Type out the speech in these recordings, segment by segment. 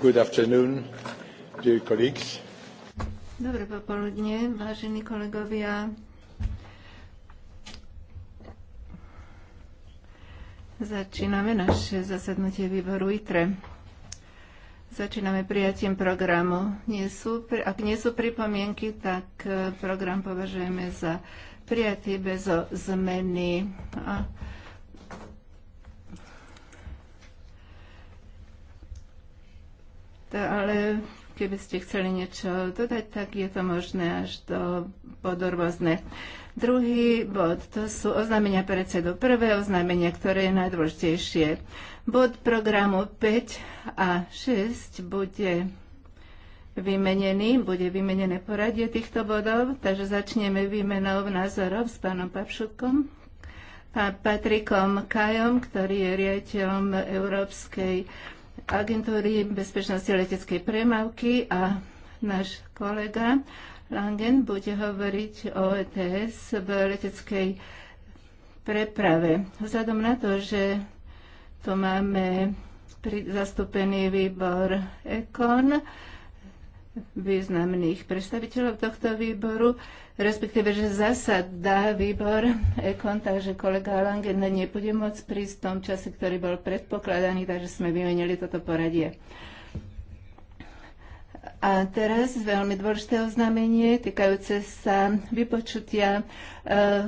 Good afternoon, dear colleagues. Dobré popoludne, vážení kolegovia. Začíname naše zasadnutie výboru ITRE. Začíname prijatím programu. Nie sú, ak nie sú pripomienky, tak eh, program považujeme za prijatý bez zmeny. A To, ale keby ste chceli niečo dodať, tak je to možné až do podorvozne. Druhý bod, to sú oznámenia predsedu. Prvé oznámenie, ktoré je najdôležitejšie. Bod programu 5 a 6 bude vymenený, bude vymenené poradie týchto bodov, takže začneme výmenou názorov s pánom Papšukom, a Patrikom Kajom, ktorý je riaditeľom Európskej agentúry bezpečnosti leteckej premávky a náš kolega Langen bude hovoriť o ETS v leteckej preprave. Vzhľadom na to, že tu máme zastúpený výbor EKON, významných predstaviteľov tohto výboru, respektíve, že zasadá výbor Ekon, takže kolega Langen nebude môcť prísť v tom čase, ktorý bol predpokladaný, takže sme vymenili toto poradie. A teraz veľmi dôležité oznámenie týkajúce sa vypočutia eh,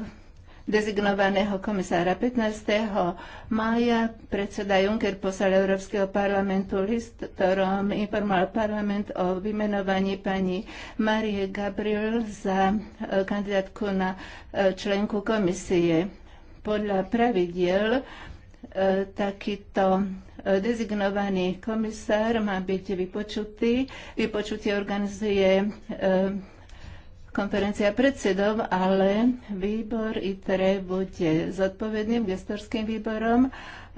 dezignovaného komisára 15. mája predseda Juncker poslal Európskeho parlamentu list, ktorom informoval parlament o vymenovaní pani Marie Gabriel za e, kandidátku na e, členku komisie. Podľa pravidiel e, takýto dezignovaný komisár má byť vypočutý. Vypočutie organizuje konferencia predsedov, ale výbor ITRE bude zodpovedným gestorským výborom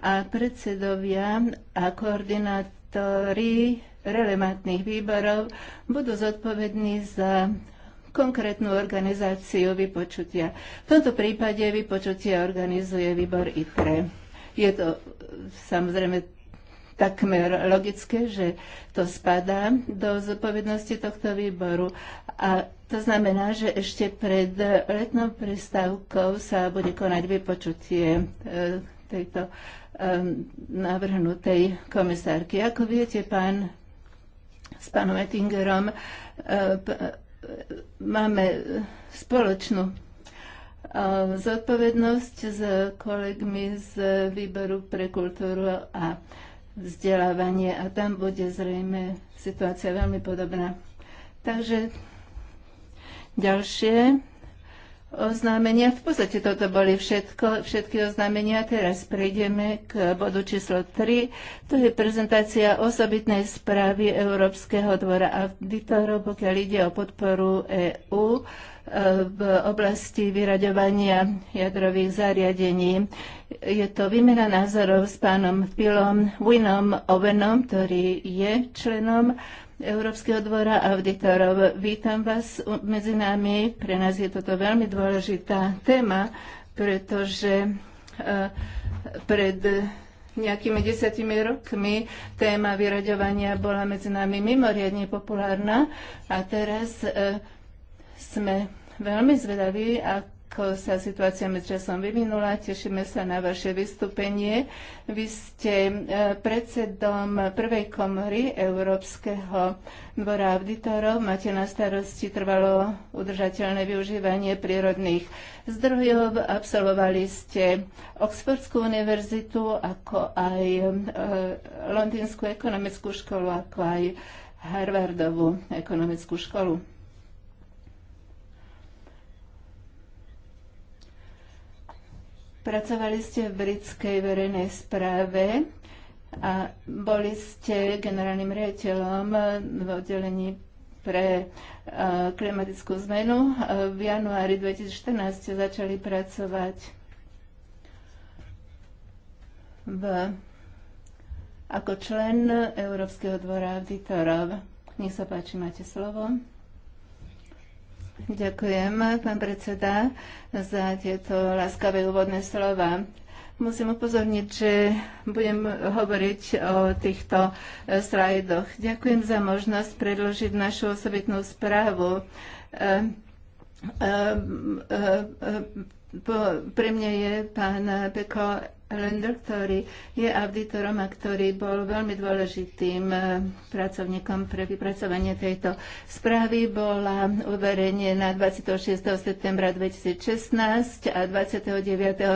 a predsedovia a koordinátori relevantných výborov budú zodpovední za konkrétnu organizáciu vypočutia. V tomto prípade vypočutie organizuje výbor ITRE. Je to samozrejme takmer logické, že to spadá do zodpovednosti tohto výboru. A to znamená, že ešte pred letnou prestávkou sa bude konať vypočutie e, tejto e, navrhnutej komisárky. Ako viete, pán, s pánom Ettingerom e, máme spoločnú zodpovednosť s kolegmi z výboru pre kultúru a vzdelávanie a tam bude zrejme situácia veľmi podobná. Takže Ďalšie oznámenia. V podstate toto boli všetko, všetky oznámenia. Teraz prejdeme k bodu číslo 3. To je prezentácia osobitnej správy Európskeho dvora auditorov, pokiaľ ide o podporu EÚ e, v oblasti vyraďovania jadrových zariadení. Je to výmena názorov s pánom Pilom Winom Ovenom, ktorý je členom Európskeho dvora auditorov. Vítam vás medzi nami. Pre nás je toto veľmi dôležitá téma, pretože e, pred nejakými desiatimi rokmi téma vyraďovania bola medzi nami mimoriadne populárna a teraz e, sme veľmi zvedaví, ako ako sa situácia časom vyvinula. Tešíme sa na vaše vystúpenie. Vy ste e, predsedom prvej komory Európskeho dvora auditorov. Máte na starosti trvalo udržateľné využívanie prírodných zdrojov. Absolvovali ste Oxfordskú univerzitu, ako aj e, Londýnskú ekonomickú školu, ako aj Harvardovú ekonomickú školu. Pracovali ste v britskej verejnej správe a boli ste generálnym riaditeľom v oddelení pre e, klimatickú zmenu. V januári 2014 ste začali pracovať v, ako člen Európskeho dvora auditorov. Nech sa páči, máte slovo. Ďakujem, pán predseda, za tieto láskavé úvodné slova. Musím upozorniť, že budem hovoriť o týchto e, slajdoch. Ďakujem za možnosť predložiť našu osobitnú správu. E, e, pre mňa je pán Peko Lender, ktorý je auditorom a ktorý bol veľmi dôležitým e, pracovníkom pre vypracovanie tejto správy. Bola uverejnená 26. septembra 2016 a 29.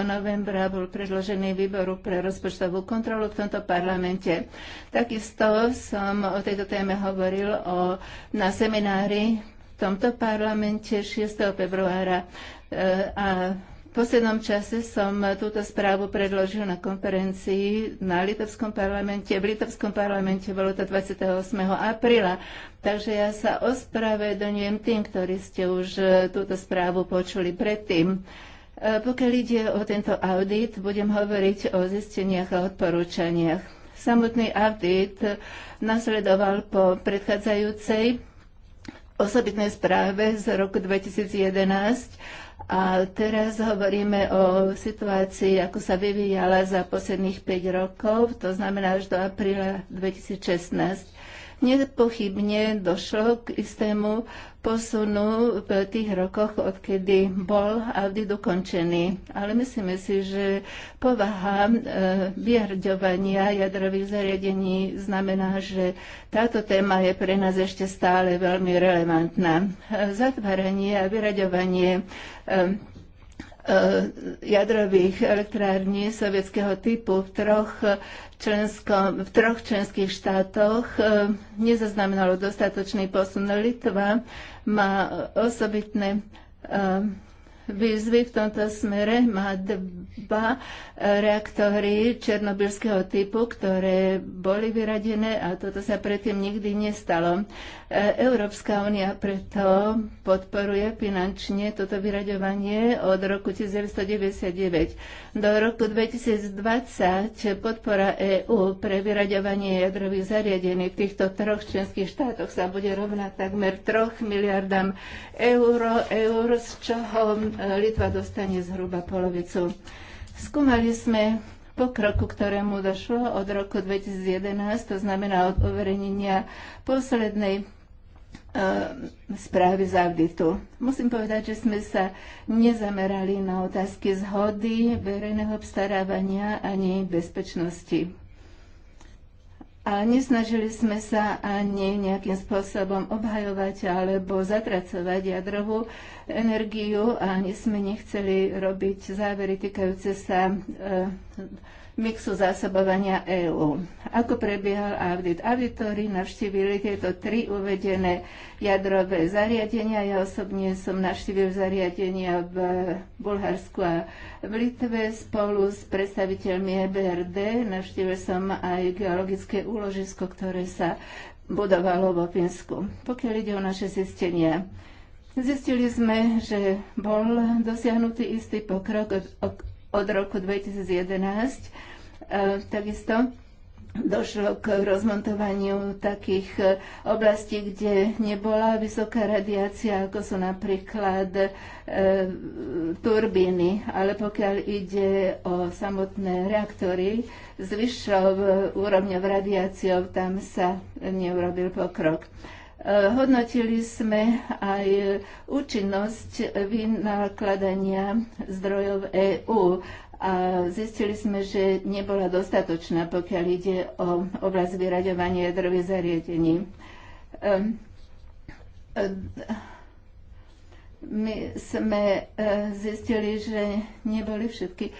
novembra bol predložený výboru pre rozpočtovú kontrolu v tomto parlamente. Takisto som o tejto téme hovoril o, na seminári v tomto parlamente 6. februára e, a poslednom čase som túto správu predložil na konferencii na Litovskom parlamente. V Litovskom parlamente bolo to 28. apríla, takže ja sa ospravedlňujem tým, ktorí ste už e, túto správu počuli predtým. E, pokiaľ ide o tento audit, budem hovoriť o zisteniach a odporúčaniach. Samotný audit nasledoval po predchádzajúcej osobitnej správe z roku 2011 a teraz hovoríme o situácii, ako sa vyvíjala za posledných 5 rokov, to znamená až do apríla 2016. Nepochybne došlo k istému posunu v tých rokoch, odkedy bol audit dokončený. Ale myslíme si, že povaha e, vyhrďovania jadrových zariadení znamená, že táto téma je pre nás ešte stále veľmi relevantná. E, Zatváranie a vyraďovanie e, Eh, jadrových elektrární sovietského typu v troch, členskom, v troch členských štátoch eh, nezaznamenalo dostatočný posun. Litva má osobitné eh, výzvy v tomto smere. Má dva reaktory černobylského typu, ktoré boli vyradené a toto sa predtým nikdy nestalo. E, Európska únia preto podporuje finančne toto vyraďovanie od roku 1999. Do roku 2020 podpora EÚ pre vyraďovanie jadrových zariadení v týchto troch členských štátoch sa bude rovnať takmer troch miliardám eur, eur, z čoho e, Litva dostane zhruba polovicu. Skúmali sme pokroku, ktorému došlo od roku 2011, to znamená od overenia poslednej E, správy z auditu. Musím povedať, že sme sa nezamerali na otázky zhody verejného obstarávania ani bezpečnosti. A nesnažili sme sa ani nejakým spôsobom obhajovať alebo zatracovať jadrovú energiu a ani sme nechceli robiť závery týkajúce sa e, mixu zásobovania EÚ. Ako prebiehal audit? Auditori navštívili tieto tri uvedené jadrové zariadenia. Ja osobne som navštívil zariadenia v Bulharsku a v Litve spolu s predstaviteľmi EBRD. Navštívil som aj geologické úložisko, ktoré sa budovalo vo Finsku. Pokiaľ ide o naše zistenia, Zistili sme, že bol dosiahnutý istý pokrok od, od roku 2011 E, takisto došlo k rozmontovaniu takých e, oblastí, kde nebola vysoká radiácia, ako sú napríklad e, turbíny, ale pokiaľ ide o samotné reaktory, s vyššou e, úrovňou radiáciou tam sa neurobil pokrok. Hodnotili sme aj účinnosť vynakladania zdrojov EÚ a zistili sme, že nebola dostatočná, pokiaľ ide o oblasť vyraďovania jadrových zariadení. Ehm, e, my sme e, zistili, že neboli všetky e,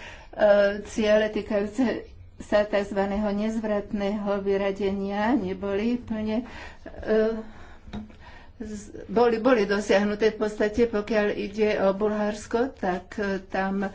ciele týkajúce sa tzv. nezvratného vyradenia neboli plne boli, boli dosiahnuté v podstate, pokiaľ ide o Bulharsko, tak tam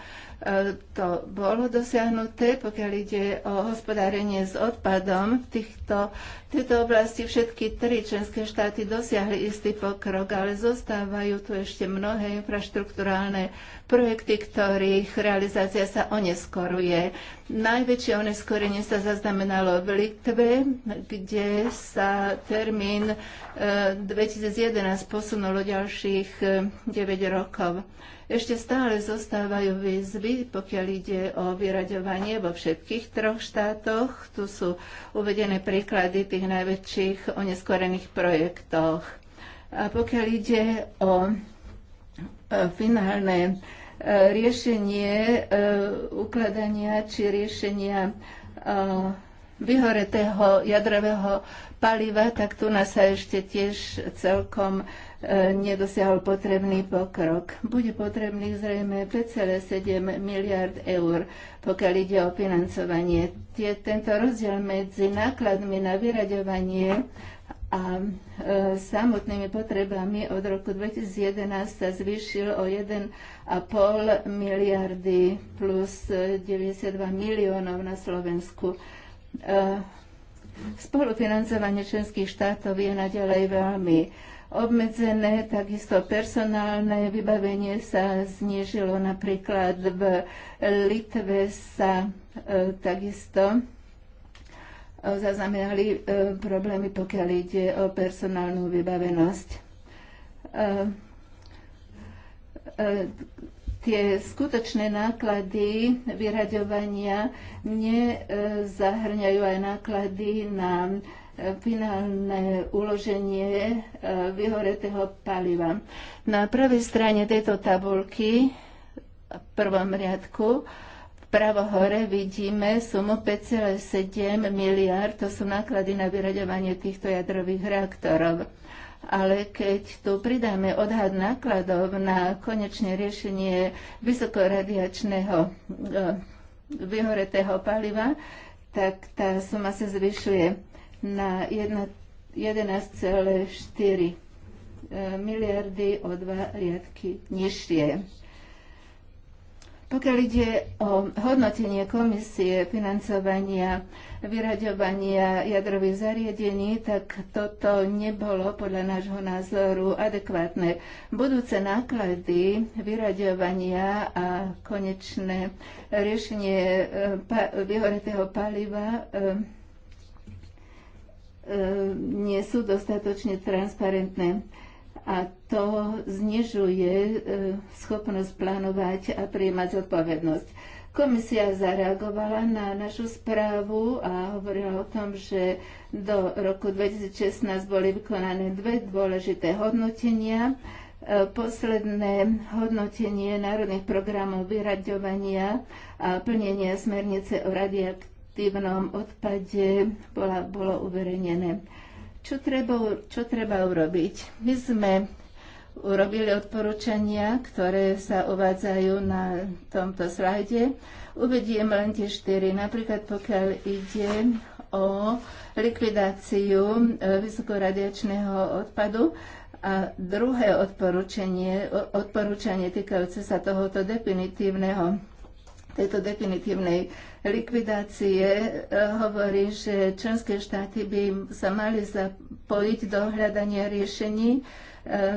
to bolo dosiahnuté, pokiaľ ide o hospodárenie s odpadom. V, týchto, tejto oblasti všetky tri členské štáty dosiahli istý pokrok, ale zostávajú tu ešte mnohé infraštruktúrálne projekty, ktorých realizácia sa oneskoruje. Najväčšie oneskorenie sa zaznamenalo v Litve, kde sa termín 2011 e, posunul ďalších 9 e, rokov. Ešte stále zostávajú výzvy, pokiaľ ide o vyraďovanie vo všetkých troch štátoch. Tu sú uvedené príklady tých najväčších oneskorených projektoch. A pokiaľ ide o e, finálne e, riešenie e, ukladania či riešenia vyhoretého jadrového paliva, tak tu nás sa ešte tiež celkom E, nedosiahol potrebný pokrok. Bude potrebných zrejme 5,7 miliard eur, pokiaľ ide o financovanie. Tie, tento rozdiel medzi nákladmi na vyraďovanie a e, samotnými potrebami od roku 2011 sa zvýšil o 1,5 miliardy plus 92 miliónov na Slovensku. E, spolufinancovanie členských štátov je naďalej veľmi obmedzené, takisto personálne vybavenie sa znížilo. Napríklad v Litve sa e, takisto e, zaznamenali e, problémy, pokiaľ ide o personálnu vybavenosť. E, e tie skutočné náklady vyraďovania nezahrňajú aj náklady na finálne uloženie e, vyhoretého paliva. Na pravej strane tejto tabulky, v prvom riadku, v pravo hore vidíme sumu 5,7 miliard, to sú náklady na vyraďovanie týchto jadrových reaktorov. Ale keď tu pridáme odhad nákladov na konečné riešenie vysokoradiačného e, vyhoretého paliva, tak tá suma sa zvyšuje na 11,4 e, miliardy o dva riadky nižšie. Pokiaľ ide o hodnotenie komisie financovania vyraďovania jadrových zariadení, tak toto nebolo podľa nášho názoru adekvátne. Budúce náklady vyraďovania a konečné riešenie e, vyhoretého paliva e, E, nie sú dostatočne transparentné a to znižuje e, schopnosť plánovať a prijímať zodpovednosť. Komisia zareagovala na našu správu a hovorila o tom, že do roku 2016 boli vykonané dve dôležité hodnotenia. E, posledné hodnotenie národných programov vyraďovania a plnenia smernice o radiak radioaktívnom odpade bola, bolo uverejnené. Čo treba, čo treba urobiť? My sme urobili odporúčania, ktoré sa uvádzajú na tomto slajde. Uvediem len tie štyri. Napríklad pokiaľ ide o likvidáciu e, vysokoradiačného odpadu, a druhé odporúčanie, odporúčanie týkajúce sa tohoto definitívneho, tejto definitívnej likvidácie e, hovorí, že členské štáty by sa mali zapojiť do hľadania riešení, e,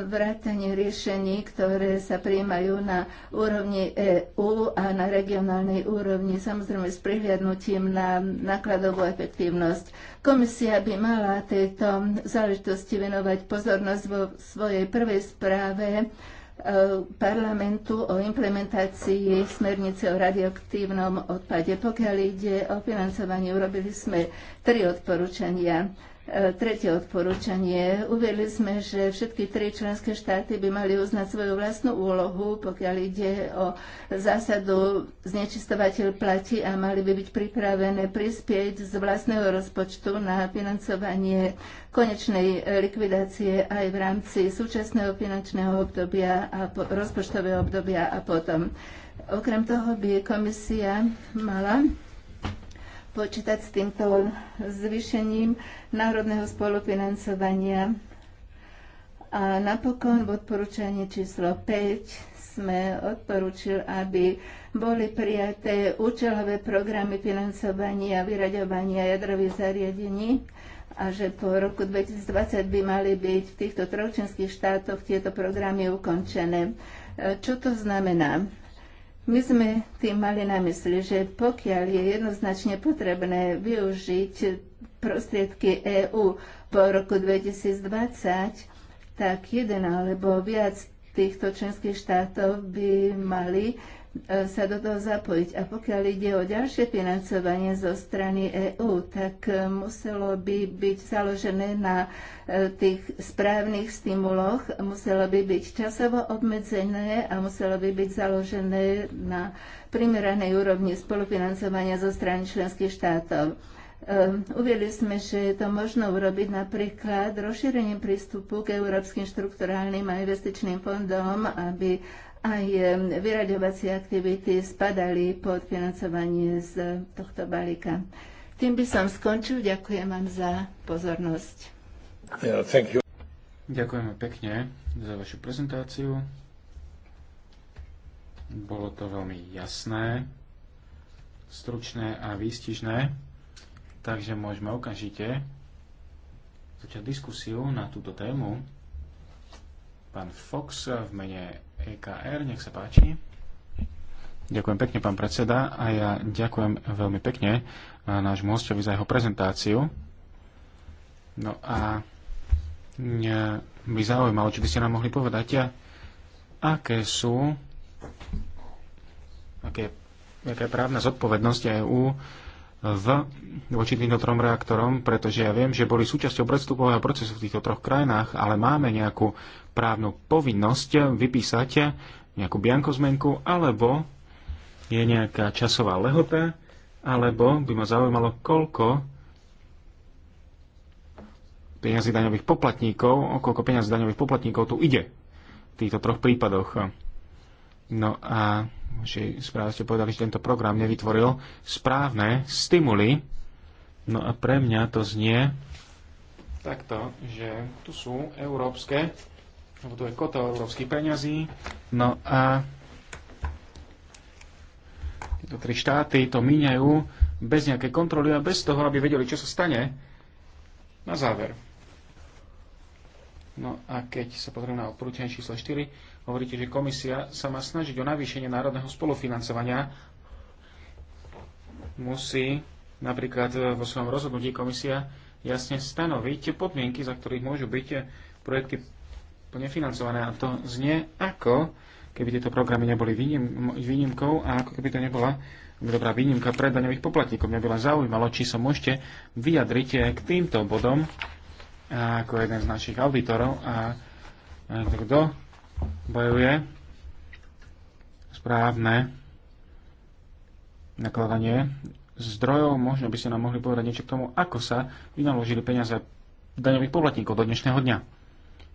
vrátanie riešení, ktoré sa prijímajú na úrovni EÚ a na regionálnej úrovni, samozrejme s prihliadnutím na nákladovú efektívnosť. Komisia by mala tejto záležitosti venovať pozornosť vo svojej prvej správe Eh, parlamentu o implementácii smernice o radioaktívnom odpade. Pokiaľ ide o financovanie, urobili sme tri odporúčania E, tretie odporúčanie. Uvedli sme, že všetky tri členské štáty by mali uznať svoju vlastnú úlohu, pokiaľ ide o zásadu znečistovateľ platí a mali by byť pripravené prispieť z vlastného rozpočtu na financovanie konečnej likvidácie aj v rámci súčasného finančného obdobia a po, rozpočtového obdobia a potom. Okrem toho by komisia mala počítať s týmto zvýšením národného spolufinancovania. A napokon v odporúčaní číslo 5 sme odporúčil, aby boli prijaté účelové programy financovania a vyraďovania jadrových zariadení a že po roku 2020 by mali byť v týchto trojčenských štátoch tieto programy ukončené. E, čo to znamená? My sme tým mali na mysli, že pokiaľ je jednoznačne potrebné využiť prostriedky EÚ po roku 2020, tak jeden alebo viac týchto členských štátov by mali E, sa do toho zapojiť. A pokiaľ ide o ďalšie financovanie zo strany EÚ, tak e, muselo by byť založené na e, tých správnych stimuloch, muselo by byť časovo obmedzené a muselo by byť založené na primeranej úrovni spolufinancovania zo strany členských štátov. Uviedli sme, že je to možno urobiť napríklad rozšírením prístupu k európskym štrukturálnym a investičným fondom, aby aj e, vyraďovacie aktivity spadali pod financovanie z tohto balíka. Tým by som skončil. Ďakujem vám za pozornosť. Yeah, thank you. Ďakujeme pekne za vašu prezentáciu. Bolo to veľmi jasné, stručné a výstižné, takže môžeme okamžite začať diskusiu na túto tému. Pán Fox v mene EKR, nech sa páči. Ďakujem pekne, pán predseda, a ja ďakujem veľmi pekne e, nášmu hostovi za jeho prezentáciu. No a mňa by zaujímalo, či by ste nám mohli povedať, ja, aké sú, aké, aké právna zodpovednosť EÚ v, voči týmto trom reaktorom, pretože ja viem, že boli súčasťou predstupového procesu v týchto troch krajinách, ale máme nejakú právnu povinnosť vypísať nejakú biankozmenku, alebo je nejaká časová lehota, alebo by ma zaujímalo, koľko peňazí daňových poplatníkov, o koľko peňazí daňových poplatníkov tu ide v týchto troch prípadoch. No a vašej správe ste povedali, že tento program nevytvoril správne stimuly. No a pre mňa to znie takto, že tu sú európske, alebo tu je kota európskych peňazí, no a tieto tri štáty to míňajú bez nejakej kontroly a bez toho, aby vedeli, čo sa stane na záver. No a keď sa pozrieme na odporúčanie číslo 4, Hovoríte, že komisia sa má snažiť o navýšenie národného spolufinancovania. Musí napríklad eh, vo svojom rozhodnutí komisia jasne stanoviť podmienky, za ktorých môžu byť eh, projekty plne financované. A to znie ako, keby tieto programy neboli výnim, výnimkou a ako keby to nebola dobrá výnimka pre daňových poplatníkov. Mňa by len zaujímalo, či sa môžete vyjadriť eh, k týmto bodom ako jeden z našich auditorov a kto bojuje správne nakladanie zdrojov. Možno by ste nám mohli povedať niečo k tomu, ako sa vynaložili peniaze daňových poplatníkov do dnešného dňa.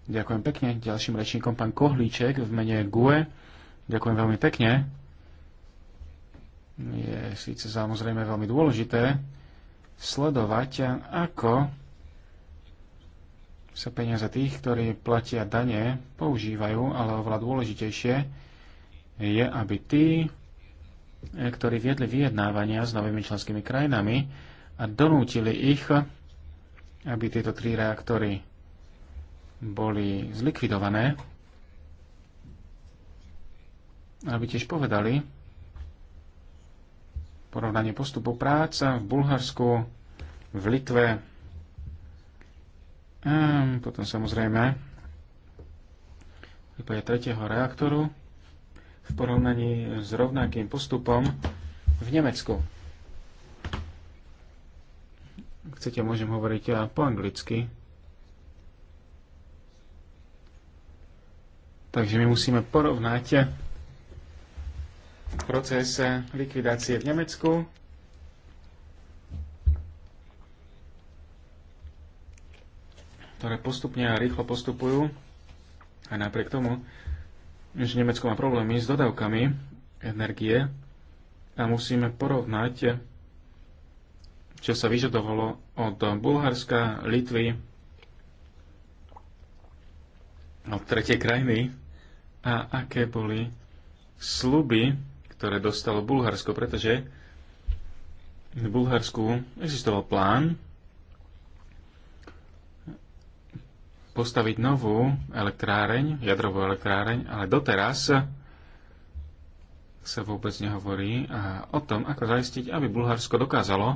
Ďakujem pekne. Ďalším rečníkom pán Kohlíček v mene GUE. Ďakujem veľmi pekne. Je síce samozrejme veľmi dôležité sledovať, ako sa peniaze tých, ktorí platia dane, používajú, ale oveľa dôležitejšie je, aby tí, e, ktorí viedli vyjednávania s novými členskými krajinami a donútili ich, aby tieto tri reaktory boli zlikvidované, aby tiež povedali porovnanie postupu práca v Bulharsku, v Litve, Um, potom samozrejme v prípade tretieho reaktoru v porovnaní s rovnakým postupom v Nemecku. Chcete, môžem hovoriť po anglicky. Takže my musíme porovnať proces likvidácie v Nemecku ktoré postupne a rýchlo postupujú, aj napriek tomu, že Nemecko má problémy s dodávkami energie a musíme porovnať, čo sa vyžadovalo od Bulharska, Litvy, od tretej krajiny a aké boli sluby, ktoré dostalo Bulharsko, pretože v Bulharsku existoval plán, postaviť novú elektráreň, jadrovú elektráreň, ale doteraz sa vôbec nehovorí a o tom, ako zaistiť, aby Bulharsko dokázalo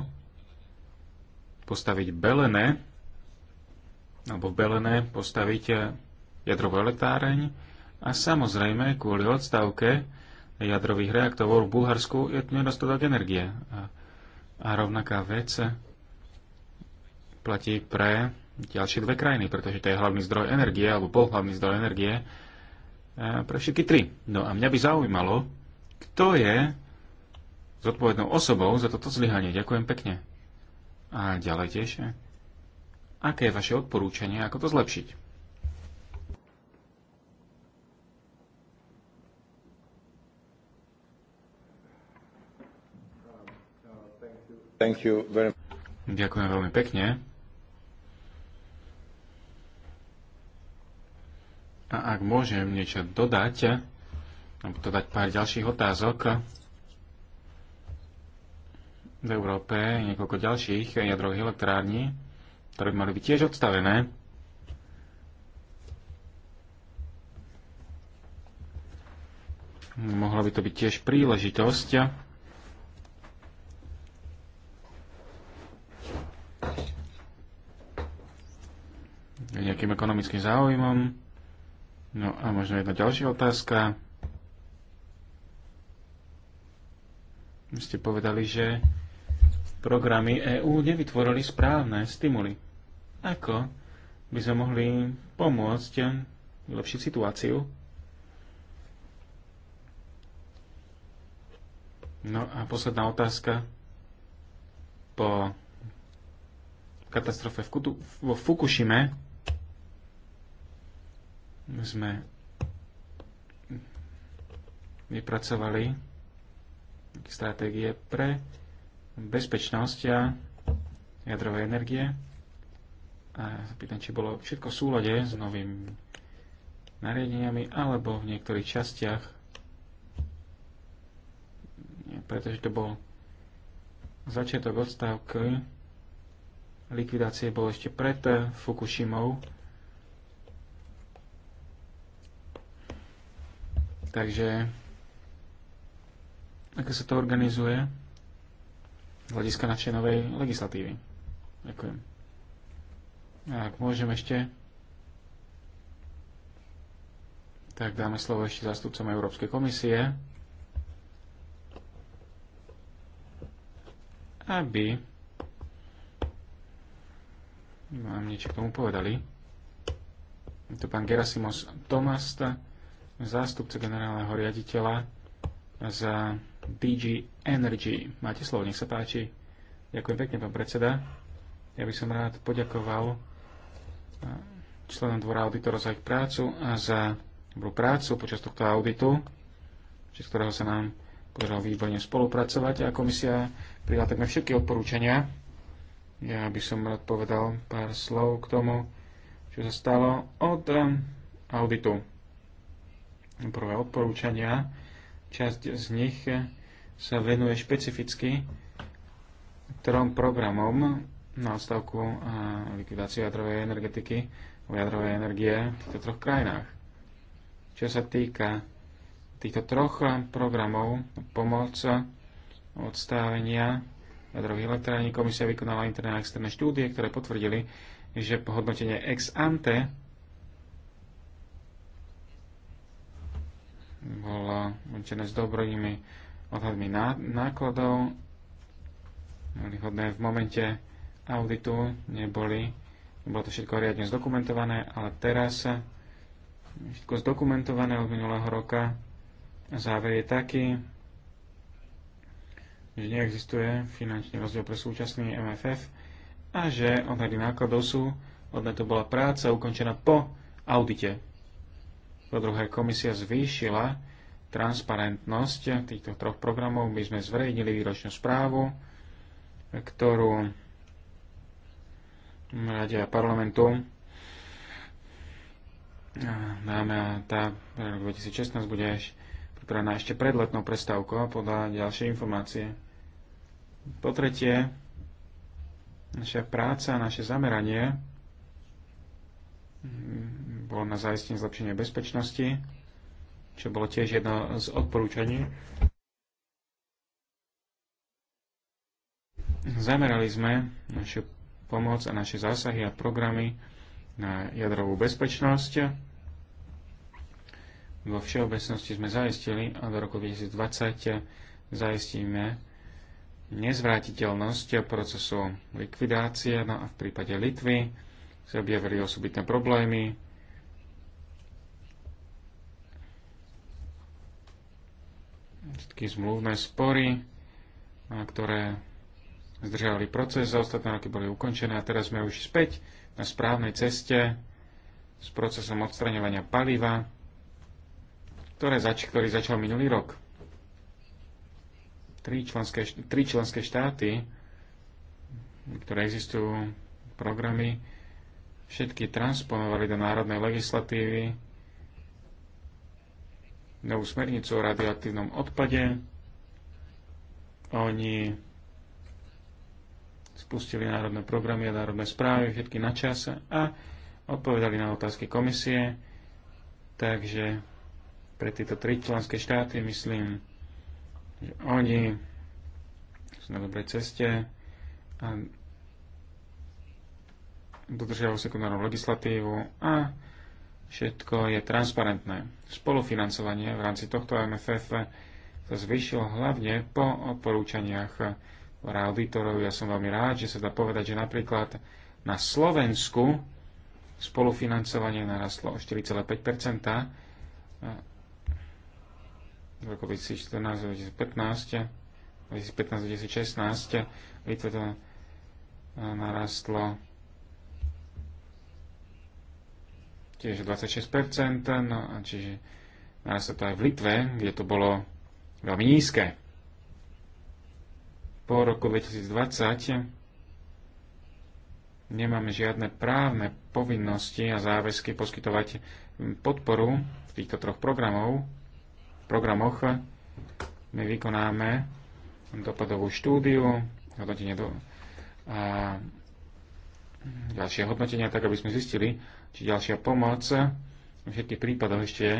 postaviť Belené, alebo v Belené postaviť jadrovú elektráreň a samozrejme kvôli odstavke jadrových reaktorov v Bulharsku je nedostatok energie. A, a rovnaká vec platí pre ďalšie dve krajiny, pretože to je hlavný zdroj energie, alebo polhlavný zdroj energie e, pre všetky tri. No a mňa by zaujímalo, kto je zodpovednou osobou za toto zlyhanie. Ďakujem pekne. A ďalej tiež. E, aké je vaše odporúčanie, ako to zlepšiť? Ďakujem veľmi pekne. A ak môžem niečo dodať, alebo dodať pár ďalších otázok, v Európe je niekoľko ďalších jadrových elektrární, ktoré by mali byť tiež odstavené. Mohla by to byť tiež príležitosť nejakým ekonomickým záujmom No a možno jedna ďalšia otázka. My ste povedali, že programy EÚ nevytvorili správne stimuly. Ako by sme mohli pomôcť vylepšiť situáciu? No a posledná otázka. Po katastrofe v Kutu, vo Fukushime sme vypracovali stratégie pre bezpečnosť a jadrovej energie. A ja sa pýtam, či bolo všetko v súlade s novými nariadeniami alebo v niektorých častiach, pretože to bol začiatok odstávky likvidácie bol ešte pred Fukushimou Takže ako sa to organizuje z hľadiska našej novej legislatívy. Ďakujem. A ak môžem ešte, tak dáme slovo ešte zástupcom Európskej komisie, aby vám niečo k tomu povedali. Je to pán Gerasimos Tomasta, zástupca generálneho riaditeľa za DG Energy. Máte slovo, nech sa páči. Ďakujem pekne, pán predseda. Ja by som rád poďakoval eh, členom dvora auditorov za ich prácu a za dobrú prácu počas tohto auditu, z ktorého sa nám podarilo výborne spolupracovať a komisia prijala takmer všetky odporúčania. Ja by som rád povedal pár slov k tomu, čo sa stalo od auditu prvé odporúčania. Časť z nich sa venuje špecificky trom programom na odstavku a jadrovej energetiky o jadrovej energie v týchto troch krajinách. Čo sa týka týchto troch programov pomoc odstávenia jadrových elektrární, komisia vykonala interné a externé štúdie, ktoré potvrdili, že po hodnotenie ex ante bola určené s dobrými odhadmi nákladov. Boli hodné v momente auditu, neboli, bolo to všetko riadne zdokumentované, ale teraz všetko zdokumentované od minulého roka. Záver je taký, že neexistuje finančný rozdiel pre súčasný MFF a že odhady nákladov sú, odne to bola práca ukončená po audite. Po druhé, komisia zvýšila transparentnosť týchto troch programov. My sme zverejnili výročnú správu, ktorú Rade a parlamentu dáme a tá rok 2016 bude pripravená ešte pred letnou prestávkou a podľa ďalšie informácie. Po tretie, naša práca, naše zameranie bolo na zaistenie zlepšenia bezpečnosti, čo bolo tiež jedno z odporúčaní. Zamerali sme našu pomoc a naše zásahy a programy na jadrovú bezpečnosť. Vo všeobecnosti sme zaistili a do roku 2020 zaistíme nezvrátiteľnosť procesu likvidácie. No a v prípade Litvy sa objavili osobitné problémy, všetky zmluvné spory, ktoré zdržali proces za ostatné roky boli ukončené a teraz sme už späť na správnej ceste s procesom odstraňovania paliva, ktoré zač- ktorý začal minulý rok. Tri členské, tri členské štáty, ktoré existujú programy, všetky transponovali do národnej legislatívy novú smernicu o radioaktívnom odpade. Oni spustili národné programy a národné správy, všetky na čase a odpovedali na otázky komisie. Takže pre tieto tri členské štáty myslím, že oni sú na dobrej ceste a dodržiavajú sekundárnu legislatívu a všetko je transparentné. Spolufinancovanie v rámci tohto MFF sa zvýšilo hlavne po odporúčaniach auditorov. Ja som veľmi rád, že sa dá povedať, že napríklad na Slovensku spolufinancovanie narastlo o 4,5 v roku 2014 2015 2015 2016 vytvorilo narastlo tiež 26%, no a čiže sa to aj v Litve, kde to bolo veľmi nízke. Po roku 2020 nemáme žiadne právne povinnosti a záväzky poskytovať podporu v týchto troch programov, V programoch. My vykonáme dopadovú štúdiu, hodnotenie do, a ďalšie hodnotenia, tak aby sme zistili, či ďalšia pomoc v všetkých prípadoch ešte je,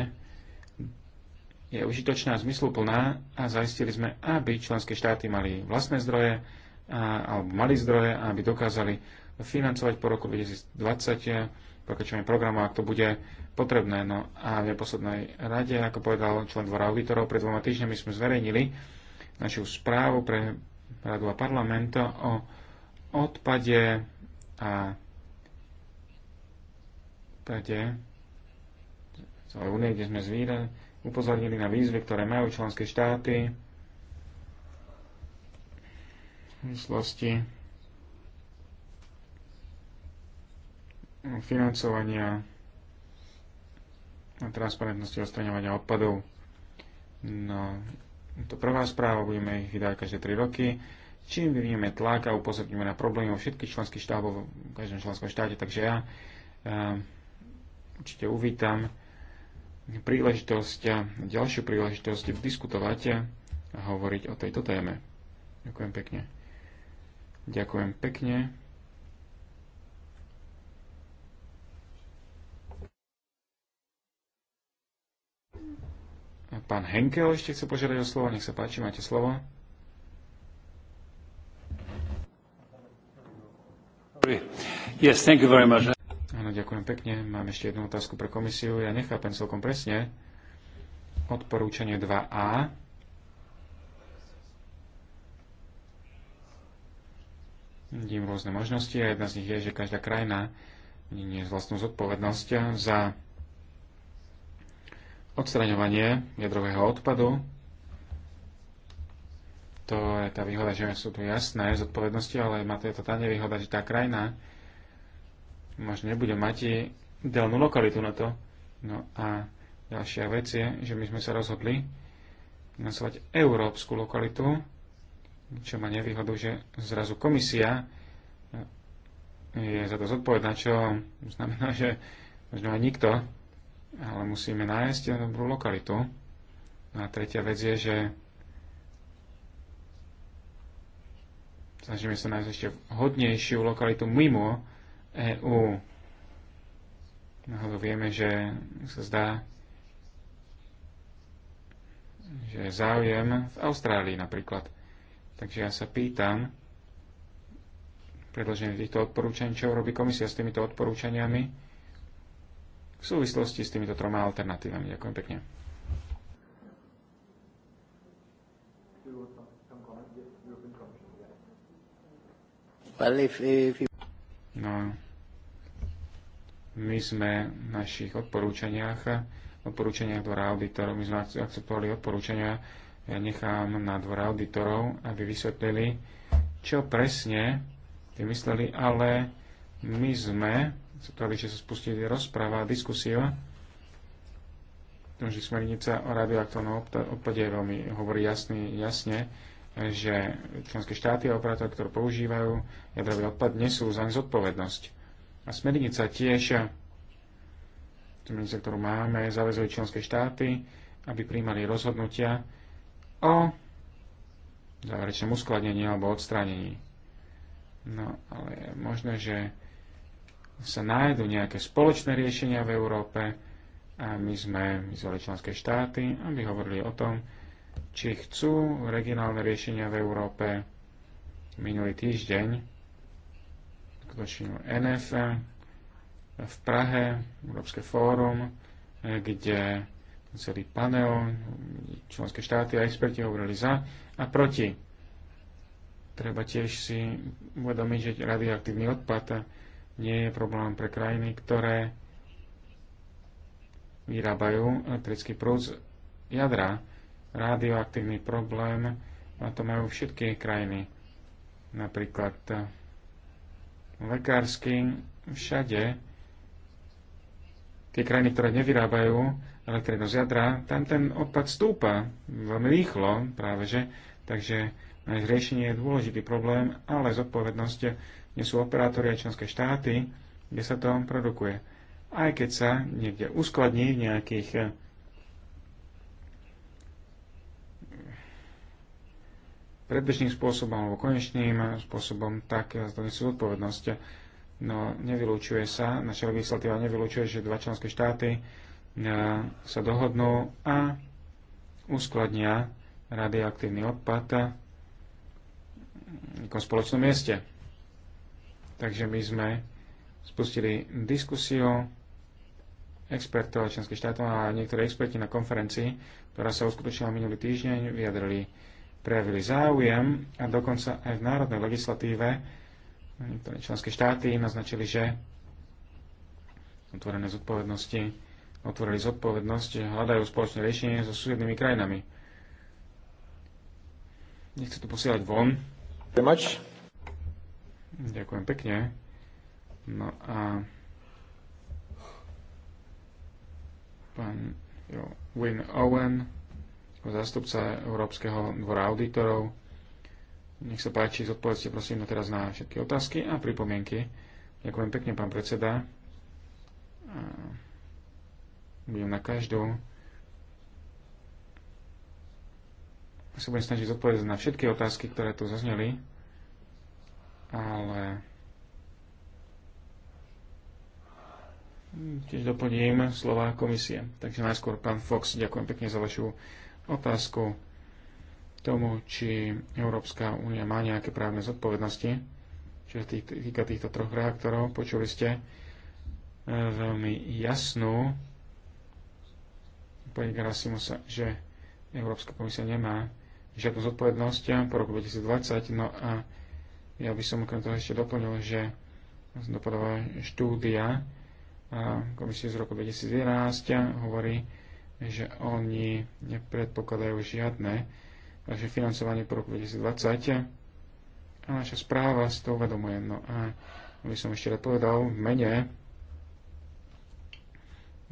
je užitočná a zmysluplná a zaistili sme, aby členské štáty mali vlastné zdroje a, alebo mali zdroje, aby dokázali financovať po roku 2020 eh, pokračovanie programu, ak to bude potrebné. No a v neposlednej rade, ako povedal člen dvora auditorov, pred dvoma týždňami sme zverejnili našu správu pre radu a parlamento o odpade a prípade celé únie, kde sme zvíre, upozornili na výzvy, ktoré majú členské štáty v myslosti financovania a transparentnosti odstraňovania odpadov. No, to prvá správa, budeme ich vydávať každé 3 roky. Čím vyvinieme tlak a upozorníme na problémy vo všetkých členských štátoch, v každom členskom štáte, takže ja eh, určite uvítam príležitosť a ďalšiu príležitosť diskutovať a hovoriť o tejto téme. Ďakujem pekne. Ďakujem pekne. Pán Henkel ešte chce požiadať o slovo. Nech sa páči, máte slovo. Yes, thank you very much. Áno, ďakujem pekne. Mám ešte jednu otázku pre komisiu. Ja nechápem celkom presne odporúčanie 2a. Vidím rôzne možnosti a jedna z nich je, že každá krajina nie je vlastnú zodpovednosť za odstraňovanie jadrového odpadu. To je tá výhoda, že sú tu jasné zodpovednosti, ale má to je to tá nevýhoda, že tá krajina, možno nebude mať ideálnu lokalitu na to. No a ďalšia vec je, že my sme sa rozhodli nazvať európsku lokalitu, čo má nevýhodu, že zrazu komisia je za to zodpovedná, čo znamená, že možno aj nikto, ale musíme nájsť dobrú lokalitu. No a tretia vec je, že snažíme sa nájsť ešte hodnejšiu lokalitu mimo EÚ. No, lebo vieme, že sa zdá, že záujem v Austrálii napríklad. Takže ja sa pýtam, predložené týchto odporúčaní, čo robí komisia s týmito odporúčaniami v súvislosti s týmito troma alternatívami. Ďakujem pekne. No, my sme v našich odporúčaniach, odporúčaniach dvora auditorov, my sme akceptovali odporúčania, ja nechám na dvora auditorov, aby vysvetlili, čo presne vymysleli, ale my sme, akceptovali, že sa spustili rozpráva, diskusia, tom, že smernica o radioaktívnom odpade je veľmi, hovorí jasný, jasne, že členské štáty a operátor, ktoré používajú jadrový odpad, nesú za zodpovednosť. A smernica tiež, smernica, ktorú máme, zavezuje členské štáty, aby príjmali rozhodnutia o záverečnom uskladnení alebo odstránení. No, ale je možné, že sa nájdu nejaké spoločné riešenia v Európe a my sme vyzvali členské štáty, aby hovorili o tom, či chcú regionálne riešenia v Európe. Minulý týždeň uskutočnil NF e, v Prahe, Európske fórum, eh, kde celý panel, členské štáty a experti hovorili za a proti. Treba tiež si uvedomiť, že radioaktívny odpad nie je problém pre krajiny, ktoré vyrábajú elektrický prúd z jadra. Radioaktívny problém a to majú všetky krajiny. Napríklad lekársky, všade, tie krajiny, ktoré nevyrábajú elektrinu z jadra, tam ten odpad stúpa veľmi rýchlo práve, že? Takže nájsť riešenie je dôležitý problém, ale zodpovednosť nie sú operátori a členské štáty, kde sa to produkuje. Aj keď sa niekde uskladní v nejakých predbežným spôsobom alebo konečným spôsobom, tak ja to nesú zodpovednosť. No, nevylučuje sa, naša legislatíva nevylučuje, že dva členské štáty e, sa dohodnú a uskladnia radioaktívny odpad ako spoločnom mieste. Takže my sme spustili diskusiu expertov členských štátov a niektorí experti na konferencii, ktorá sa uskutočnila minulý týždeň, vyjadrili prejavili záujem a dokonca aj v národnej legislatíve niektoré členské štáty naznačili, že otvorené zodpovednosti, otvorili zodpovednosť, že hľadajú spoločné riešenie so susednými krajinami. Nechce to posielať von. Ďakujem pekne. No a pán Win Owen zástupca Európskeho dvora auditorov. Nech sa páči, zodpovedzte prosím na teraz na všetky otázky a pripomienky. Ďakujem pekne, pán predseda. Budem na každú. Sa budem snažiť zodpovedať na všetky otázky, ktoré tu zazneli, ale tiež doplním slova komisie. Takže najskôr pán Fox, ďakujem pekne za vašu otázku tomu, či Európska únia má nejaké právne zodpovednosti, čo sa týka týchto troch reaktorov. Počuli ste eh, veľmi jasnú pani Gerasimusa, že Európska komisia nemá žiadnu zodpovednosť po roku 2020. No a ja by som okrem toho ešte doplnil, že dopadová štúdia eh, komisie z roku 2011 hovorí že oni nepredpokladajú žiadne naše financovanie po roku 2020 a naša správa si to uvedomuje. No a by som ešte rád povedal v mene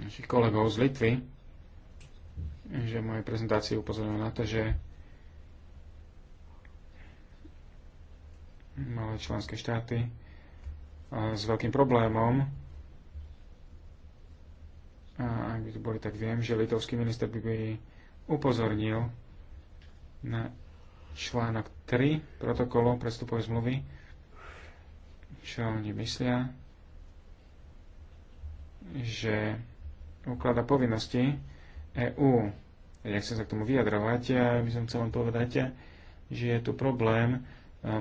našich kolegov z Litvy, že moje prezentácie upozorňujú na to, že malé členské štáty s veľkým problémom a ak by to boli, tak viem, že litovský minister by, by upozornil na článok 3 protokolu prestupovej zmluvy, čo oni myslia, že uklada povinnosti EÚ. Ja chcem sa k tomu vyjadrovať, ja by som chcel vám povedať, že je tu problém eh,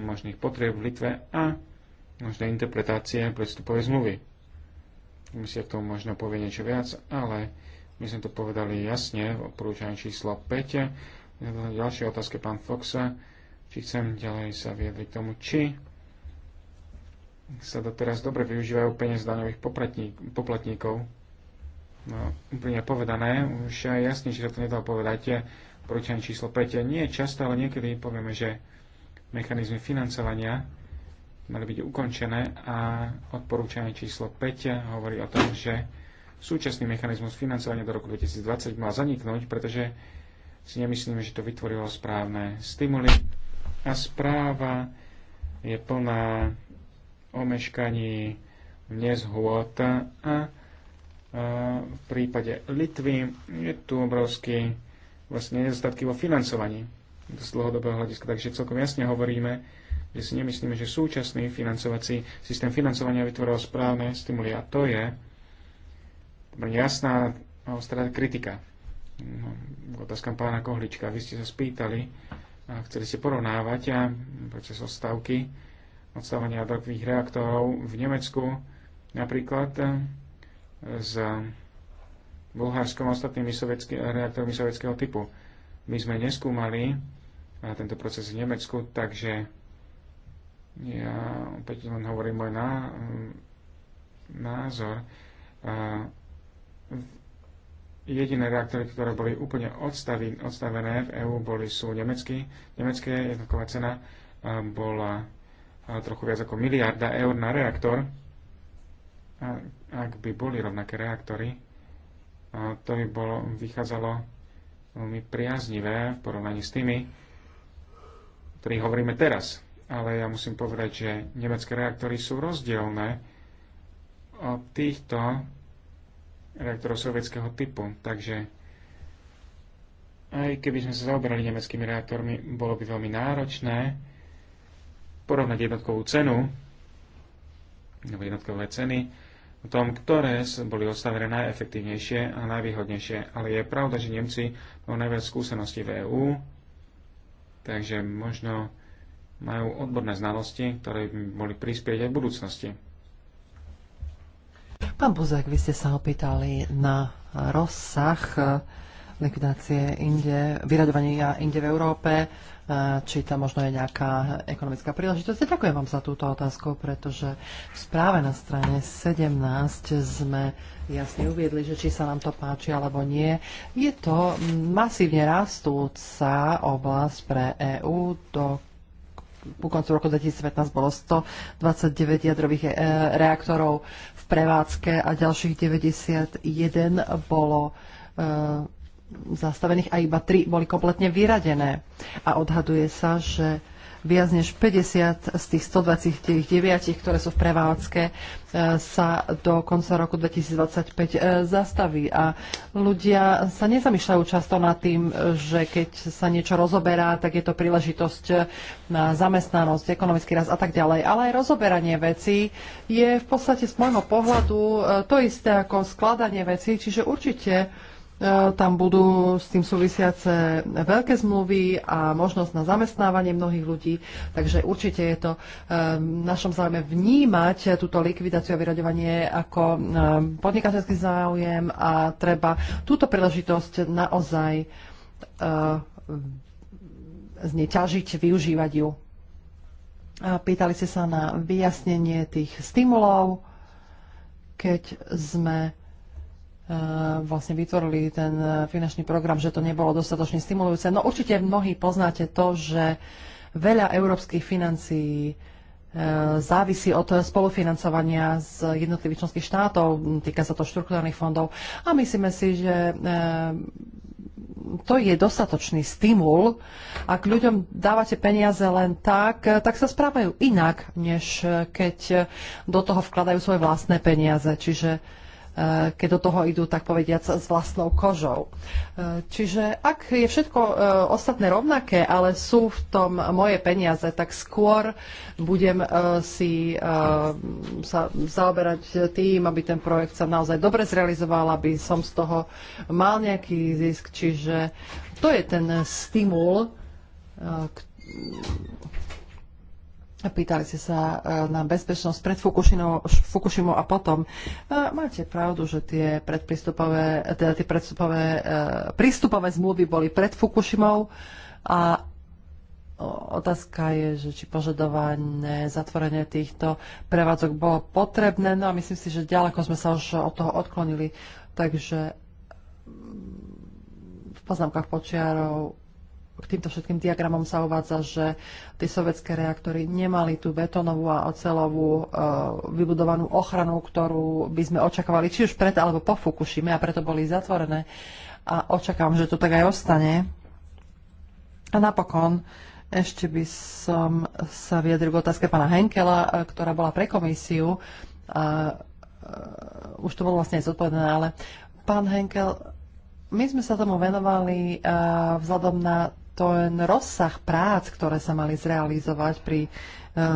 možných potrieb v Litve a možné interpretácie predstupovej zmluvy Komisia k tomu možno povie niečo viac, ale my sme to povedali jasne v odporúčaní číslo 5. Ďalšie otázke pán Foxa, či chcem ďalej sa vyjadriť k tomu, či sa doteraz dobre využívajú peniaze daňových poplatníkov. No, úplne povedané, už je jasne, že sa to nedá povedať. Odporúčanie číslo 5 nie je často, ale niekedy povieme, že mechanizmy financovania mali byť ukončené a odporúčanie číslo 5 hovorí o tom, že súčasný mechanizmus financovania do roku 2020 mal zaniknúť, pretože si nemyslíme, že to vytvorilo správne stimuly a správa je plná omeškaní nezhôd a v prípade Litvy je tu obrovský vlastne nedostatky vo financovaní z dlhodobého hľadiska. Takže celkom jasne hovoríme, že si nemyslíme, že súčasný financovací systém financovania vytvoril správne stimuly. A to je jasná ostrá kritika. Otázka no, otázkam pána Kohlička. Vy ste sa spýtali, a chceli ste porovnávať a proces odstavky, odstavovania jadrových reaktorov v Nemecku napríklad e, s Bulharskom a ostatnými sovietský, reaktormi sovietského typu. My sme neskúmali tento proces v Nemecku, takže ja opäť len hovorím môj ná, názor. A jediné reaktory, ktoré boli úplne odstaví, odstavené v EÚ, boli, sú nemecky. Nemecké jednotková cena bola trochu viac ako miliarda eur na reaktor. A ak by boli rovnaké reaktory, to by bolo, vychádzalo veľmi priaznivé v porovnaní s tými, ktorých hovoríme teraz ale ja musím povedať, že nemecké reaktory sú rozdielne od týchto reaktorov sovietského typu. Takže aj keby sme sa zaoberali nemeckými reaktormi, bolo by veľmi náročné porovnať jednotkovú cenu alebo jednotkové ceny o tom, ktoré boli odstavené najefektívnejšie a najvýhodnejšie. Ale je pravda, že Nemci majú najviac skúseností v EÚ, takže možno majú odborné znalosti, ktoré by boli prispieť aj v budúcnosti. Pán Buzek, vy ste sa opýtali na rozsah e, likvidácie inde, vyradovania inde v Európe, e, či tam možno je nejaká ekonomická príležitosť. Ja ďakujem vám za túto otázku, pretože v správe na strane 17 sme jasne uviedli, že či sa nám to páči alebo nie. Je to masívne rastúca oblasť pre EÚ, do ku koncu roku 2019 bolo 129 jadrových e, reaktorov v prevádzke a ďalších 91 bolo e, zastavených a iba 3 boli kompletne vyradené. A odhaduje sa, že Viac než 50 z tých 129, ktoré sú v prevádzke, e, sa do konca roku 2025 e, zastaví. A ľudia sa nezamýšľajú často nad tým, e, že keď sa niečo rozoberá, tak je to príležitosť na zamestnanosť, ekonomický rast a tak ďalej. Ale aj rozoberanie vecí je v podstate z môjho pohľadu to isté ako skladanie vecí, čiže určite E, tam budú s tým súvisiace veľké zmluvy a možnosť na zamestnávanie mnohých ľudí. Takže určite je to e, v našom záujme vnímať túto likvidáciu a vyraďovanie ako e, podnikateľský záujem a treba túto príležitosť naozaj zneťažiť, využívať ju. Pýtali ste sa na vyjasnenie tých stimulov, keď sme Eh, vlastne vytvorili ten eh, finančný program, že to nebolo dostatočne stimulujúce. No určite mnohí poznáte to, že veľa európskych financií eh, závisí od spolufinancovania z jednotlivých členských štátov, hm, týka sa to štruktúrnych fondov a myslíme si, že to je dostatočný stimul. Ak ľuďom dávate peniaze len tak, tak sa správajú inak, než keď do toho vkladajú svoje vlastné peniaze. Čiže Eh, keď do toho idú, tak povediať, s vlastnou kožou. Eh, čiže ak je všetko eh, ostatné rovnaké, ale sú v tom moje peniaze, tak skôr budem si sa zaoberať tým, aby ten projekt sa naozaj dobre zrealizoval, aby som z toho mal nejaký zisk. Čiže to je ten stimul, Pýtali ste sa e, na bezpečnosť pred Fukushimou a potom. E, máte pravdu, že tie teda tie predstupové, e, prístupové zmluvy boli pred Fukushimou a otázka je, že či požadované zatvorenie týchto prevádzok bolo potrebné. No a myslím si, že ďaleko sme sa už od toho odklonili. Takže mm, v poznámkach počiarov k týmto všetkým diagramom sa uvádza, že tie sovietské reaktory nemali tú betónovú a ocelovú e, vybudovanú ochranu, ktorú by sme očakávali či už pred alebo po Fukushime a preto boli zatvorené. A očakávam, že to tak aj ostane. A napokon ešte by som sa vyjadril k otázke pána Henkela, e, ktorá bola pre komisiu. A, e, a, e, už to bolo vlastne zodpovedané, ale pán Henkel, my sme sa tomu venovali a, vzhľadom na ten rozsah prác, ktoré sa mali zrealizovať pri e,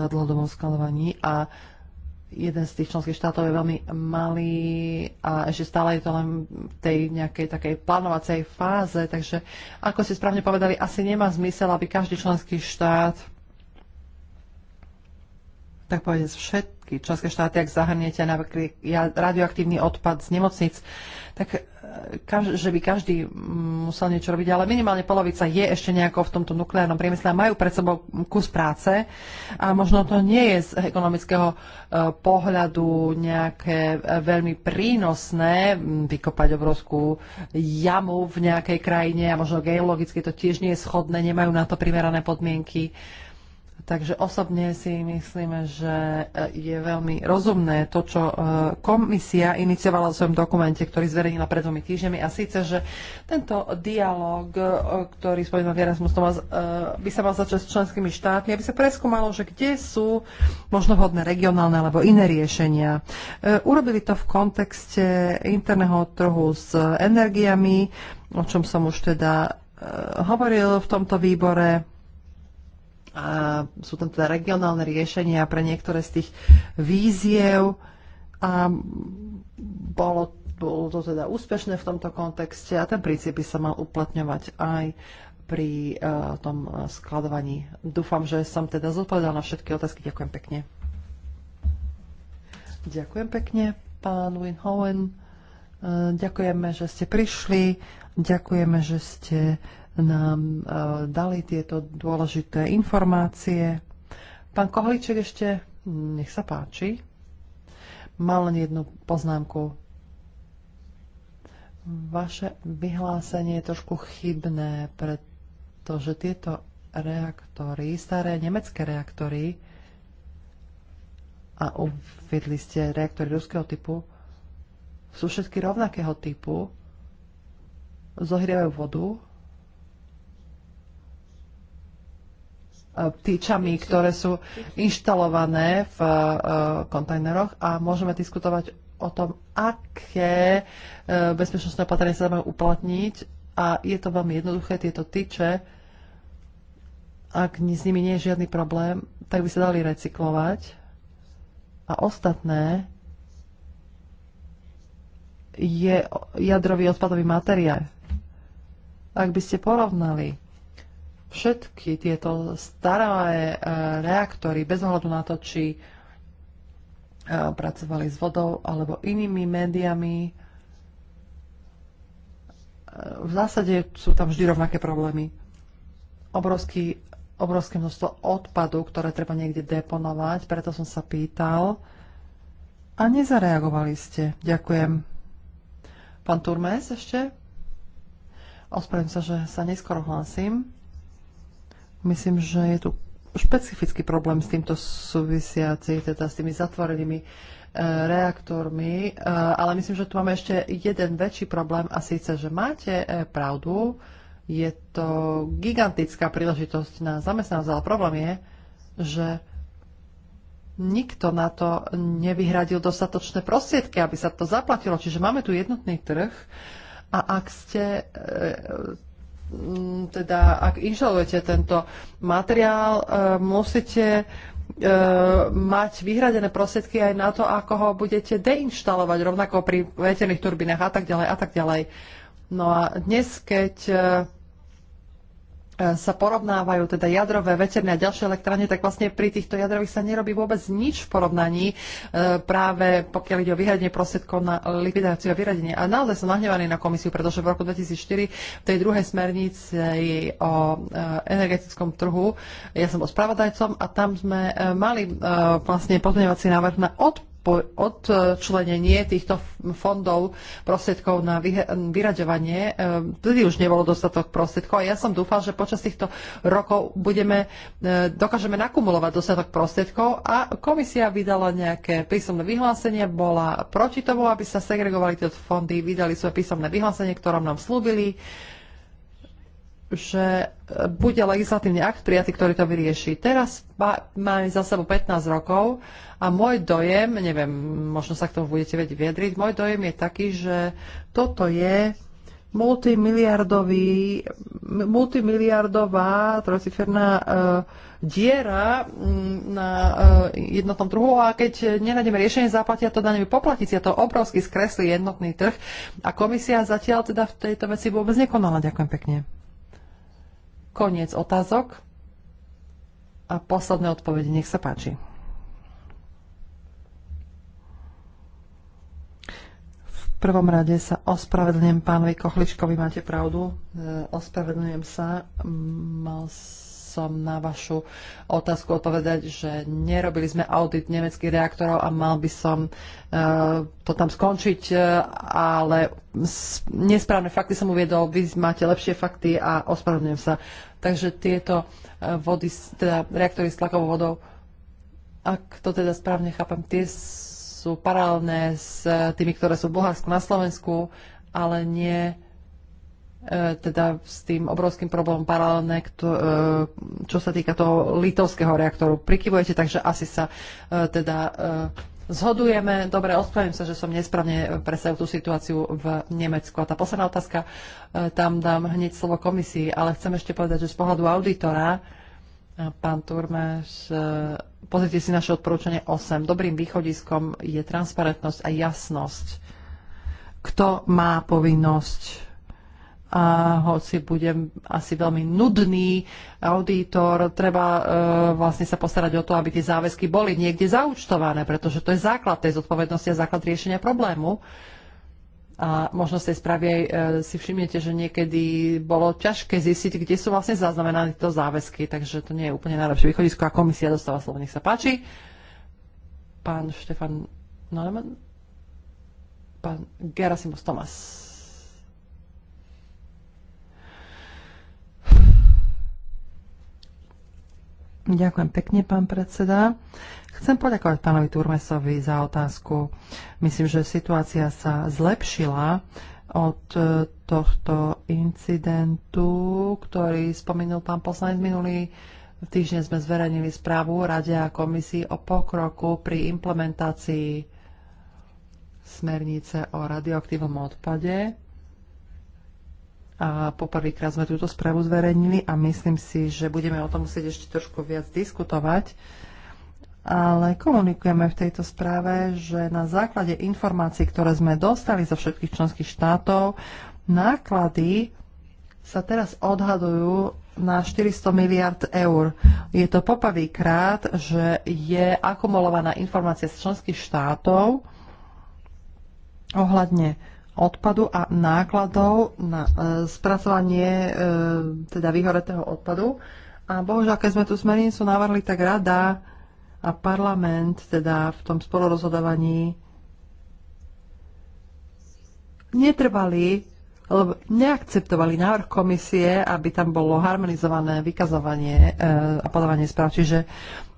dlhodobom skladovaní a jeden z tých členských štátov je veľmi malý a ešte stále je to len v tej nejakej takej plánovacej fáze, takže ako ste správne povedali, asi nemá zmysel, aby každý členský štát tak povedať, všet, všetky členské štáty, ak zahrniete napríklad radioaktívny odpad z nemocnic, tak e, že by každý musel niečo robiť, ale minimálne polovica je ešte nejako v tomto nukleárnom priemysle a majú pred sebou kus práce a možno to nie je z ekonomického e, pohľadu nejaké e, veľmi prínosné vykopať obrovskú jamu v nejakej krajine a možno geologicky to tiež nie je schodné, nemajú na to primerané podmienky. Uh, Takže osobne si myslíme, že e, je veľmi rozumné to, čo e, komisia iniciovala v svojom dokumente, ktorý zverejnila pred dvomi týždňami a síce, že tento dialog, e, ktorý spomínal Erasmus Thomas, by sa mal začať s členskými štátmi, aby sa preskúmalo, že kde sú možno vhodné regionálne alebo iné riešenia. Urobili to v kontexte interného trhu s energiami, o čom som už teda hovoril v tomto výbore a sú tam teda regionálne riešenia pre niektoré z tých víziev a bolo, bolo to teda úspešné v tomto kontexte a ten princíp by sa mal uplatňovať aj pri uh, tom skladovaní. Dúfam, že som teda zodpovedala na všetky otázky. Ďakujem pekne. Ďakujem pekne, pán Winhoven. E, ďakujeme, že ste prišli. Ďakujeme, že ste nám e, dali tieto dôležité informácie. Pán Kohliček ešte, nech sa páči, mal len jednu poznámku. Vaše vyhlásenie je trošku chybné, pretože tieto reaktory, staré nemecké reaktory, a uviedli ste reaktory ruského typu, sú všetky rovnakého typu, zohrievajú vodu tyčami, ktoré sú inštalované v e, kontajneroch a môžeme diskutovať o tom, aké e, bezpečnostné opatrenia sa majú uplatniť a je to veľmi jednoduché, tieto tyče, ak s nimi nie je žiadny problém, tak by sa dali recyklovať a ostatné je jadrový odpadový materiál. Ak by ste porovnali všetky tieto staré eh, reaktory, bez ohľadu na to, či eh, pracovali s vodou alebo inými médiami, eh, v zásade sú tam vždy rovnaké problémy. Obrovský, obrovské množstvo odpadu, ktoré treba niekde deponovať, preto som sa pýtal. A nezareagovali ste. Ďakujem. Pán Turmes ešte? Ospravedlňujem sa, že sa neskoro hlásim. Myslím, že je tu špecifický problém s týmto súvisiaci, teda s tými zatvorenými e, reaktormi, e, ale myslím, že tu máme ešte jeden väčší problém a síce, že máte e, pravdu, je to gigantická príležitosť na zamestnanosť, ale problém je, že nikto na to nevyhradil dostatočné prostriedky, aby sa to zaplatilo. Čiže máme tu jednotný trh a ak ste Mm, teda ak inštalujete tento materiál, eh, musíte eh, mať vyhradené prostriedky aj na to, ako ho budete deinštalovať, rovnako pri veterných turbinách a tak ďalej a tak ďalej. No a dnes, keď eh, E, sa porovnávajú teda jadrové, veterné a ďalšie elektrárne, tak vlastne pri týchto jadrových sa nerobí vôbec nič v porovnaní e, práve pokiaľ ide o vyhradenie prostriedkov na likvidáciu a vyradenie. A naozaj som nahnevaný na komisiu, pretože v roku 2004 v tej druhej smernici o e, energetickom trhu, ja som bol spravodajcom a tam sme mali vlastne pozmeňovací návrh na odpad odčlenenie týchto fondov prostriedkov na vyraďovanie. Vtedy eh, už nebolo dostatok prostriedkov a ja som dúfal, že počas týchto rokov budeme, eh, dokážeme nakumulovať dostatok prostriedkov a komisia vydala nejaké písomné vyhlásenie, bola proti tomu, aby sa segregovali tieto fondy, vydali svoje písomné vyhlásenie, ktorom nám slúbili že e, bude legislatívny akt prijatý, ktorý to vyrieši. Teraz máme za sebou 15 rokov a môj dojem, neviem, možno sa k tomu budete vedieť viedriť, môj dojem je taký, že toto je multimiliardový, multimiliardová trojciferná uh, diera mm, na uh, jednotnom trhu a keď nenájdeme riešenie, zaplatia to daňoví poplatníci a to obrovsky skreslí jednotný trh a komisia zatiaľ teda v tejto veci vôbec nekonala. Ďakujem pekne koniec otázok a posledné odpovede. Nech sa páči. V prvom rade sa ospravedlňujem pánovi Kochličkovi, máte pravdu. E, ospravedlňujem sa. Mal som na vašu otázku odpovedať, že nerobili sme audit nemeckých reaktorov a mal by som eh, to tam skončiť, eh, ale nesprávne fakty som uviedol, vy máte lepšie fakty a ospravedlňujem sa. Takže tieto eh, vody, teda reaktory s tlakovou vodou, ak to teda správne chápem, tie sú paralelné s tými, ktoré sú v Bulharsku na Slovensku, ale nie E, teda s tým obrovským problémom paralelne, kto, e, čo sa týka toho litovského reaktoru. Prikyvujete, takže asi sa e, teda zhodujeme. Dobre, ospravím sa, že som nesprávne predstavil tú situáciu v Nemecku. A tá posledná otázka, tam dám hneď slovo komisii, ale chcem ešte povedať, že z pohľadu auditora, pán Turmeš, pozrite si naše odporúčanie 8. Dobrým východiskom je transparentnosť a jasnosť. Kto má povinnosť a hoci budem asi veľmi nudný auditor, treba e, vlastne sa postarať o to, aby tie záväzky boli niekde zaučtované, pretože to je základ tej zodpovednosti a základ riešenia problému. A možno ste spravie, e, si všimnete, že niekedy bolo ťažké zistiť, kde sú vlastne zaznamenané tieto záväzky, takže to nie je úplne najlepšie východisko a komisia dostáva slovo. Nech sa páči. Pán Štefan Norman, pán Gerasimus Tomas. Ďakujem pekne, pán predseda. Chcem poďakovať pánovi Turmesovi za otázku. Myslím, že situácia sa zlepšila od e, tohto incidentu, ktorý spomenul pán poslanec minulý týždeň sme zverejnili správu Rade a komisii o pokroku pri implementácii smernice o radioaktívnom odpade. A poprvýkrát sme túto správu zverejnili a myslím si, že budeme o tom musieť ešte trošku viac diskutovať. Ale komunikujeme v tejto správe, že na základe informácií, ktoré sme dostali zo všetkých členských štátov, náklady sa teraz odhadujú na 400 miliard eur. Je to poprvýkrát, že je akumulovaná informácia z členských štátov ohľadne odpadu a nákladov na e, spracovanie e, teda vyhoretého odpadu. A bohužiaľ, keď sme tú smernicu navrhli, tak rada a parlament teda v tom spolorozhodovaní netrvali lebo neakceptovali návrh komisie, aby tam bolo harmonizované vykazovanie e, a podávanie správ. Čiže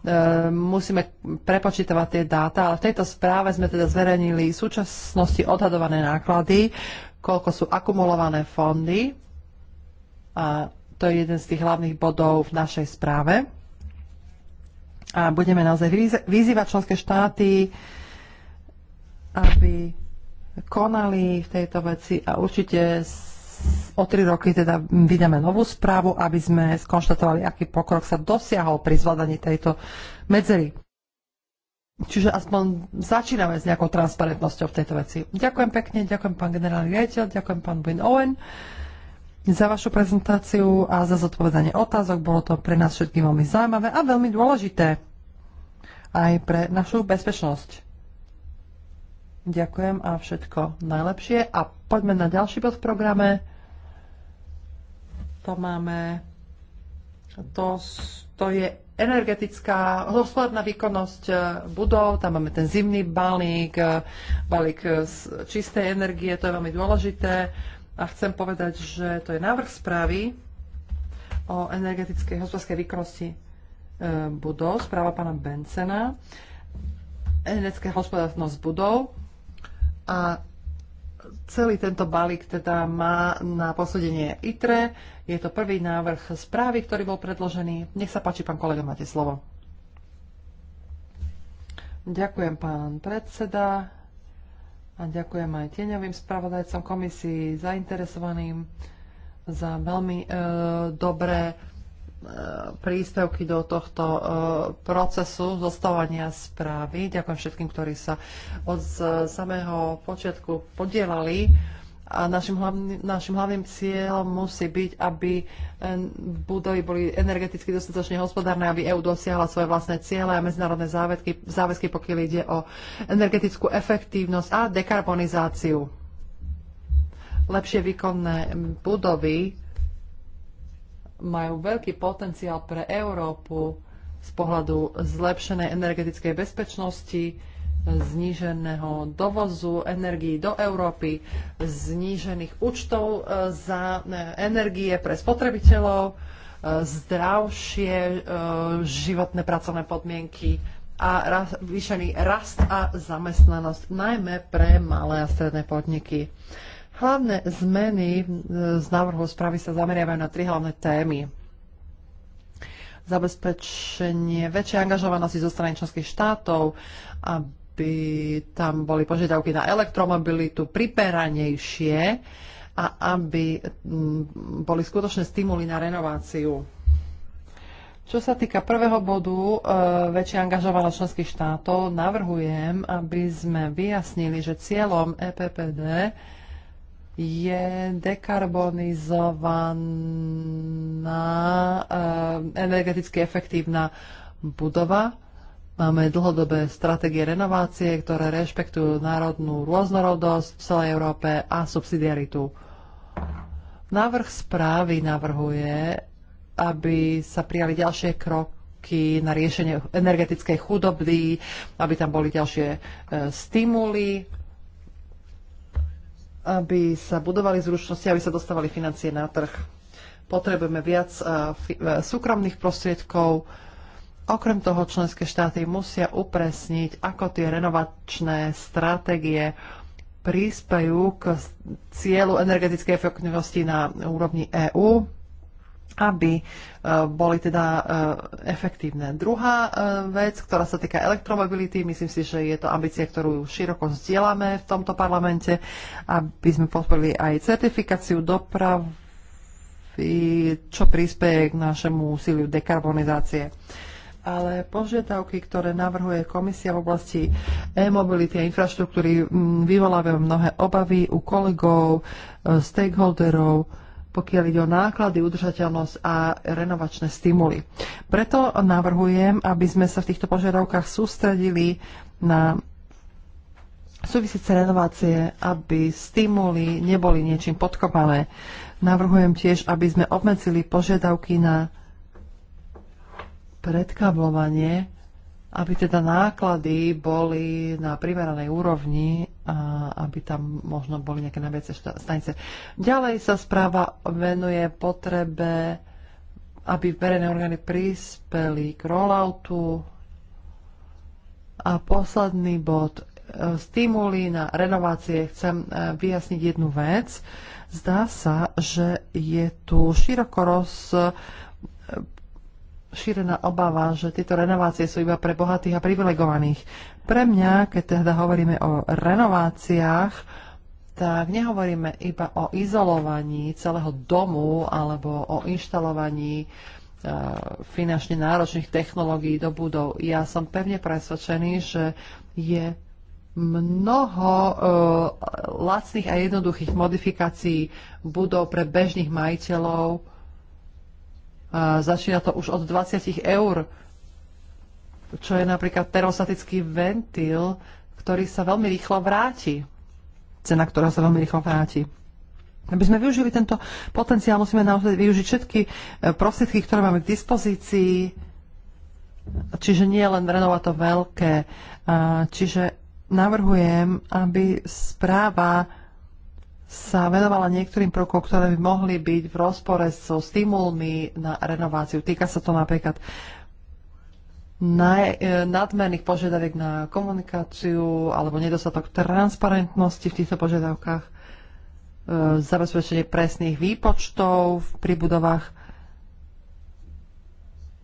E, musíme prepočítavať tie dáta, ale v tejto správe sme teda zverejnili v súčasnosti odhadované náklady, koľko sú akumulované fondy a to je jeden z tých hlavných bodov v našej správe. A budeme naozaj vyzývať členské štáty, aby konali v tejto veci a určite o tri roky teda vydáme novú správu, aby sme skonštatovali, aký pokrok sa dosiahol pri zvládaní tejto medzery. Čiže aspoň začíname s nejakou transparentnosťou v tejto veci. Ďakujem pekne, ďakujem pán generálny riaditeľ, ďakujem pán Win Owen za vašu prezentáciu a za zodpovedanie otázok. Bolo to pre nás všetkým veľmi zaujímavé a veľmi dôležité aj pre našu bezpečnosť. Ďakujem a všetko najlepšie. A poďme na ďalší bod v programe. To máme... To, to je energetická, hospodárna výkonnosť e, budov, tam máme ten zimný balík, e, balík e, z čistej energie, to je veľmi dôležité. A chcem povedať, že to je návrh správy o energetickej hospodárskej výkonnosti budov, správa pána Bencena, energetická hospodárnosť budov. A celý tento balík teda má na posúdenie ITRE. Je to prvý návrh správy, ktorý bol predložený. Nech sa páči, pán kolega, máte slovo. Ďakujem, pán predseda. A ďakujem aj tieňovým spravodajcom komisii, zainteresovaným za veľmi e, dobré E, príspevky do tohto e, procesu zostávania správy. Ďakujem všetkým, ktorí sa od samého počiatku podielali. A našim, hlavný, našim hlavným cieľom musí byť, aby e, budovy boli energeticky dostatočne hospodárne, aby EU dosiahla svoje vlastné ciele a medzinárodné záväzky, záväzky pokiaľ ide o energetickú efektívnosť a dekarbonizáciu. Lepšie výkonné budovy majú veľký potenciál pre Európu z pohľadu zlepšenej energetickej bezpečnosti, zníženého dovozu energií do Európy, znížených účtov e, za e, energie pre spotrebiteľov, e, zdravšie životné pracovné podmienky a vyšený rast a zamestnanosť, najmä pre malé a stredné podniky. Hlavné zmeny e, z návrhu správy sa zameriavajú na tri hlavné témy. Zabezpečenie väčšej angažovanosti zo strany členských štátov, aby tam boli požiadavky na elektromobilitu priperanejšie a aby mm, boli skutočné stimuly na renováciu. Čo sa týka prvého bodu, e, väčšia angažovanosť členských štátov, navrhujem, aby sme vyjasnili, že cieľom EPPD je dekarbonizovaná eh, energeticky efektívna budova. Máme dlhodobé stratégie renovácie, ktoré rešpektujú národnú rôznorodosť v celej Európe a subsidiaritu. Návrh správy navrhuje, aby sa prijali ďalšie kroky na riešenie energetickej chudoby, aby tam boli ďalšie eh, stimuly aby sa budovali zručnosti, aby sa dostávali financie na trh. Potrebujeme viac eh, eh, súkromných prostriedkov. Okrem toho členské štáty musia upresniť, ako tie renovačné stratégie prispajú k cieľu energetickej efektivnosti na úrovni EÚ aby e, boli teda e, efektívne. Druhá e, vec, ktorá sa týka elektromobility, myslím si, že je to ambícia, ktorú široko vzdielame v tomto parlamente, aby sme podporili aj certifikáciu dopravy, čo prispieje k našemu úsiliu dekarbonizácie ale požiadavky, ktoré navrhuje komisia v oblasti e-mobility a infraštruktúry, vyvolávajú mnohé obavy u kolegov, stakeholderov, pokiaľ ide o náklady, udržateľnosť a renovačné stimuly. Preto navrhujem, aby sme sa v týchto požiadavkách sústredili na súvisiace renovácie, aby stimuly neboli niečím podkopané. Navrhujem tiež, aby sme obmedzili požiadavky na predkablovanie aby teda náklady boli na primeranej úrovni a aby tam možno boli nejaké naviace stanice. Ďalej sa správa venuje potrebe, aby verejné orgány prispeli k rolloutu a posledný bod e, stimuli na renovácie. Chcem e, vyjasniť jednu vec. Zdá sa, že je tu široko roz šírená obava, že tieto renovácie sú iba pre bohatých a privilegovaných. Pre mňa, keď teda hovoríme o renováciách, tak nehovoríme iba o izolovaní celého domu alebo o inštalovaní e, finančne náročných technológií do budov. Ja som pevne presvedčený, že je mnoho e, lacných a jednoduchých modifikácií budov pre bežných majiteľov, Začína to už od 20 eur, čo je napríklad terostatický ventil, ktorý sa veľmi rýchlo vráti. Cena, ktorá sa veľmi rýchlo vráti. Aby sme využili tento potenciál, musíme naozaj využiť všetky e, prostriedky, ktoré máme k dispozícii. Čiže nie len renovať to veľké. Čiže navrhujem, aby správa sa venovala niektorým prvkom, ktoré by mohli byť v rozpore so stimulmi na renováciu. Týka sa to napríklad e, nadmerných požiadaviek na komunikáciu alebo nedostatok transparentnosti v týchto požiadavkách, e, zabezpečenie presných výpočtov v príbudovách.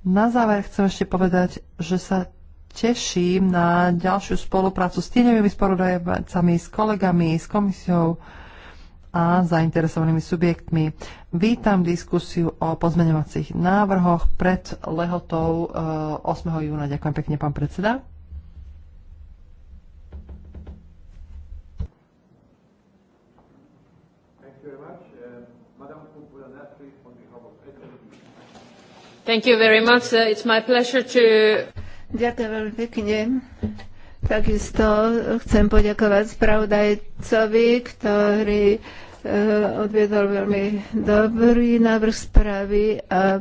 Na záver chcem ešte povedať, že sa teším na ďalšiu spoluprácu s tieňovými sporodajcami, s kolegami, s komisiou, a zainteresovanými subjektmi. Vítam diskusiu o pozmeňovacích návrhoch pred lehotou 8. Eh, júna. Ďakujem pekne, pán predseda. Thank you very much. Eh, It's my pleasure to... Ďakujem veľmi pekne. Takisto chcem poďakovať spravodajcovi, ktorý uh, odviedol veľmi dobrý návrh správy a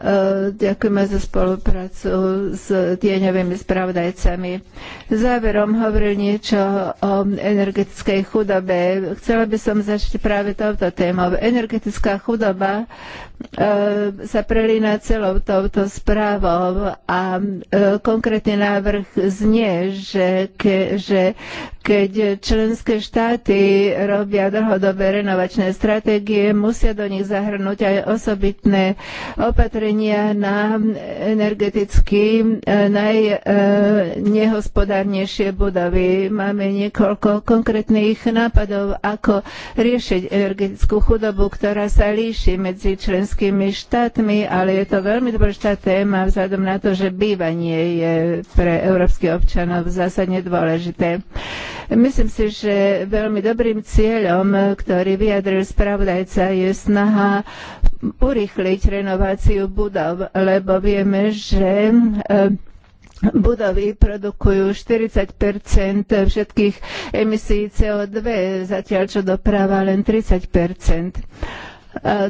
Eh, Ďakujem za spoluprácu s tieňovými spravodajcami. Záverom hovoril niečo o energetickej chudobe. Chcela by som začať práve touto témou. Energetická chudoba eh, sa prelína celou touto správou a eh, konkrétny návrh znie, že, ke, že keď členské štáty robia dlhodobé renovačné stratégie, musia do nich zahrnúť aj osobitné opatrenia, opatrenia na energeticky eh, najnehospodárnejšie budovy. Máme niekoľko konkrétnych nápadov, ako riešiť energetickú chudobu, ktorá sa líši medzi členskými štátmi, ale je to veľmi dôležitá téma vzhľadom na to, že bývanie je pre európskych občanov zásadne dôležité. Myslím si, že veľmi dobrým cieľom, ktorý vyjadril spravodajca, je snaha urychliť renováciu budov, lebo vieme, že e, budovy produkujú 40 všetkých emisí CO2, zatiaľ čo doprava len 30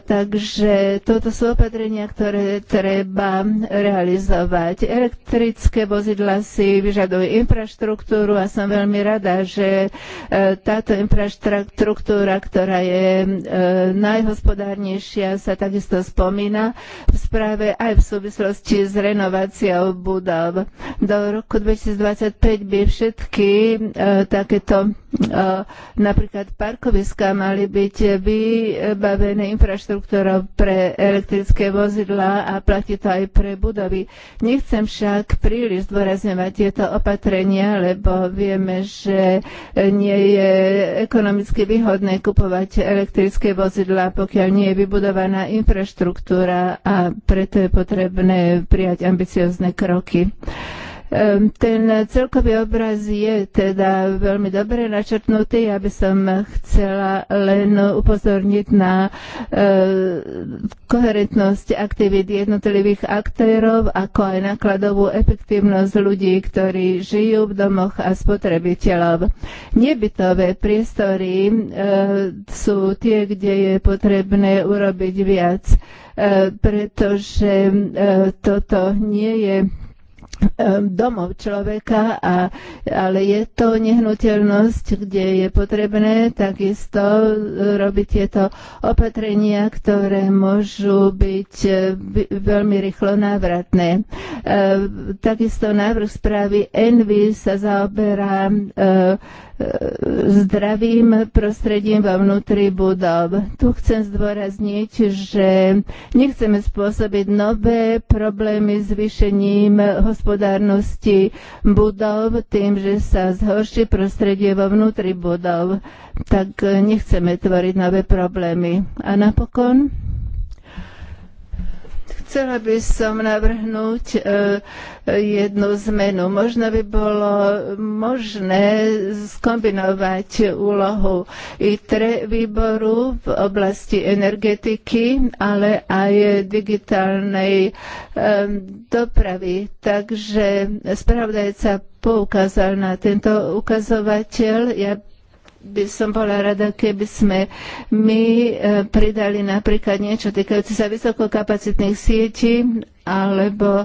Takže toto sú opatrenia, ktoré treba realizovať. Elektrické vozidla si vyžadujú infraštruktúru a som veľmi rada, že e, táto infraštruktúra, ktorá je e, najhospodárnejšia, sa takisto spomína v správe aj v súvislosti s renováciou budov. Do roku 2025 by všetky e, takéto Napríklad parkoviska mali byť vybavené infraštruktúrou pre elektrické vozidla a platí to aj pre budovy. Nechcem však príliš zdôrazňovať tieto opatrenia, lebo vieme, že nie je ekonomicky výhodné kupovať elektrické vozidla, pokiaľ nie je vybudovaná infraštruktúra a preto je potrebné prijať ambiciozne kroky. Ten celkový obraz je teda veľmi dobre načrtnutý. Ja by som chcela len upozorniť na eh, koherentnosť aktivít jednotlivých aktérov, ako aj nákladovú efektívnosť ľudí, ktorí žijú v domoch a spotrebiteľov. Nebytové priestory eh, sú tie, kde je potrebné urobiť viac, eh, pretože toto nie je Ehm, domov človeka, a, ale je to nehnuteľnosť, kde je potrebné takisto e, robiť tieto opatrenia, ktoré môžu byť e, veľmi rýchlo návratné. Ehm, takisto návrh správy Envy sa zaoberá e, zdravým prostredím vo vnútri budov. Tu chcem zdôrazniť, že nechceme spôsobiť nové problémy s vyšením hospodárnosti budov tým, že sa zhorší prostredie vo vnútri budov. Tak nechceme tvoriť nové problémy. A napokon Chcela by som navrhnúť e, jednu zmenu. Možno by bolo možné skombinovať úlohu ITRE výboru v oblasti energetiky, ale aj digitálnej e, dopravy. Takže spravodajca poukázal na tento ukazovateľ. Ja by som bola rada, keby sme my e, pridali napríklad niečo týkajúce sa vysokokapacitných sietí alebo e,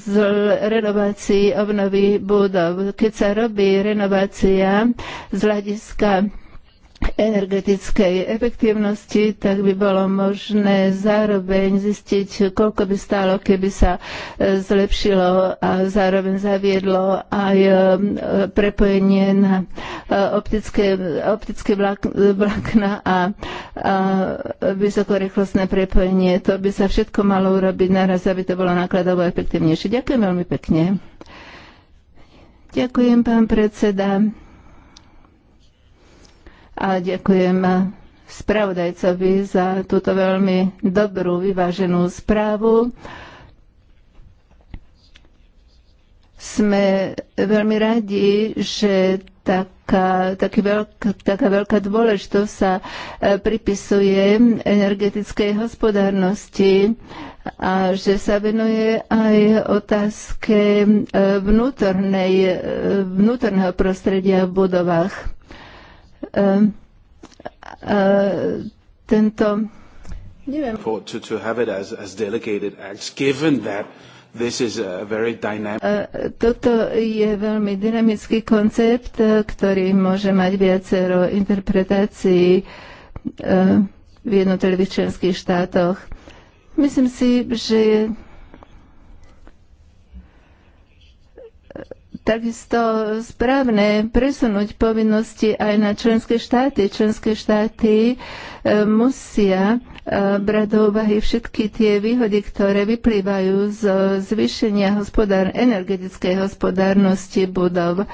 z renovácií obnovy budov. Keď sa robí renovácia z hľadiska energetickej efektívnosti, tak by bolo možné zároveň zistiť, koľko by stálo, keby sa e, zlepšilo a zároveň zaviedlo aj e, prepojenie na e, optické, optické vlákna a, a vysokorýchlostné prepojenie. To by sa všetko malo urobiť naraz, aby to bolo nákladovo efektívnejšie. Ďakujem veľmi pekne. Ďakujem, pán predseda a ďakujem spravodajcovi za túto veľmi dobrú, vyváženú správu. Sme veľmi radi, že taká, taký veľk, taká veľká dôležitosť sa e, pripisuje energetickej hospodárnosti a že sa venuje aj otázke e, e, vnútorného prostredia v budovách. Ehm, eh, tento Neviem. For, to, to have it as, as delegated acts, given that This is a very dynamic... Eh, toto je veľmi dynamický koncept, eh, ktorý môže mať viacero interpretácií v jednotlivých členských štátoch. Myslím si, že je takisto správne presunúť povinnosti aj na členské štáty. Členské štáty e, musia Eh, brať do úvahy všetky tie výhody, ktoré vyplývajú z zvýšenia hospodár, energetickej hospodárnosti budov.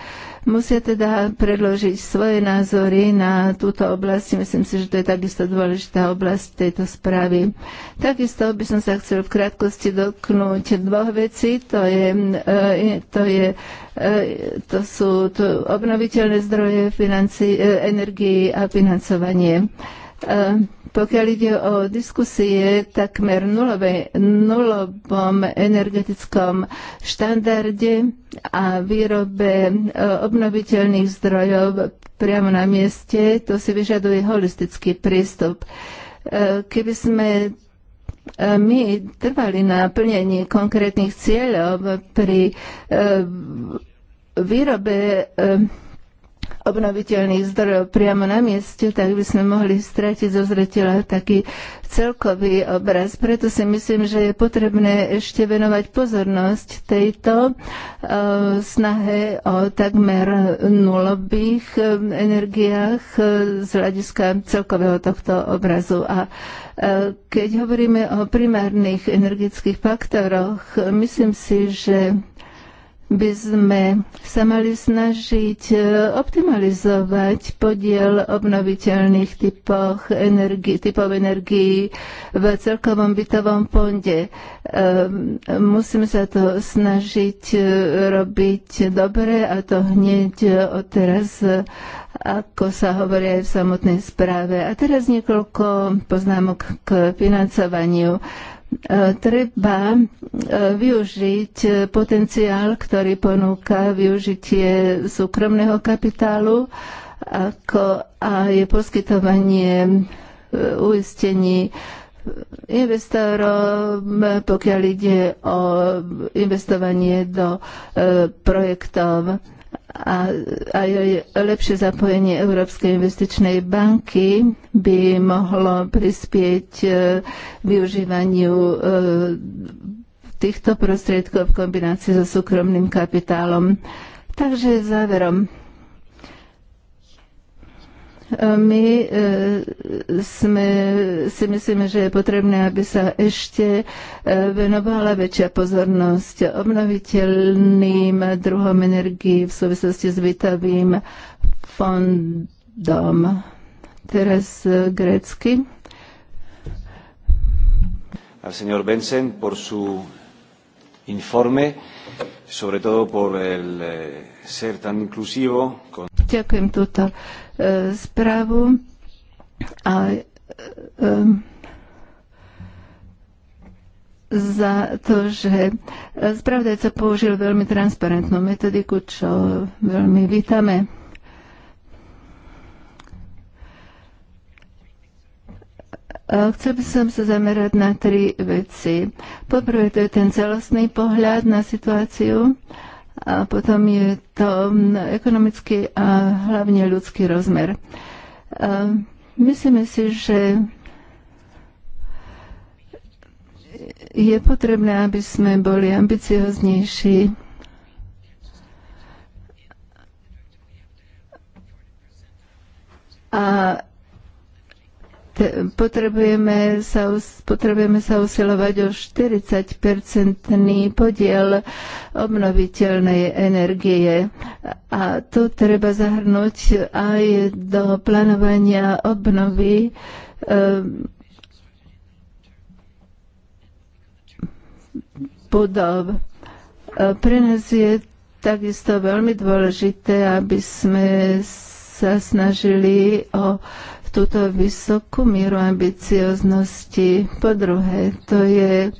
Musia teda predložiť svoje názory na túto oblasť. Myslím si, že to je takisto dôležitá oblasť tejto správy. Takisto by som sa chcel v krátkosti dotknúť dvoch vecí. To, je, eh, to, je, eh, to sú to obnoviteľné zdroje financi, energii a financovanie. Pokiaľ ide o diskusie takmer nulovej, nulovom energetickom štandarde a výrobe e, obnoviteľných zdrojov priamo na mieste, to si vyžaduje holistický prístup. E, keby sme e, my trvali na plnení konkrétnych cieľov pri výrobe obnoviteľných zdrojov priamo na mieste, tak by sme mohli stratiť zo zretela taký celkový obraz. Preto si myslím, že je potrebné ešte venovať pozornosť tejto e, snahe o takmer nulových e, energiách e, z hľadiska celkového tohto obrazu. A keď hovoríme o primárnych energetických faktoroch, myslím si, že by sme sa mali snažiť e, optimalizovať podiel obnoviteľných typoch energi- typov energií v celkovom bytovom fonde. E, Musíme sa to snažiť e, robiť dobre a to hneď od teraz, ako sa hovorí aj v samotnej správe. A teraz niekoľko poznámok k financovaniu treba e, využiť e, potenciál, ktorý ponúka využitie súkromného kapitálu, ako aj poskytovanie e, uistení investorom, pokiaľ ide o investovanie do projektov a aj lepšie zapojenie Európskej investičnej banky by mohlo prispieť e, využívaniu e, týchto prostriedkov v kombinácii so súkromným kapitálom. Takže záverom my e, sme, si myslíme, že je potrebné, aby sa ešte e, venovala väčšia pozornosť obnoviteľným druhom energii v súvislosti s bytovým fondom. Teraz e, grécky. A senor Benson por su informe, sobre todo por el eh, ser tan inclusivo. Con... Ďakujem, tuto. Uh, správu a za to, že spravodajca použil veľmi transparentnú metodiku, čo veľmi vítame. Chcel by som sa zamerať na tri veci. Poprvé, to je ten celostný pohľad na situáciu a potom je to mm, ekonomický a hlavne ľudský rozmer. Myslíme si, že je potrebné, aby sme boli ambicioznejší a potrebujeme sa, potrebujeme sa usilovať o 40-percentný podiel obnoviteľnej energie. A to treba zahrnúť aj do plánovania obnovy eh, budov. Pre nás je takisto veľmi dôležité, aby sme sa snažili o túto vysokú mieru ambicioznosti. Po druhé, to je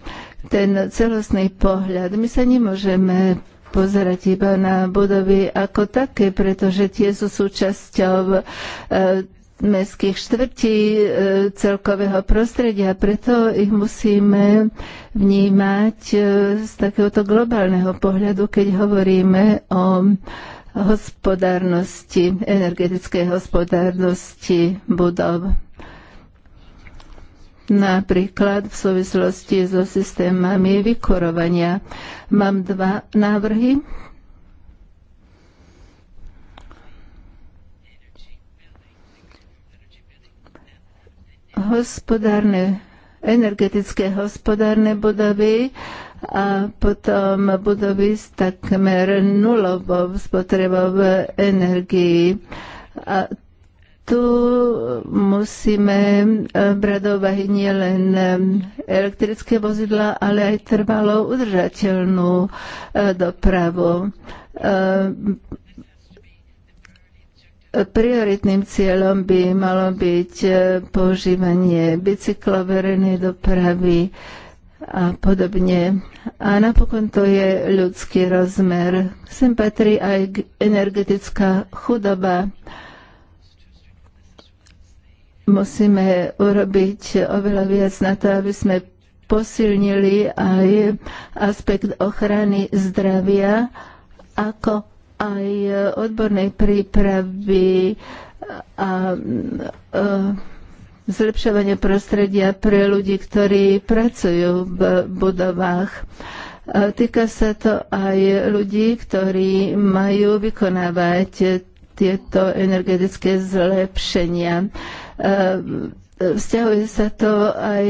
ten celostný pohľad. My sa nemôžeme pozerať iba na budovy ako také, pretože tie sú súčasťou e, mestských štvrtí e, celkového prostredia. Preto ich musíme vnímať e, z takéhoto globálneho pohľadu, keď hovoríme o hospodárnosti, energetickej hospodárnosti budov. Napríklad v súvislosti so systémami vykurovania. Mám dva návrhy. Hospodárne, energetické hospodárne budovy a potom budú s takmer nulovou spotrebou energii. A tu musíme e, brať do úvahy nielen e, elektrické vozidla, ale aj trvalo udržateľnú e, dopravu. Prioritným cieľom by malo byť používanie bicyklov, verejnej dopravy, a podobne. A napokon to je ľudský rozmer. Sem patrí aj energetická chudoba. Musíme urobiť oveľa viac na to, aby sme posilnili aj aspekt ochrany zdravia, ako aj odbornej prípravy a, a zlepšovanie prostredia pre ľudí, ktorí pracujú v budovách. Týka sa to aj ľudí, ktorí majú vykonávať tieto energetické zlepšenia Vzťahuje sa to aj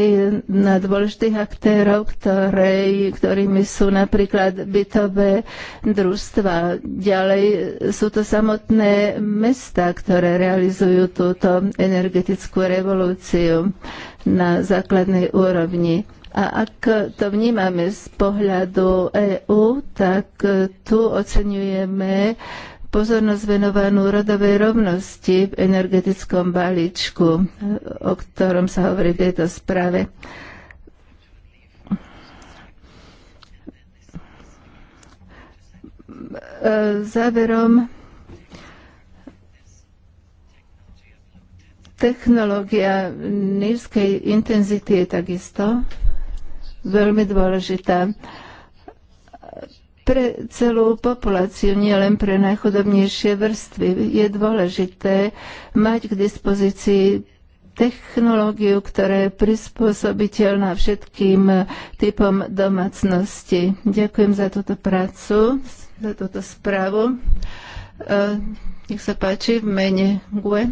na dôležitých aktérov, ktoré, ktorými sú napríklad bytové družstva. Ďalej sú to samotné mesta, ktoré realizujú túto energetickú revolúciu na základnej úrovni. A ak to vnímame z pohľadu EÚ, tak tu oceňujeme pozornosť venovanú rodovej rovnosti v energetickom balíčku, o ktorom sa hovorí v tejto správe. Záverom technológia nízkej intenzity je takisto veľmi dôležitá pre celú populáciu, nielen pre najchudobnejšie vrstvy. Je dôležité mať k dispozícii technológiu, ktorá je prispôsobiteľná všetkým typom domácnosti. Ďakujem za túto prácu, za túto správu. E, nech sa páči v mene GUE.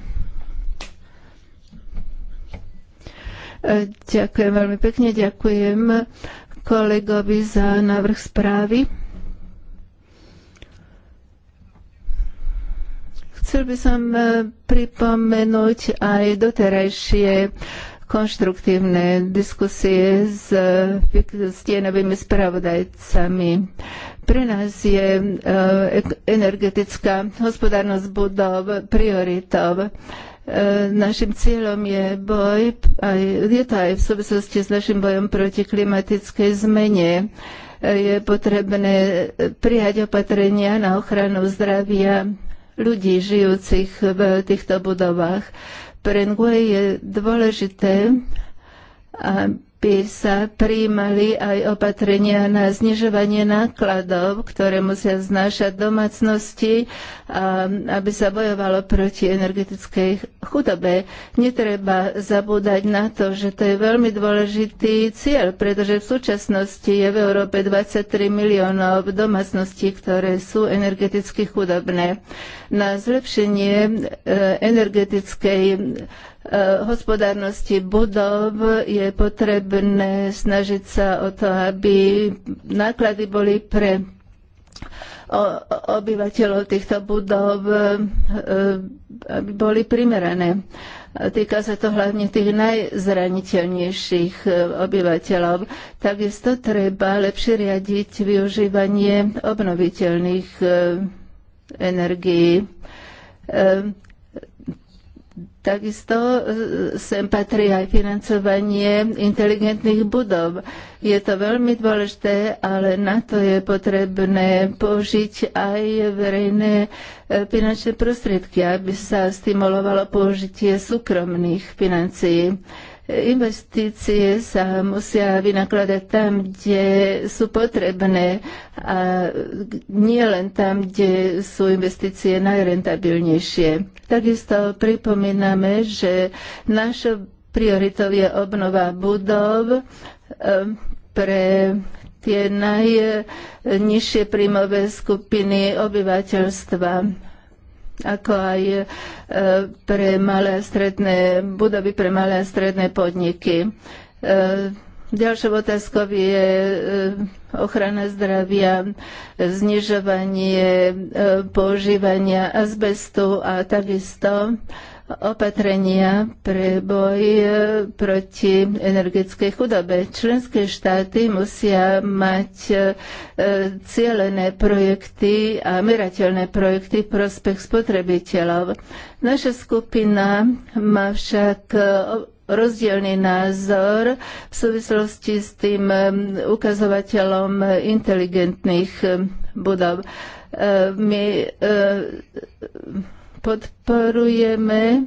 E, ďakujem veľmi pekne, ďakujem kolegovi za návrh správy. Chcel by som e, pripomenúť aj doterajšie konštruktívne diskusie s e, stienovými spravodajcami. Pre nás je e, energetická hospodárnosť budov prioritou našim cieľom je boj, aj, je to aj v súvislosti s našim bojom proti klimatickej zmene. Je potrebné prijať opatrenia na ochranu zdravia ľudí žijúcich v týchto budovách. Pre Ngue je dôležité, aby by sa príjmali aj opatrenia na znižovanie nákladov, ktoré musia znášať domácnosti, aby sa bojovalo proti energetickej chudobe. Netreba zabúdať na to, že to je veľmi dôležitý cieľ, pretože v súčasnosti je v Európe 23 miliónov domácností, ktoré sú energeticky chudobné. Na zlepšenie e, energetickej Eh, hospodárnosti budov je potrebné snažiť sa o to, aby náklady boli pre obyvateľov týchto budov eh, eh, aby boli primerané. Týka sa to hlavne tých najzraniteľnejších obyvateľov. Takisto treba lepšie riadiť využívanie obnoviteľných energií Takisto e, sem patrí aj financovanie inteligentných budov. Je to veľmi dôležité, ale na to je potrebné použiť aj verejné e, finančné prostriedky, aby sa stimulovalo použitie súkromných financií. Investície sa musia vynakladať tam, kde sú potrebné a nie len tam, kde sú investície najrentabilnejšie. Takisto pripomíname, že našou prioritou je obnova budov e, pre tie najnižšie príjmové skupiny obyvateľstva ako aj e, pre malé a stredné budovy, pre malé a stredné podniky. E, ďalšou otázkou je e, ochrana zdravia, znižovanie používania azbestu a takisto opatrenia pre boj e, proti energetickej chudobe. Členské štáty musia mať e, e, cieľené projekty a merateľné projekty v prospech spotrebiteľov. Naša skupina má však rozdielný názor v súvislosti s tým ukazovateľom inteligentných budov. My podporujeme e,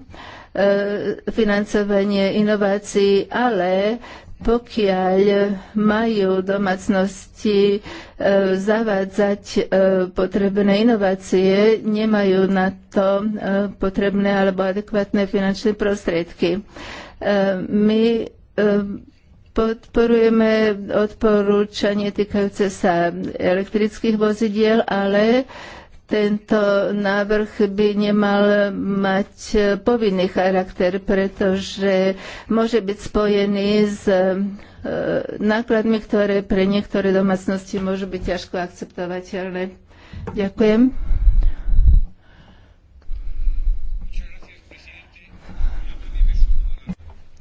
financovanie inovácií, ale pokiaľ majú domácnosti e, zavádzať e, potrebné inovácie, nemajú na to potrebné alebo adekvátne finančné prostriedky. My podporujeme odporúčanie týkajúce sa elektrických vozidiel, ale tento návrh by nemal mať povinný charakter, pretože môže byť spojený s e, nákladmi, ktoré pre niektoré domácnosti môžu byť ťažko akceptovateľné. Ďakujem.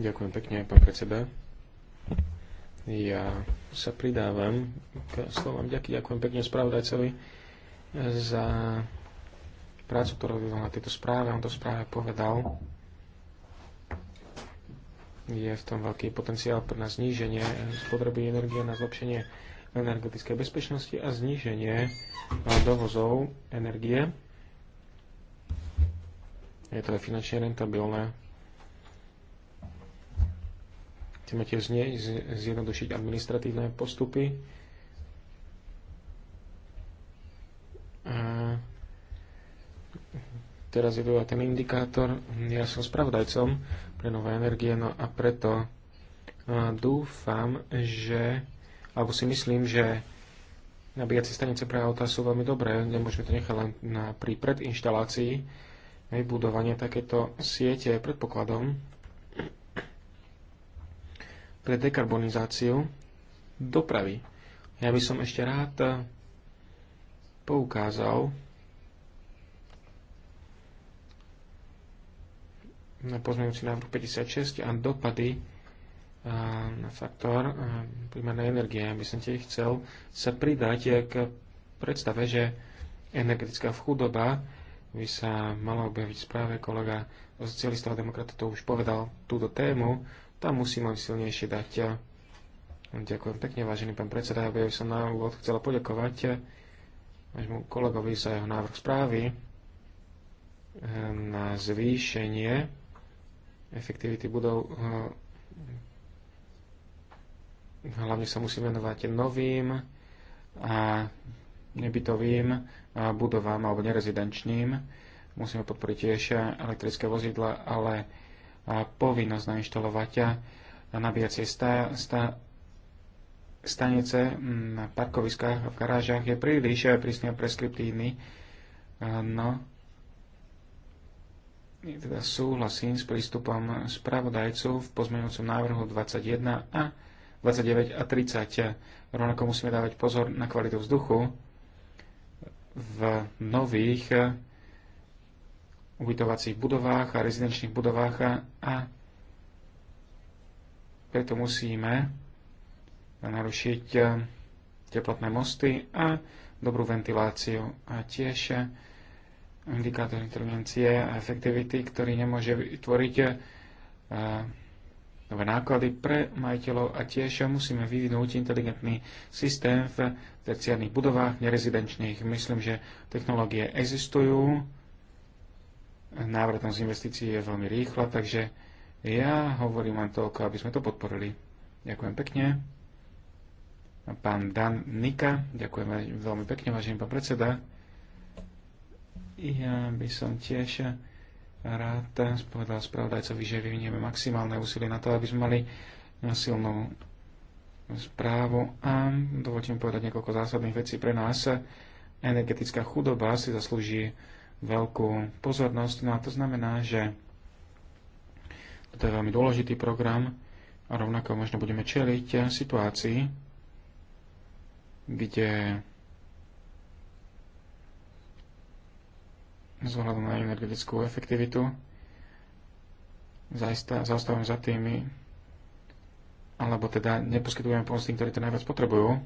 Ďakujem pekne, pán predseda. Ja sa pridávam k slovám ďaky. Ďakujem pekne spravodajcovi za prácu, ktorú vyvolal na tejto správe. On to správe povedal, je v tom veľký potenciál na zníženie spotreby energie, na zlepšenie energetickej bezpečnosti a zníženie eh, dovozov energie. Je to aj finančne rentabilné. Chceme tiež zjednodušiť administratívne postupy, Teraz je dole ten indikátor. Ja som spravodajcom pre nové energie, no a preto dúfam, že, alebo si myslím, že nabíjacie stanice pre auta sú veľmi dobré, nemôžeme to nechať len na, pri predinštalácii, vybudovanie takéto siete predpokladom pre dekarbonizáciu dopravy. Ja by som ešte rád poukázal na pozmeňujúci návrh 56 a dopady eh, na faktor eh, primárnej energie. Ja by som tiež chcel sa pridať eh, k predstave, že energetická chudoba by sa mala objaviť správe. Kolega socialistov a demokrata, to už povedal túto tému. Tam musíme silnejšie dať. Ďakujem pekne, vážený pán predseda. Ja by som na úvod chcela poďakovať vášmu kolegovi za jeho návrh správy na zvýšenie efektivity budov. Eh, hlavne sa musí venovať novým a nebytovým eh, budovám alebo nerezidenčným. Musíme podporiť tiež elektrické vozidla, ale eh, povinnosť nainštalovať nabíjacie sta, sta, stanice mm, na parkoviskách a v garážach je príliš prísne a preskriptívny. No, teda súhlasím s prístupom spravodajcov v pozmeňujúcom návrhu 21 a 29 a 30. Rovnako musíme dávať pozor na kvalitu vzduchu v nových ubytovacích budovách a rezidenčných budovách a, a preto musíme narušiť teplotné mosty a dobrú ventiláciu a tiež indikátor intervencie a efektivity, ktorý nemôže vytvoriť eh, nové náklady pre majiteľov a tiež musíme vyvinúť inteligentný systém v terciárnych budovách, nerezidenčných. Myslím, že technológie existujú, návratnosť investícií je veľmi rýchla, takže ja hovorím len toľko, aby sme to podporili. Ďakujem pekne. Pán Dan Nika, ďakujem veľmi pekne, vážený pán predseda. Ja by som tiež rád povedal spravodajcovi, že vyvinieme maximálne úsilie na to, aby sme mali silnú správu a dovolte mi povedať niekoľko zásadných vecí pre nás. Energetická chudoba si zaslúži veľkú pozornosť, no a to znamená, že toto je veľmi dôležitý program a rovnako možno budeme čeliť situácii, kde z ohľadu na energetickú efektivitu. Zaostávame za tými, alebo teda neposkytujeme pomoc tým, ktorí to najviac potrebujú.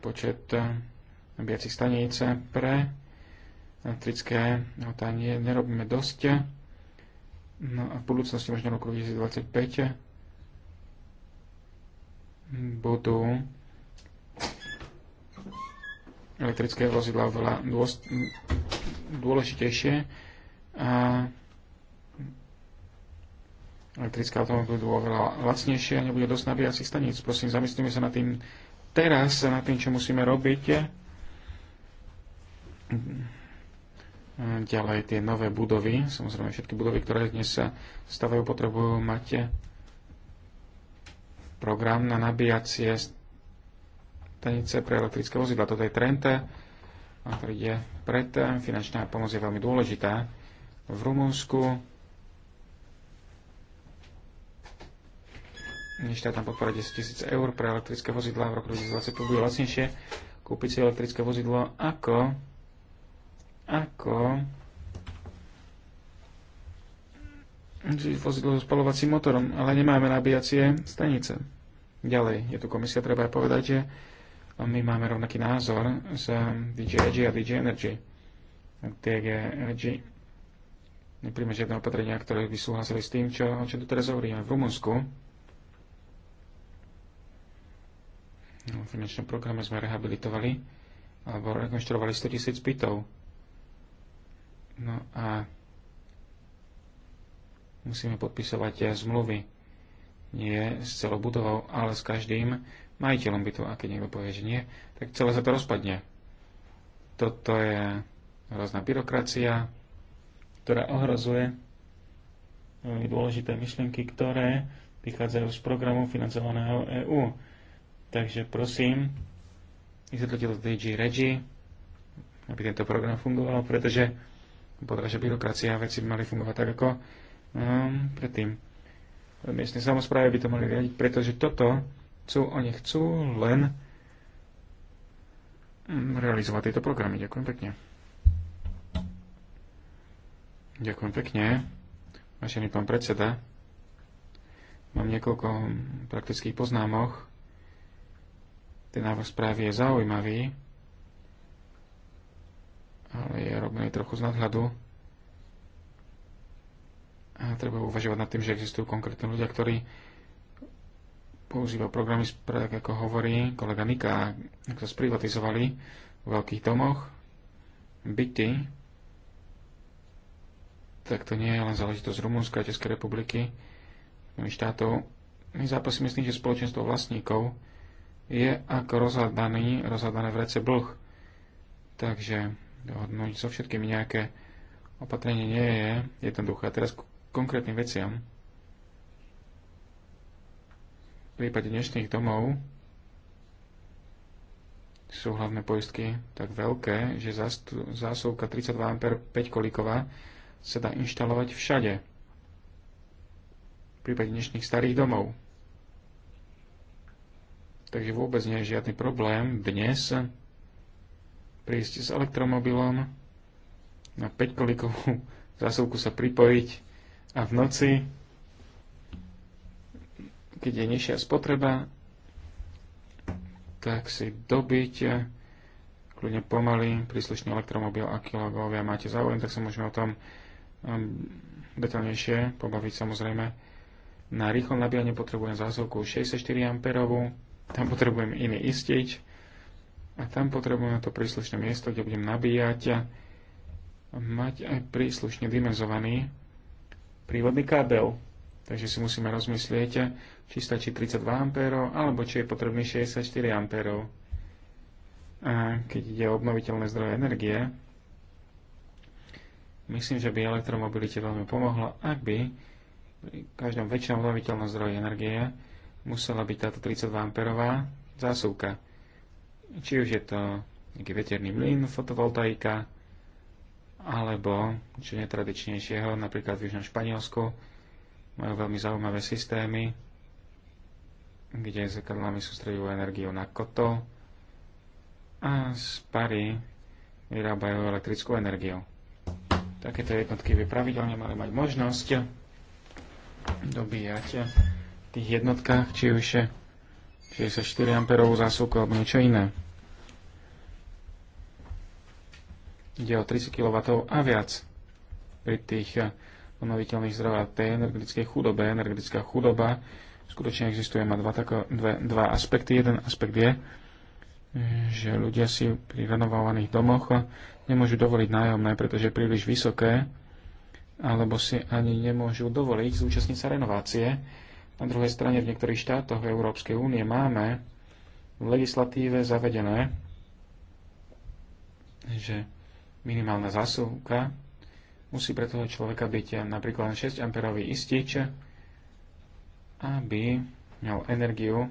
počet eh, nabíjacích staníc pre elektrické hotanie nerobíme dosť. No a v budúcnosti možno roku 2025 budú elektrické vozidla veľa dôležitejšie a elektrické automobily budú oveľa lacnejšie a nebude dosť nabíjacích staníc. Prosím, zamyslíme sa nad tým teraz, nad tým, čo musíme robiť. Ďalej tie nové budovy, samozrejme všetky budovy, ktoré dnes sa stavajú, potrebujú mať program na nabíjacie stanice pre elektrické vozidla. Toto je trend, ktorý ide pred. Finančná pomoc je veľmi dôležitá. V Rumúnsku štátna podpora 10 tisíc eur pre elektrické vozidla, v roku 2020 bude lacnejšie kúpiť si elektrické vozidlo ako, ako vozidlo so spalovacím motorom, ale nemáme nabíjacie stanice. Ďalej, je tu komisia, treba aj povedať, že my máme rovnaký názor z DJ Edge a DJ Energy. DG Energy nepríjme žiadne opatrenia, ktoré by súhlasili s tým, čo, o tu teraz hovoríme v Rumunsku. V finančnom programe sme rehabilitovali alebo rekonštruovali 100 tisíc bytov. No a musíme podpisovať eh, zmluvy. Nie s celou budovou, ale s každým majiteľom bytu. A keď niekto povie, že nie, tak celé sa to rozpadne. Toto je hrozná byrokracia, ktorá ohrozuje veľmi eh, dôležité myšlienky, ktoré vychádzajú z programu financovaného EÚ. Takže prosím, vysvetlite to DG Regi, aby tento program fungoval, pretože podľa, že byrokracia veci by mali fungovať tak, ako um, predtým miestne samozprávy by to mali riadiť, pretože toto chcú, oni chcú len hm, realizovať tieto programy. Ďakujem pekne. Ďakujem pekne, vážený pán predseda. Mám niekoľko praktických poznámoch. Ten návrh správy je zaujímavý, ale je robený trochu z nadhľadu a treba uvažovať nad tým, že existujú konkrétne ľudia, ktorí používajú programy, tak ako hovorí kolega Nika, ak sa sprivatizovali v veľkých domoch, byty, tak to nie je len záležitosť Rumunska a Českej republiky, štátov. My zápasíme s tým, že spoločenstvo vlastníkov je ako rozhľadaný, rozhľadané v rece blh. Takže dohodnúť so všetkými nejaké opatrenie nie je jednoduché. A teraz konkrétnym veciam. V prípade dnešných domov sú hlavné poistky tak veľké, že zásuvka 32A 5 kolíková sa dá inštalovať všade. V prípade dnešných starých domov. Takže vôbec nie je žiadny problém dnes prísť s elektromobilom na 5 kolíkovú zásuvku sa pripojiť a v noci, keď je nižšia spotreba, tak si dobiť eh, kľudne pomaly príslušný elektromobil, aký logovia máte záujem, tak sa môžeme o tom ehm, detaľnejšie pobaviť samozrejme. Na rýchlo nabíjanie potrebujem zásuvku 64 A, tam potrebujem iný istič a tam potrebujem to príslušné miesto, kde budem nabíjať a mať aj príslušne dimenzovaný prívodný kábel. Takže si musíme rozmyslieť, či stačí 32 ampérov, alebo či je potrebný 64 ampérov. A keď ide o obnoviteľné zdroje energie, myslím, že by elektromobilite veľmi pomohlo, ak by pri každom väčšom obnoviteľnom zdroji energie musela byť táto 32 a zásuvka. Či už je to nejaký veterný mlyn, fotovoltaika, alebo čo netradičnejšieho, napríklad v Južnom Španielsku. Majú veľmi zaujímavé systémy, kde zrkadlami sústredujú energiu na koto a z pary vyrábajú elektrickú energiu. Takéto jednotky by pravidelne mali mať možnosť dobíjať v tých jednotkách, či už 64 amperovú zásuvku alebo niečo iné. ide o 30 kW a viac pri tých eh, obnoviteľných zdrojov a tej energetickej chudobe. Energetická chudoba skutočne existuje, má dva, tako, dve, dva aspekty. Jeden aspekt je, že ľudia si pri renovovaných domoch eh, nemôžu dovoliť nájomné, pretože je príliš vysoké, alebo si ani nemôžu dovoliť zúčastniť sa renovácie. Na druhej strane v niektorých štátoch Európskej únie máme v legislatíve zavedené, že minimálna zásuvka, musí pre toho človeka byť napríklad 6 amperový istič, aby mal energiu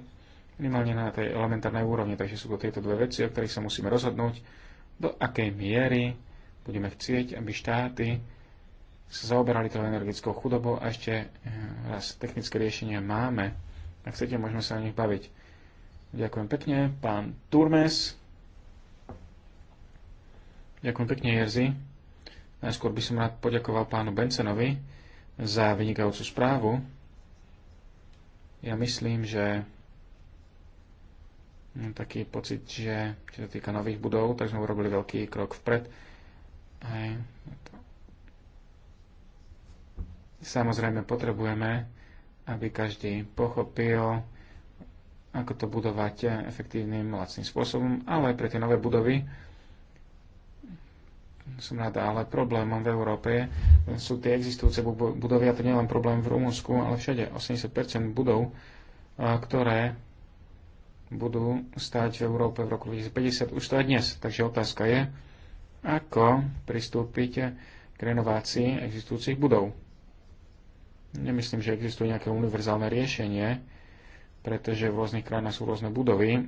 minimálne na tej elementárnej úrovni. Takže sú to tieto dve veci, o ktorých sa musíme rozhodnúť, do akej miery budeme chcieť, aby štáty sa zaoberali tou energetickou chudobou a ešte eh, raz technické riešenia máme. Ak chcete, môžeme sa o nich baviť. Ďakujem pekne. Pán Turmes. Ďakujem pekne, Jerzy. Najskôr by som rád poďakoval pánu Bencenovi za vynikajúcu správu. Ja myslím, že mám taký pocit, že čo sa týka nových budov, tak sme urobili veľký krok vpred. Aj, Samozrejme potrebujeme, aby každý pochopil, ako to budovať efektívnym, lacným spôsobom, ale aj pre tie nové budovy som rada, ale problémom v Európe sú tie existujúce budovy, a to nie len problém v Rumunsku, ale všade 80% budov, ktoré budú stať v Európe v roku 2050, už to aj dnes. Takže otázka je, ako pristúpiť k renovácii existujúcich budov. Nemyslím, že existuje nejaké univerzálne riešenie, pretože v rôznych krajinách sú rôzne budovy,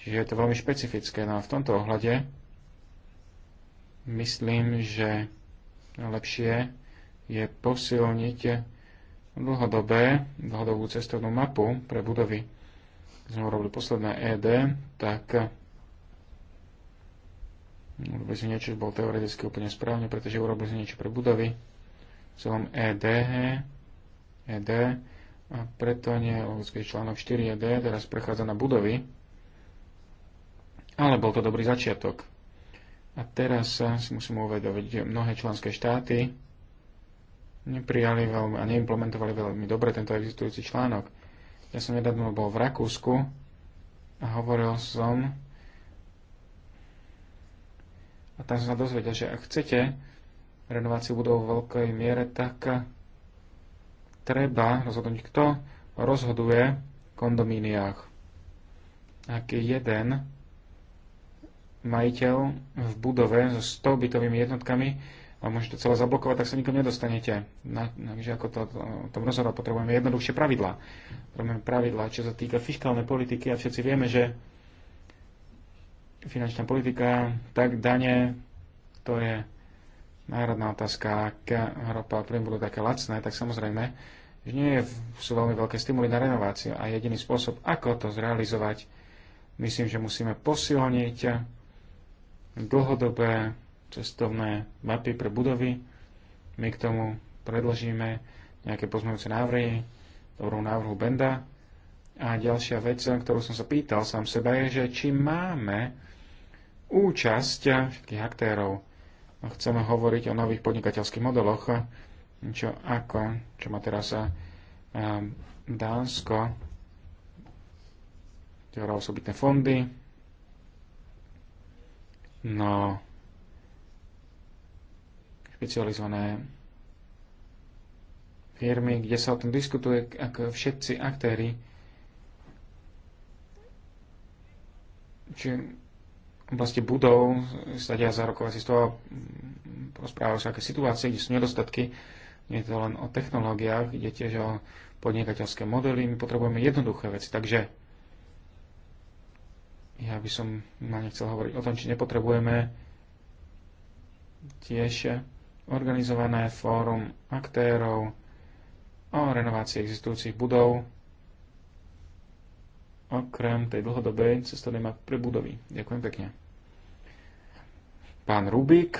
čiže je to veľmi špecifické. No a v tomto ohľade myslím, že lepšie je posilniť dlhodobé, dlhodobú cestovnú mapu pre budovy. Keď sme urobili posledné ED, tak urobili sme niečo, bolo teoreticky úplne správne, pretože urobili sme niečo pre budovy v celom ED, ED a preto nie logický článok 4 ED teraz prechádza na budovy, ale bol to dobrý začiatok a teraz si musím uvedomiť, že mnohé členské štáty neprijali veľmi a neimplementovali veľmi dobre tento existujúci článok. Ja som nedávno bol v Rakúsku a hovoril som a tam som sa dozvedel, že ak chcete renováciu budov v veľkej miere, tak treba rozhodnúť, kto rozhoduje v kondomíniách. Ak jeden majiteľ v budove so 100 bytovými jednotkami a môže to celé zablokovať, tak sa nikam nedostanete. Na, na, ako to, to, o tom rozhodol, potrebujeme jednoduchšie pravidlá. Potrebujeme pravidlá, čo sa týka fiskálnej politiky a všetci vieme, že finančná politika, tak dane, to je národná otázka, ak ropa a plyn budú také lacné, tak samozrejme, že nie sú veľmi veľké stimuly na renováciu a jediný spôsob, ako to zrealizovať, myslím, že musíme posilniť dlhodobé cestovné mapy pre budovy. My k tomu predložíme nejaké pozmeňujúce návrhy, dobrú návrhu Benda. A ďalšia vec, ktorú som sa pýtal sám seba, je, že či máme účasť všetkých aktérov. Chceme hovoriť o nových podnikateľských modeloch, čo ako, čo má teraz Dánsko, ktoré osobitné fondy, No, špecializované firmy, kde sa o tom diskutuje, ako všetci aktéry, či v oblasti budov sa dia stadia z toho, rozprávajú sa, aké situácie, kde sú nedostatky. Nie je to len o technológiách, ide tiež o podnikateľské modely, my potrebujeme jednoduché veci. Takže ja by som na ne chcel hovoriť o tom, či nepotrebujeme tiež organizované fórum aktérov o renovácii existujúcich budov, okrem tej dlhodobej cestovnej mapy pre budovy. Ďakujem pekne. Pán Rubik,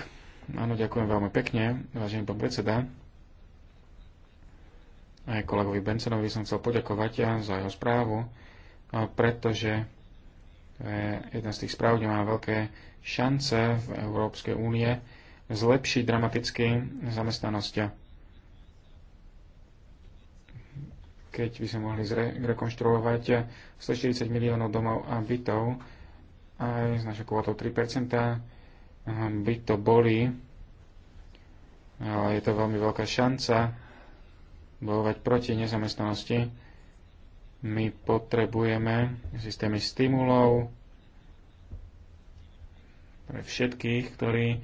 áno, ďakujem veľmi pekne, vážený pán predseda. Aj kolegovi Bensonovi som chcel poďakovať za jeho správu, pretože to je jedna z tých správ, kde má veľké šance v Európskej únie zlepšiť dramaticky zamestnanosť. Keď by sme mohli zrekonštruovať 140 miliónov domov a bytov aj s našou kvotou 3%, hm, by to boli, ale je to veľmi veľká šanca bojovať proti nezamestnanosti my potrebujeme systémy stimulov pre všetkých, ktorí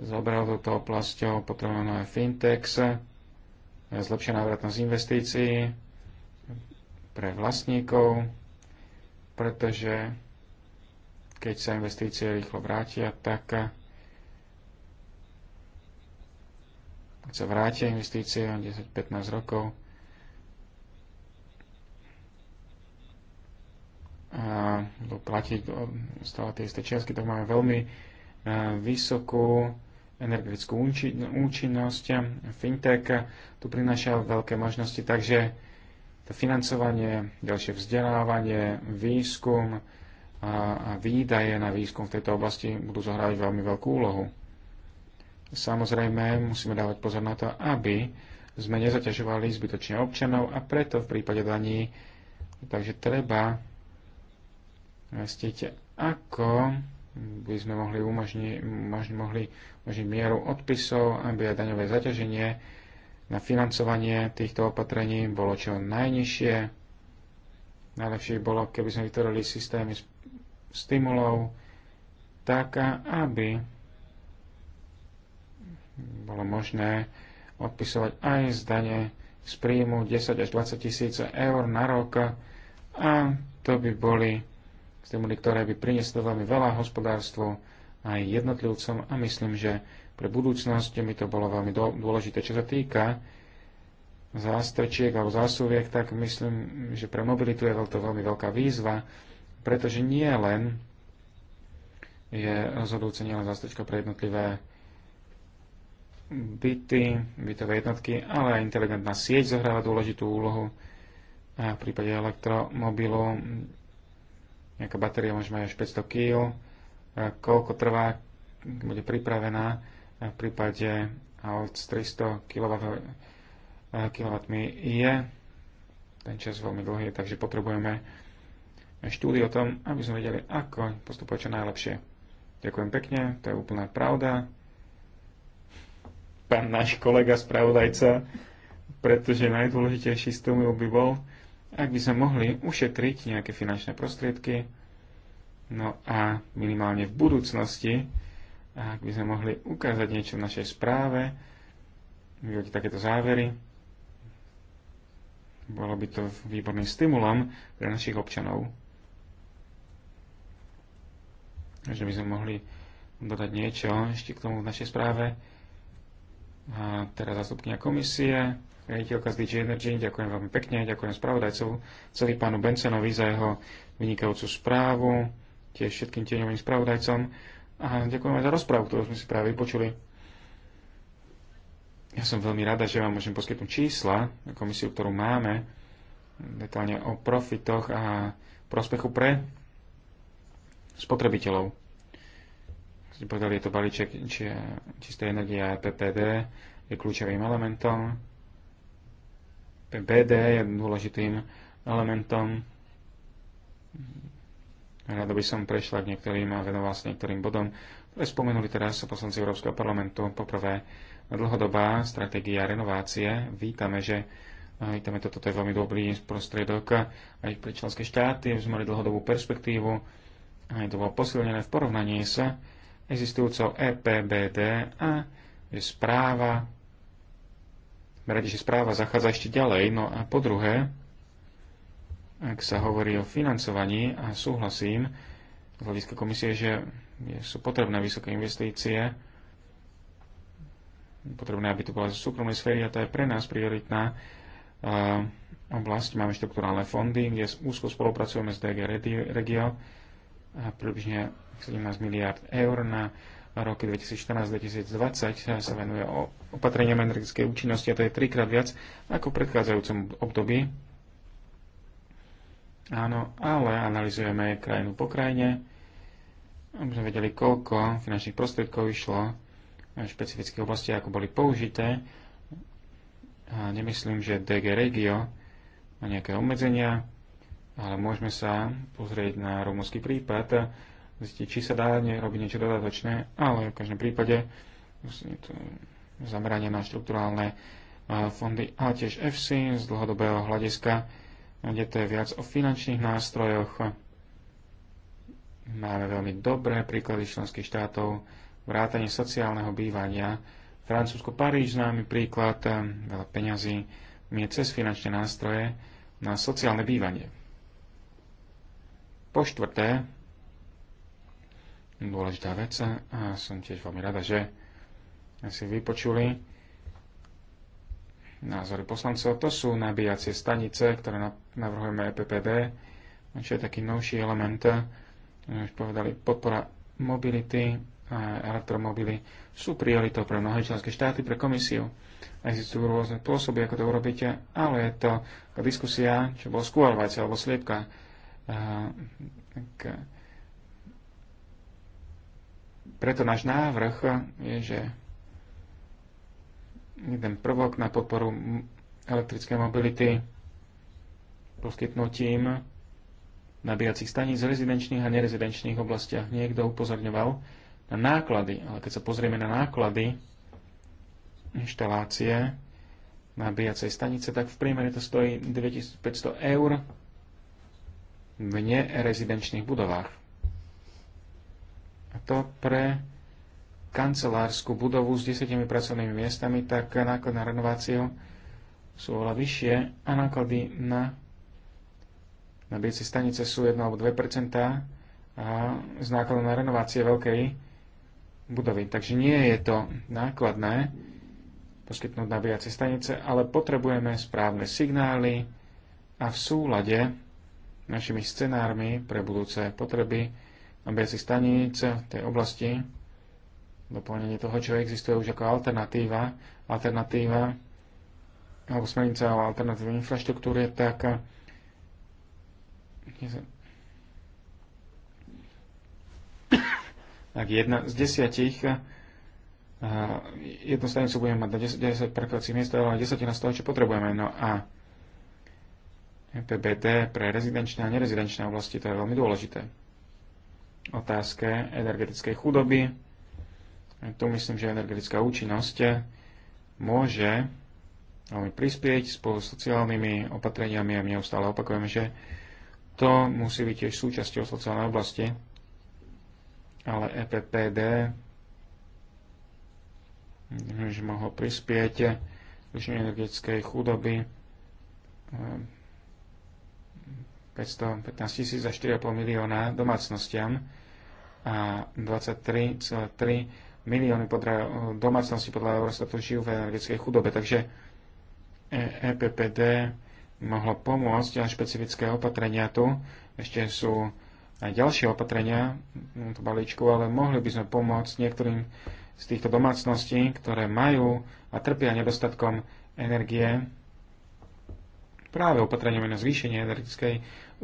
zobral toto oblasťou, potrebujeme nové fintechs, zlepšená návratnosť investícií pre vlastníkov, pretože keď sa investície rýchlo vrátia, tak keď sa vrátia investície o 10-15 rokov, a platiť stále tie isté čiastky, tak máme veľmi e, vysokú energetickú účinnosť. Fintech tu prináša veľké možnosti, takže to financovanie, ďalšie vzdelávanie, výskum a výdaje na výskum v tejto oblasti budú zohrávať veľmi veľkú úlohu. Samozrejme, musíme dávať pozor na to, aby sme nezaťažovali zbytočne občanov a preto v prípade daní, takže treba zistiť, ako by sme mohli umožniť, možni, mohli možni mieru odpisov, aby aj daňové zaťaženie na financovanie týchto opatrení bolo čo najnižšie. Najlepšie bolo, keby sme vytvorili systémy stimulov tak, aby bolo možné odpisovať aj z dane z príjmu 10 až 20 tisíc eur na rok a to by boli stimuly, ktoré by prinieslo veľmi veľa hospodárstvo aj jednotlivcom a myslím, že pre budúcnosť by to bolo veľmi dôležité. Čo sa týka zástrčiek alebo zásuviek, tak myslím, že pre mobilitu je to veľmi veľká výzva, pretože nie len je rozhodujúce nielen zástrčka pre jednotlivé byty, bytové jednotky, ale aj inteligentná sieť zohráva dôležitú úlohu. A v prípade elektromobilov nejaká batéria môže mať až 500 kg, koľko trvá, bude pripravená v prípade aut s 300 kW, kW je ten čas veľmi dlhý, takže potrebujeme štúdiu o tom, aby sme vedeli, ako postupovať čo najlepšie. Ďakujem pekne, to je úplná pravda. Pán náš kolega spravodajca, pretože najdôležitejší stimul by bol, ak by sme mohli ušetriť nejaké finančné prostriedky, no a minimálne v budúcnosti, ak by sme mohli ukázať niečo v našej správe, vyvodiť takéto závery, bolo by to výborným stimulom pre našich občanov. Že by sme mohli dodať niečo ešte k tomu v našej správe. A teraz zastupkňa komisie riaditeľka z DG Energy. Ďakujem veľmi pekne, ďakujem spravodajcov, celý pánu Bencenovi za jeho vynikajúcu správu, tiež všetkým tieňovým spravodajcom a ďakujem aj za rozprávu, ktorú sme si práve vypočuli. Ja som veľmi rada, že vám môžem poskytnúť čísla na komisiu, ktorú máme, detálne o profitoch a prospechu pre spotrebiteľov. Ste povedali, je to balíček či, čistej energie a PPD, je kľúčovým elementom. PBD je dôležitým elementom. Rado by som prešla k niektorým a venoval sa niektorým bodom, ktoré spomenuli teraz poslanci Európskeho parlamentu. Poprvé, dlhodobá stratégia renovácie. Vítame, že eh, vítame toto, toto je veľmi dobrý prostriedok aj pre členské štáty, aby sme mali dlhodobú perspektívu. Aj to bolo posilnené v porovnaní s existujúcou EPBD a že správa sme správa zachádza ešte ďalej. No a po druhé, ak sa hovorí o financovaní a súhlasím z hľadiska komisie, že sú potrebné vysoké investície, potrebné, aby to bola zo súkromnej sféry a to je pre nás prioritná uh, oblasť. Máme štrukturálne fondy, kde úzko spolupracujeme s DG Regio a približne 17 miliard eur na roky 2014-2020 sa venuje o opatreniam energetickej účinnosti a to je trikrát viac ako v predchádzajúcom období. Áno, ale analizujeme krajinu po krajine, aby sme vedeli, koľko finančných prostriedkov išlo v špecifických oblastiach, ako boli použité. A nemyslím, že DG Regio má nejaké obmedzenia, ale môžeme sa pozrieť na rumúnsky prípad, zistiť, či sa dá robiť niečo dodatočné, ale v každom prípade je vlastne to zameranie na štruktúrálne e, fondy a tiež FC z dlhodobého hľadiska, kde to je viac o finančných nástrojoch. Máme veľmi dobré príklady členských štátov, vrátanie sociálneho bývania. Francúzsko Paríž známy príklad, e, veľa peňazí je cez finančné nástroje na sociálne bývanie. Po štvrté, dôležitá vec a som tiež veľmi rada, že si vypočuli názory poslancov. To sú nabíjacie stanice, ktoré navrhujeme EPPD, čo je taký novší element, už povedali, podpora mobility a elektromobily sú prioritou pre mnohé členské štáty, pre komisiu. Existujú rôzne spôsoby, ako to urobíte, ale je to diskusia, čo bol skôr vajce alebo sliepka. Eh, k preto náš návrh je, že jeden prvok na podporu elektrickej mobility poskytnutím nabíjacích staníc v rezidenčných a nerezidenčných oblastiach. Niekto upozorňoval na náklady, ale keď sa pozrieme na náklady inštalácie nabíjacej stanice, tak v priemere to stojí 2500 eur v nerezidenčných budovách a to pre kancelárskú budovu s 10 pracovnými miestami, tak náklad na renováciu sú oveľa vyššie a náklady na nabíjacie stanice sú 1 alebo 2 a z nákladom na renovácie veľkej budovy. Takže nie je to nákladné poskytnúť nabíjacie stanice, ale potrebujeme správne signály a v súlade našimi scenármi pre budúce potreby nabíjacích staníc tej oblasti, doplnenie toho, čo existuje už ako alternatíva, alternatíva alebo smernica o alternatívnej infraštruktúre, tak tak jedna z desiatich eh, jednu stanicu budeme mať na 10, 10 parkovacích miest, ale 10 z toho, čo potrebujeme. No a PBT pre rezidenčné a nerezidenčné oblasti to je veľmi dôležité otázke energetickej chudoby. Tu myslím, že energetická účinnosť môže veľmi prispieť spolu s sociálnymi opatreniami a my neustále opakujeme, že to musí byť tiež súčasťou sociálnej oblasti, ale EPPD že mohlo prispieť už energetickej chudoby 515 ehm, tisíc za 4,5 milióna domácnostiam a 23,3 milióny podľa eh, domácnosti podľa Eurostatu žijú v energetickej chudobe. Takže EPPD eh, e mohlo pomôcť a špecifické opatrenia tu. Ešte sú aj ďalšie opatrenia v balíčku, ale mohli by sme pomôcť niektorým z týchto domácností, ktoré majú a trpia nedostatkom energie práve opatreniami na zvýšenie energetickej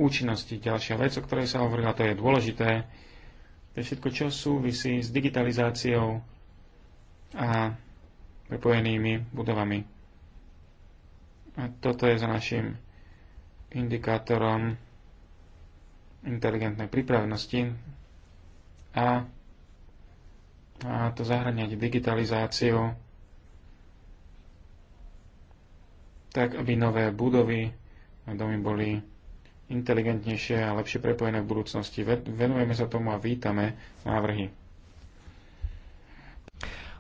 účinnosti. Ďalšia vec, o ktorej sa hovorila, to je dôležité, to je všetko, čo súvisí s digitalizáciou a prepojenými budovami. A toto je za našim indikátorom inteligentnej pripravenosti a, a to zahraniať digitalizáciu tak, aby nové budovy a domy boli inteligentnejšie a lepšie prepojené v budúcnosti. Venujeme sa tomu a vítame návrhy.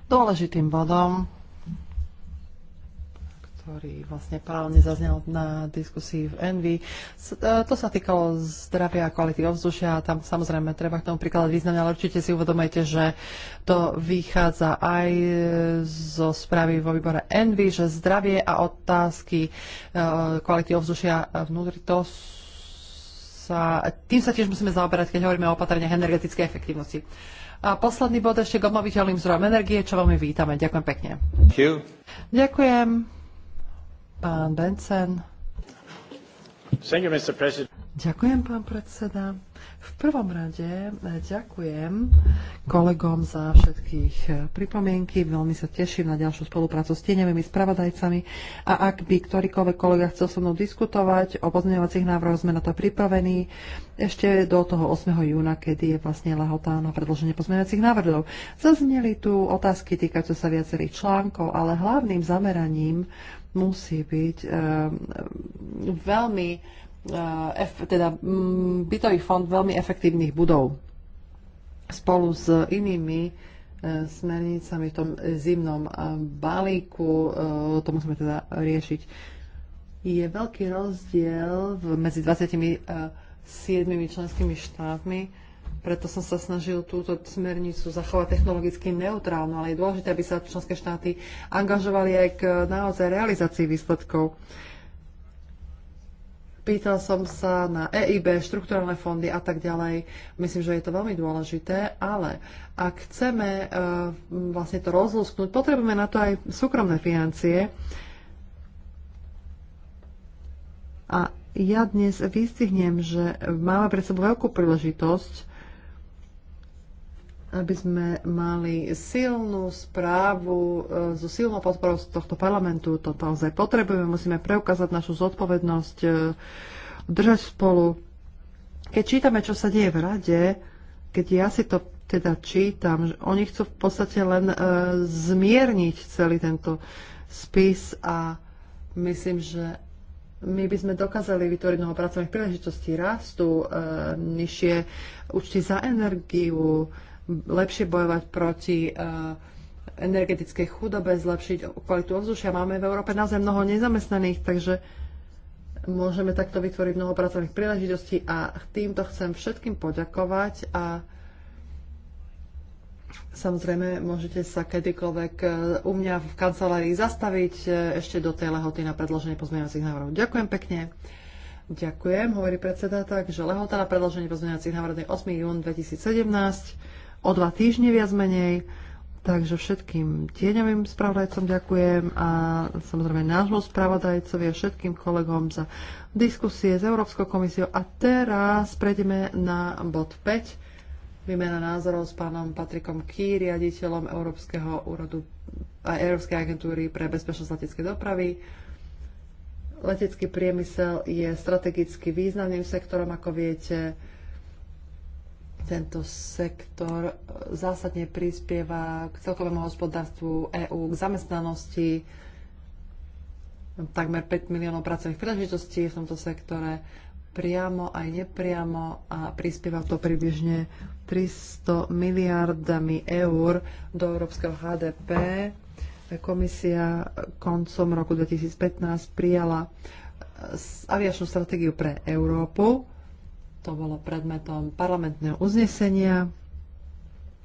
Dôležitým bodom, ktorý vlastne právne zaznel na diskusii v Envy, e, to sa týkalo zdravia a kvality ovzdušia a tam samozrejme treba k tomu prikladať významne, ale určite si uvedomujete, že to vychádza aj zo správy vo výbore Envy, že zdravie a otázky e, kvality ovzdušia vnútri to sú sa, tým sa tiež musíme zaoberať, keď hovoríme o opatreniach energetickej efektivnosti. A posledný bod ešte k obnoviteľným zdrojom energie, čo veľmi vítame. Ďakujem pekne. Ďakujem. Pán Benson. You, Ďakujem, pán predseda. V prvom rade eh, ďakujem kolegom za všetkých eh, pripomienky. Veľmi sa teším na ďalšiu spoluprácu s tieňovými spravodajcami. A ak by ktorýkoľvek kolega chcel so mnou diskutovať o pozmeňovacích návrhoch, sme na to pripravení ešte do toho 8. júna, kedy je vlastne lehotá na predloženie pozmeňovacích návrhov. Zazneli tu otázky týkajúce sa viacerých článkov, ale hlavným zameraním musí byť um, veľmi Eh, teda mm, bytový fond veľmi efektívnych budov. Spolu s inými eh, smernicami v tom zimnom eh, balíku, to musíme teda riešiť. Je veľký rozdiel medzi 27 členskými štátmi, preto som sa snažil túto smernicu zachovať technologicky neutrálnu, ale je dôležité, aby sa členské štáty angažovali aj k naozaj realizácii výsledkov. Pýtal som sa na EIB, štrukturálne fondy a tak ďalej. Myslím, že je to veľmi dôležité, ale ak chceme e, vlastne to rozlúsknuť, potrebujeme na to aj súkromné financie. A ja dnes vystihnem, že máme pred sebou veľkú príležitosť aby sme mali silnú správu e, so silnou podporou z tohto parlamentu. To naozaj potrebujeme, musíme preukázať našu zodpovednosť, e, držať spolu. Keď čítame, čo sa deje v rade, keď ja si to teda čítam, že oni chcú v podstate len uh, zmierniť celý tento spis a myslím, že my by sme dokázali vytvoriť mnoho pracovných príležitostí, rastu, e, nižšie účty za energiu, e, lepšie bojovať proti eh, energetickej chudobe, zlepšiť kvalitu ovzdušia. Máme v Európe naozaj mnoho nezamestnaných, takže môžeme takto vytvoriť mnoho pracovných príležitostí a týmto chcem všetkým poďakovať a Samozrejme, môžete sa kedykoľvek eh, u mňa v kancelárii zastaviť eh, ešte do tej lehoty na predloženie pozmeňovacích návrhov. Ďakujem pekne. Ďakujem, hovorí predseda, takže lehota na predloženie pozmeňovacích návrhov je 8. jún 2017 o dva týždne viac menej. Takže všetkým tieňovým spravodajcom ďakujem a samozrejme nášmu spravodajcovi a všetkým kolegom za diskusie s Európskou komisiou. A teraz prejdeme na bod 5. Výmena názorov s pánom Patrikom Ký, riaditeľom Európskeho úradu a Európskej agentúry pre bezpečnosť leteckej dopravy. Letecký priemysel je strategicky významným sektorom, ako viete tento sektor e, zásadne prispieva k celkovému hospodárstvu EÚ, k zamestnanosti, takmer 5 miliónov pracovných príležitostí v tomto sektore priamo aj nepriamo a prispieva to približne 300 miliardami eur do európskeho HDP. Komisia koncom roku 2015 prijala aviačnú stratégiu pre Európu to bolo predmetom parlamentného uznesenia.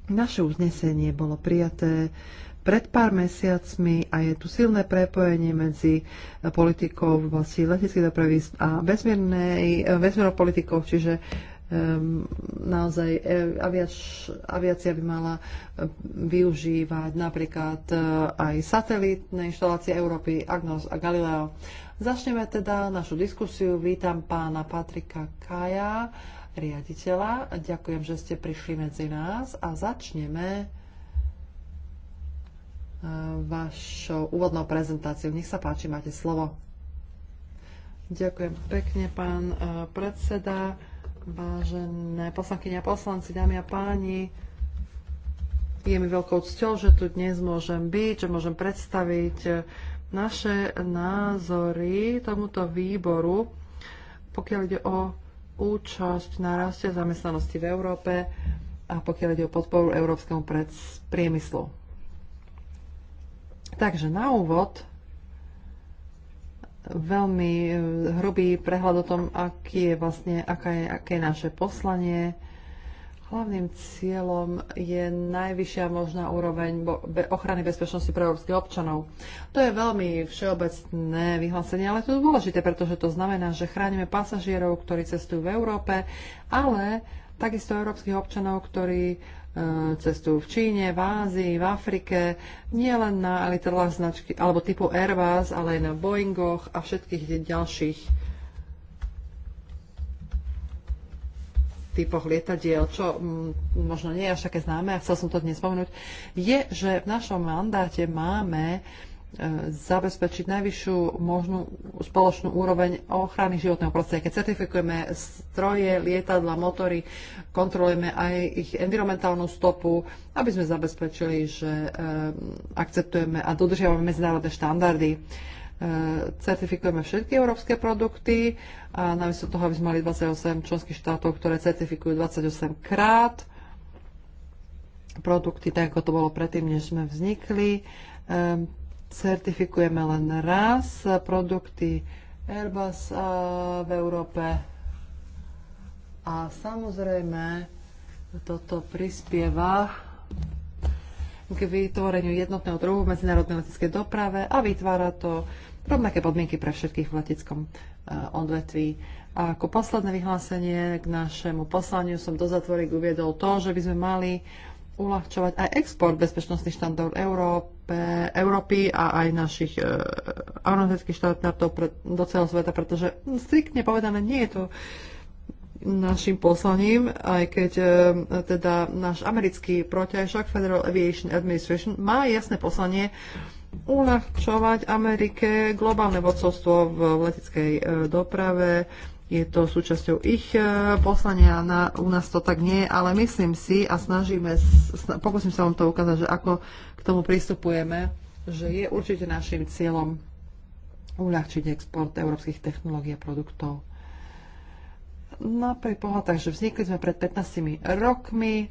Naše uznesenie bolo prijaté pred pár mesiacmi a je tu silné prepojenie medzi politikou v oblasti leteckej dopravy a vesmírnou politikou, čiže naozaj e, aviač, aviácia by mala e, využívať napríklad e, aj satelitné inštalácie Európy, Agnos a Galileo Začneme teda našu diskusiu. Vítam pána Patrika Kaja, riaditeľa. Ďakujem, že ste prišli medzi nás a začneme e, vašou úvodnou prezentáciou. Nech sa páči, máte slovo. Ďakujem pekne, pán e, predseda, vážené poslankyne a poslanci, dámy a páni. Je mi veľkou cťou, že tu dnes môžem byť, že môžem predstaviť e, naše názory tomuto výboru, pokiaľ ide o účasť na raste zamestnanosti v Európe a pokiaľ ide o podporu európskemu priemyslu. Takže na úvod veľmi eh, hrubý prehľad o tom, aký je vlastne, aká je, aké je naše poslanie, Hlavným cieľom je najvyššia možná úroveň ochrany bezpečnosti pre európskych občanov. To je veľmi všeobecné vyhlásenie, ale to je dôležité, pretože to znamená, že chránime pasažierov, ktorí cestujú v Európe, ale takisto európskych občanov, ktorí e, cestujú v Číne, v Ázii, v Afrike, nielen na lietadlách značky alebo typu Airbus, ale aj na Boeingoch a všetkých ďalších typoch lietadiel, čo mm, možno nie je až také známe, a chcel som to dnes spomenúť, je, že v našom mandáte máme e, zabezpečiť najvyššiu možnú spoločnú úroveň ochrany životného prostredia. Keď certifikujeme stroje, lietadla, motory, kontrolujeme aj ich environmentálnu stopu, aby sme zabezpečili, že e, akceptujeme a dodržiavame medzinárodné štandardy certifikujeme všetky európske produkty a namiesto toho, aby sme mali 28 členských štátov, ktoré certifikujú 28 krát produkty, tak ako to bolo predtým, než sme vznikli. Certifikujeme len raz produkty Airbus v Európe a samozrejme toto prispieva k vytvoreniu jednotného trhu v medzinárodnej leteckej doprave a vytvára to rovnaké podmienky pre všetkých v leteckom e, odvetví. A ako posledné vyhlásenie k našemu poslaniu som do zatvorek uviedol to, že by sme mali uľahčovať aj export bezpečnostných štandard Európe, Európy a aj našich e, aeronautických štandardov pre, do celého sveta, pretože striktne povedané nie je to našim poslaním, aj keď e, teda náš americký protiažok Federal Aviation Administration má jasné poslanie, e, uľahčovať Amerike globálne vodcovstvo v leteckej e, doprave. Je to súčasťou ich e, poslania, na, u nás to tak nie ale myslím si a snažíme, pokúsim sa vám to ukázať, že ako k tomu pristupujeme, že je určite našim cieľom uľahčiť export európskych technológií a produktov. Na no, prvý pohľad, takže vznikli sme pred 15 rokmi,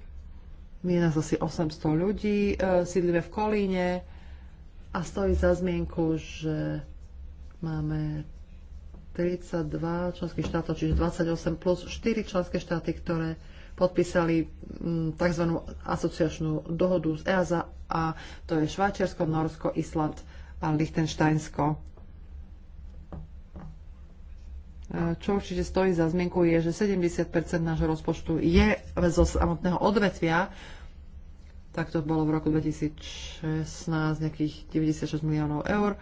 je nás asi 800 ľudí, e, sídlime v Kolíne, a stojí za zmienku, že máme 32 členských štátov, čiže 28 plus 4 členské štáty, ktoré podpísali mm, tzv. asociačnú dohodu z EASA a to je Švajčiarsko, Norsko, Island a Liechtensteinsko. E, čo určite stojí za zmienku je, že 70 nášho rozpočtu je zo samotného odvetvia tak to bolo v roku 2016 nejakých 96 miliónov eur,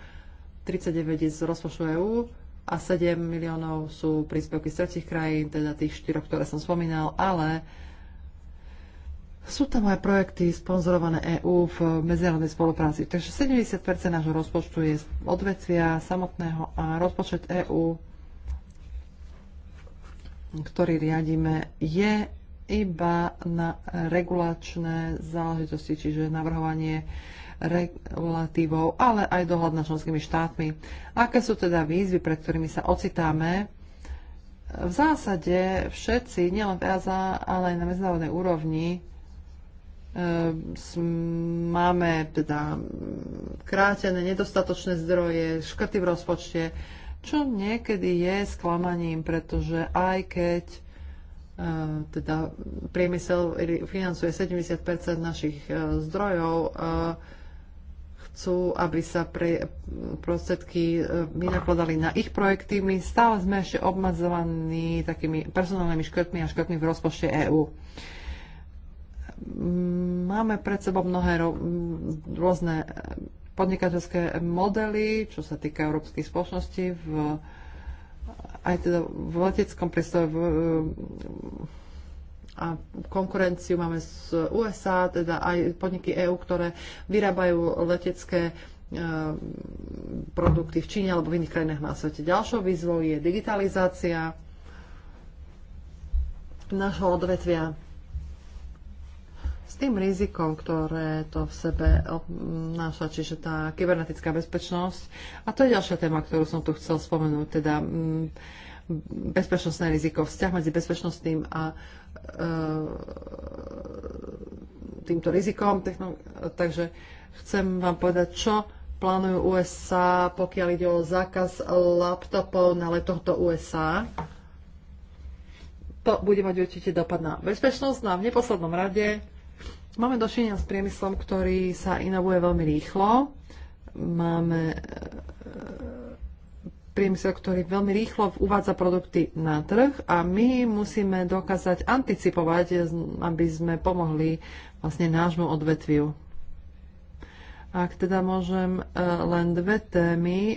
39 je z rozpočtu EÚ a 7 miliónov sú príspevky z tretich krajín, teda tých štyroch, ktoré som spomínal, ale sú tam aj projekty sponzorované EÚ v medzinárodnej spolupráci. Takže 70% nášho rozpočtu je odvetvia samotného a rozpočet EÚ, ktorý riadíme, je iba na regulačné záležitosti, čiže navrhovanie regulatívov, ale aj dohľad nad členskými štátmi. Aké sú teda výzvy, pred ktorými sa ocitáme? V zásade všetci, nielen v EASA, ale aj na medzinárodnej úrovni, e, máme teda krátené, nedostatočné zdroje, škrty v rozpočte, čo niekedy je sklamaním, pretože aj keď teda priemysel financuje 70 našich e, zdrojov, chcú, aby sa pre, prostriedky e, vynakladali na ich projekty. My stále sme ešte obmedzovaní takými personálnymi škrtmi a škrtmi v rozpočte EÚ. Máme pred sebou mnohé rôzne podnikateľské modely, čo sa týka európskej spoločnosti v aj teda v leteckom priestore a konkurenciu máme z USA, teda aj podniky EÚ, ktoré vyrábajú letecké e, produkty v Číne alebo v iných krajinách na svete. Ďalšou výzvou je digitalizácia nášho odvetvia s tým rizikom, ktoré to v sebe obnáša, čiže tá kybernetická bezpečnosť. A to je ďalšia téma, ktorú som tu chcel spomenúť, teda mm, bezpečnostné riziko, vzťah medzi bezpečnostným a e, týmto rizikom. Takže chcem vám povedať, čo plánujú USA, pokiaľ ide o zákaz laptopov na letohto USA. To bude mať určite dopad na bezpečnosť no a v neposlednom rade Máme dočinenia s priemyslom, ktorý sa inovuje veľmi rýchlo. Máme e, priemysel, ktorý veľmi rýchlo uvádza produkty na trh a my musíme dokázať anticipovať, aby sme pomohli vlastne nášmu odvetviu. Ak teda môžem e, len dve témy, e,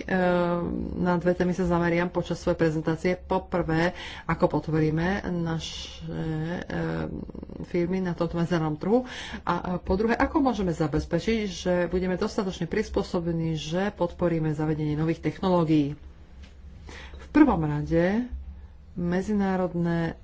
na dve témy sa zameriam počas svojej prezentácie. Poprvé, ako potvoríme naše e, firmy na tomto medzinárodnom trhu a po druhé, ako môžeme zabezpečiť, že budeme dostatočne prispôsobení, že podporíme zavedenie nových technológií. V prvom rade medzinárodné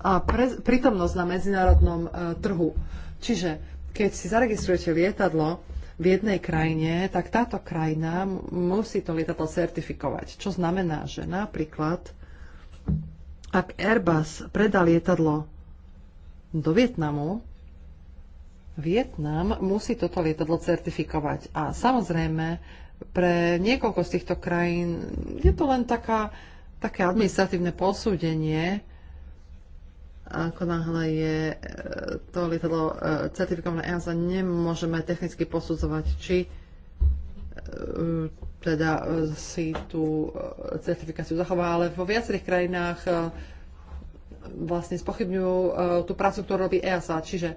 a pre, prítomnosť na medzinárodnom e, trhu. Čiže keď si zaregistrujete lietadlo v jednej krajine, tak táto krajina musí to lietadlo certifikovať. Čo znamená, že napríklad ak Airbus predá lietadlo do Vietnamu, Vietnam musí toto lietadlo certifikovať. A samozrejme, pre niekoľko z týchto krajín je to len taká, také administratívne posúdenie, ako náhle je e, to lietadlo e, certifikované EASA, nemôžeme technicky posudzovať, či e, teda si tú certifikáciu zachová, ale vo viacerých krajinách vlastne spochybňujú tú prácu, ktorú robí EASA. Čiže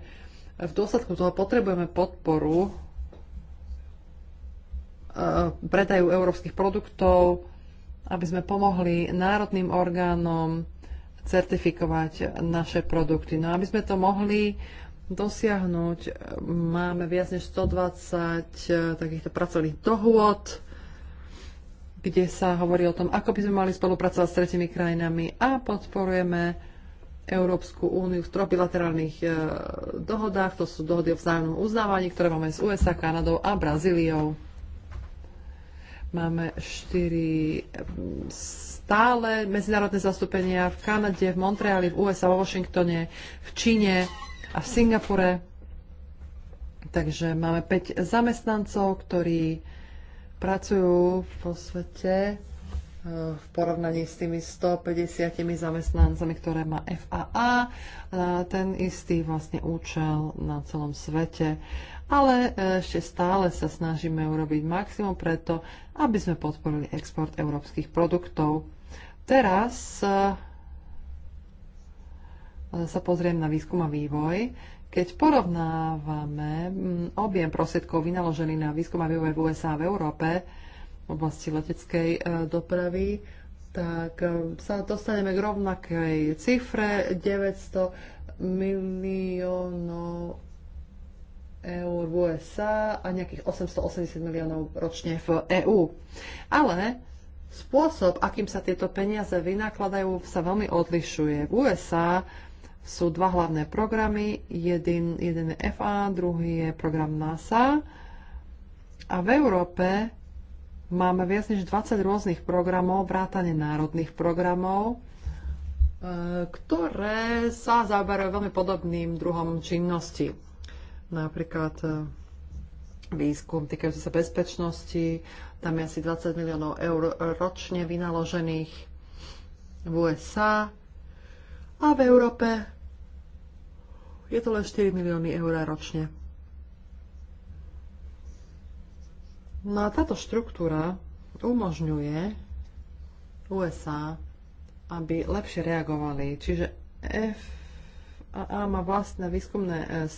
v dôsledku toho potrebujeme podporu predajú európskych produktov, aby sme pomohli národným orgánom certifikovať naše produkty. No aby sme to mohli dosiahnuť, máme viac než 120 eh, takýchto pracovných dohôd, kde sa hovorí o tom, ako by sme mali spolupracovať s tretimi krajinami a podporujeme Európsku úniu v troch bilaterálnych eh, dohodách. To sú dohody o vzájomnom uznávaní, ktoré máme s USA, Kanadou a Brazíliou. Máme štyri eh, stále medzinárodné zastúpenia v Kanade, v Montreali, v USA, vo Washingtone, v Číne a v Singapure. Takže máme 5 zamestnancov, ktorí pracujú vo svete eh, v porovnaní s tými 150 zamestnancami, ktoré má FAA, ten istý vlastne účel na celom svete ale e, ešte stále sa snažíme urobiť maximum preto, aby sme podporili export európskych produktov. Teraz e, sa pozriem na výskum a vývoj. Keď porovnávame objem prostriedkov vynaložených na výskum a vývoj v USA a v Európe v oblasti leteckej e, dopravy, tak sa dostaneme k rovnakej cifre 900 miliónov eur v USA a nejakých 880 miliónov ročne v EÚ. Ale spôsob, akým sa tieto peniaze vynakladajú, sa veľmi odlišuje. V USA sú dva hlavné programy. Jeden, jeden je FA, druhý je program NASA. A v Európe máme viac než 20 rôznych programov, vrátane národných programov, e, ktoré sa zaoberajú veľmi podobným druhom činnosti. Napríklad e, výskum týkajúci sa bezpečnosti, tam je asi 20 miliónov eur ročne vynaložených v USA a v Európe je to len 4 milióny eur ročne. No a táto štruktúra umožňuje USA, aby lepšie reagovali. Čiže FAA má vlastné výskumné e,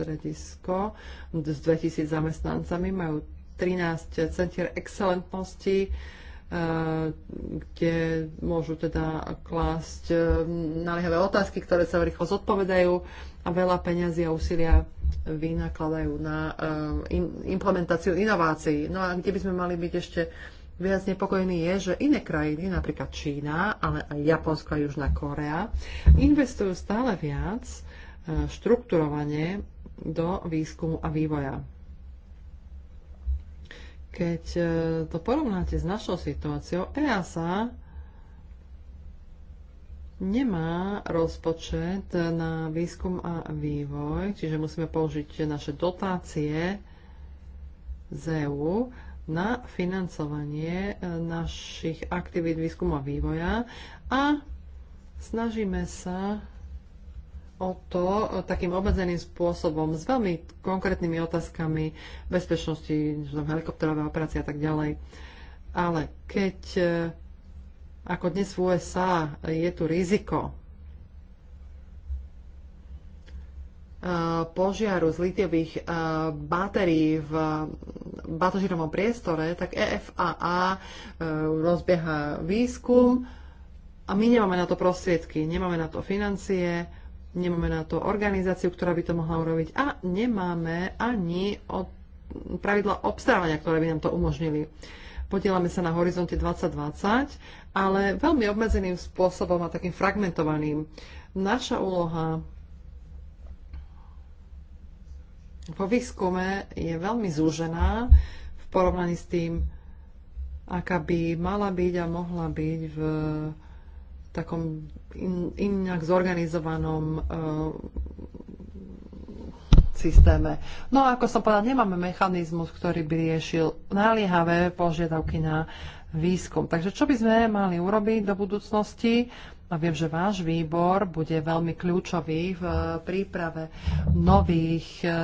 stredisko s 2000 zamestnancami, majú 13 centier excelentnosti, e, kde môžu teda klásť e, naliehavé otázky, ktoré sa rýchlo zodpovedajú a veľa peňazí a úsilia vynakladajú na e, implementáciu inovácií. No a kde by sme mali byť ešte viac nepokojný je, že iné krajiny, napríklad Čína, ale aj Japonsko a Južná Korea, investujú stále viac štrukturovanie do výskumu a vývoja. Keď e, to porovnáte s našou situáciou, EASA nemá rozpočet na výskum a vývoj, čiže musíme použiť naše dotácie z EU na financovanie e, našich aktivít výskumu a vývoja a snažíme sa o to e, takým obmedzeným spôsobom, s veľmi konkrétnymi otázkami bezpečnosti, helikopterové operácie a tak ďalej. Ale keď, e, ako dnes v USA, je tu riziko e, požiaru z litiových batérií v batožinovom priestore, tak EFAA rozbieha výskum a my nemáme na to prostriedky, nemáme na to financie, nemáme na to organizáciu, ktorá by to mohla urobiť a nemáme ani pravidla obstarávania, ktoré by nám to umožnili. Podielame sa na horizonte 2020, ale veľmi obmedzeným spôsobom a takým fragmentovaným. Naša úloha vo výskume je veľmi zúžená v porovnaní s tým, aká by mala byť a mohla byť v takom in, inak zorganizovanom eh, systéme. No a ako som povedal, nemáme mechanizmus, ktorý by riešil naliehavé požiadavky na výskum. Takže čo by sme mali urobiť do budúcnosti? A viem, že váš výbor bude veľmi kľúčový v eh, príprave nových eh,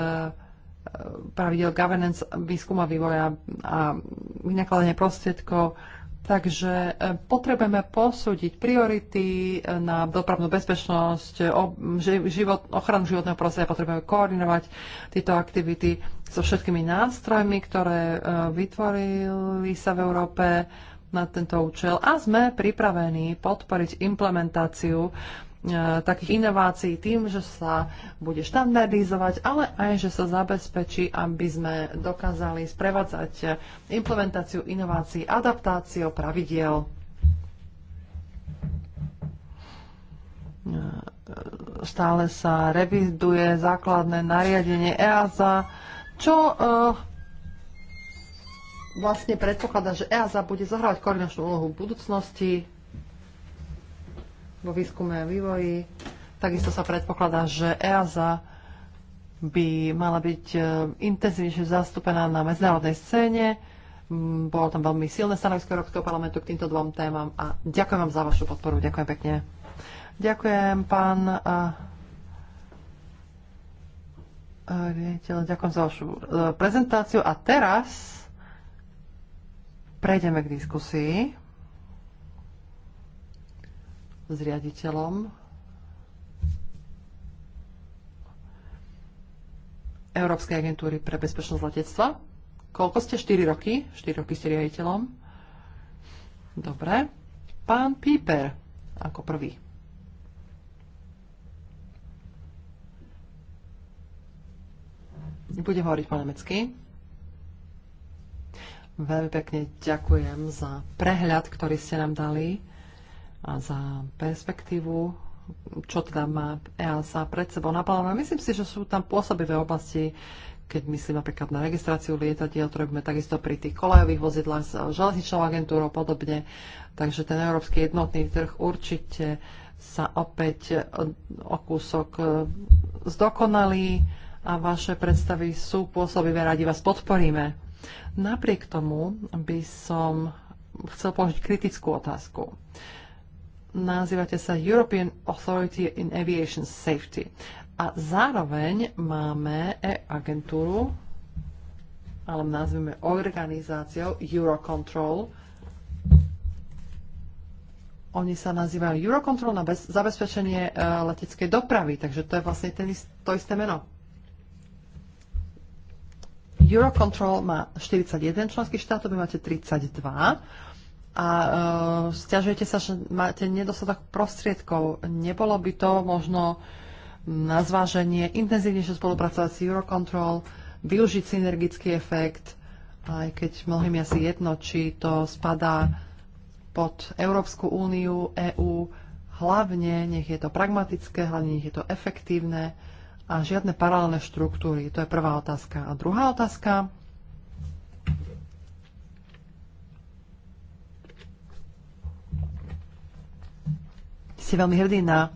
pravidel governance výskuma vývoja a vynakladanie prostriedkov Takže e, potrebujeme posúdiť priority e, na dopravnú bezpečnosť, život, ochranu životného prostredia, potrebujeme koordinovať tieto aktivity so všetkými nástrojmi, ktoré e, vytvorili sa v Európe na tento účel a sme pripravení podporiť implementáciu E, takých inovácií tým, že sa bude štandardizovať, ale aj, že sa zabezpečí, aby sme dokázali sprevádzať implementáciu inovácií, adaptáciou pravidiel. E, stále sa reviduje základné nariadenie EASA, čo e, vlastne predpokladá, že EASA bude zohrávať koordinačnú úlohu v budúcnosti vo výskume a vývoji. Takisto sa predpokladá, že EASA by mala byť e, intenzívnejšie zastúpená na medzinárodnej scéne. Mm, bolo tam veľmi silné stanovisko Európskeho parlamentu k týmto dvom témam a ďakujem vám za vašu podporu. Ďakujem pekne. Ďakujem, pán e, riaditeľ, ďakujem za vašu e, prezentáciu. A teraz prejdeme k diskusii s riaditeľom Európskej agentúry pre bezpečnosť letectva. Koľko ste? 4 roky? 4 roky ste riaditeľom. Dobre. Pán Píper ako prvý. Budem hovoriť po nemecky. Veľmi pekne ďakujem za prehľad, ktorý ste nám dali a za perspektívu, čo teda má EASA pred sebou naplánované. Myslím si, že sú tam pôsobivé oblasti, keď myslím napríklad na registráciu lietadiel, to robíme takisto pri tých kolejových vozidlách s železničnou agentúrou a podobne. Takže ten európsky jednotný trh určite sa opäť e, o kúsok e, zdokonalí a vaše predstavy sú pôsobivé, radi vás podporíme. Napriek tomu by som chcel položiť kritickú otázku nazývate sa European Authority in Aviation Safety. A zároveň máme e-agentúru, ale nazvime organizáciou Eurocontrol. Oni sa nazývajú Eurocontrol na bez, zabezpečenie e, leteckej dopravy, takže to je vlastne ten, to isté meno. Eurocontrol má 41 členských štátov, vy máte 32 a uh, stiažujete sa, že máte nedostatok prostriedkov. Nebolo by to možno na zváženie intenzívnejšie spolupracovať s Eurocontrol, využiť synergický efekt, aj keď mnohým je asi jedno, či to spadá pod Európsku úniu, EÚ, hlavne nech je to pragmatické, hlavne nech je to efektívne a žiadne paralelné štruktúry. To je prvá otázka. A druhá otázka, ste veľmi hrdí na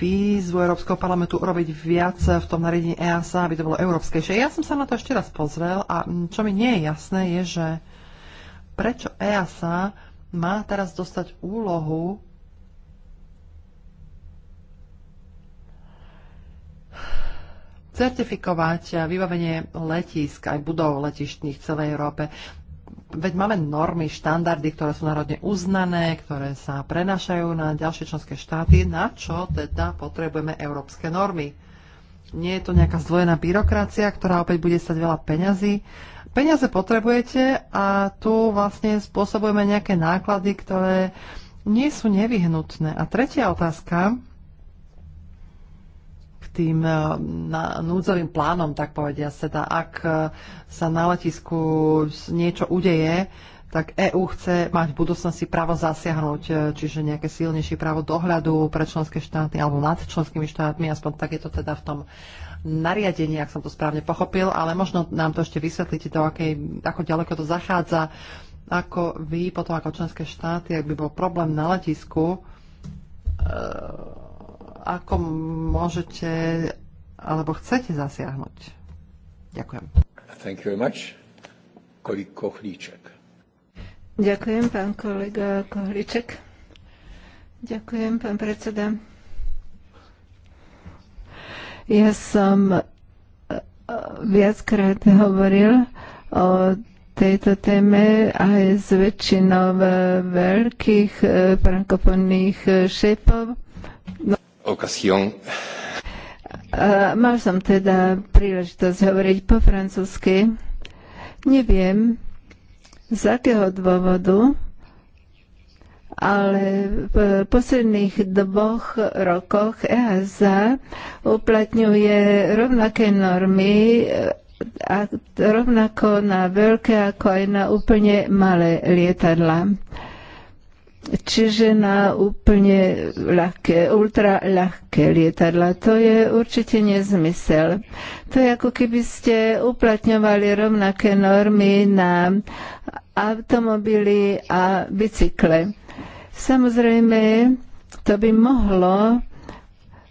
výzvu Európskeho parlamentu urobiť viac v tom nariadení EASA, aby to bolo európskejšie. Ja som sa na to ešte raz pozrel a čo mi nie je jasné, je, že prečo EASA má teraz dostať úlohu certifikovať vybavenie letísk aj budov letištných v celej Európe veď máme normy, štandardy, ktoré sú národne uznané, ktoré sa prenašajú na ďalšie členské štáty, na čo teda potrebujeme európske normy. Nie je to nejaká zdvojená byrokracia, ktorá opäť bude stať veľa peňazí. Peniaze potrebujete a tu vlastne spôsobujeme nejaké náklady, ktoré nie sú nevyhnutné. A tretia otázka, tým eh, na, núdzovým plánom, tak povedia teda ak eh, sa na letisku niečo udeje, tak EÚ chce mať v budúcnosti právo zasiahnuť, eh, čiže nejaké silnejšie právo dohľadu pre členské štáty alebo nad členskými štátmi, aspoň tak je to teda v tom nariadení, ak som to správne pochopil, ale možno nám to ešte vysvetlíte, do akej, ako ďaleko to zachádza, ako vy potom ako členské štáty, ak by bol problém na letisku, ako môžete alebo chcete zasiahnuť. Ďakujem. Thank you very much. Kolik Kohlíček. Ďakujem, pán kolega Kohlíček. Ďakujem, pán predseda. Ja som e, viackrát hovoril o tejto téme aj s väčšinou veľkých e, frankofónnych e, šéfov. No ocasión. Mal som teda príležitosť hovoriť po francúzsky. Neviem, z akého dôvodu, ale v posledných dvoch rokoch EASA uplatňuje rovnaké normy a rovnako na veľké ako aj na úplne malé lietadla. Čiže na úplne ľahké, ultra ľahké lietadla. To je určite nezmysel. To je ako keby ste uplatňovali rovnaké normy na automobily a bicykle. Samozrejme, to by mohlo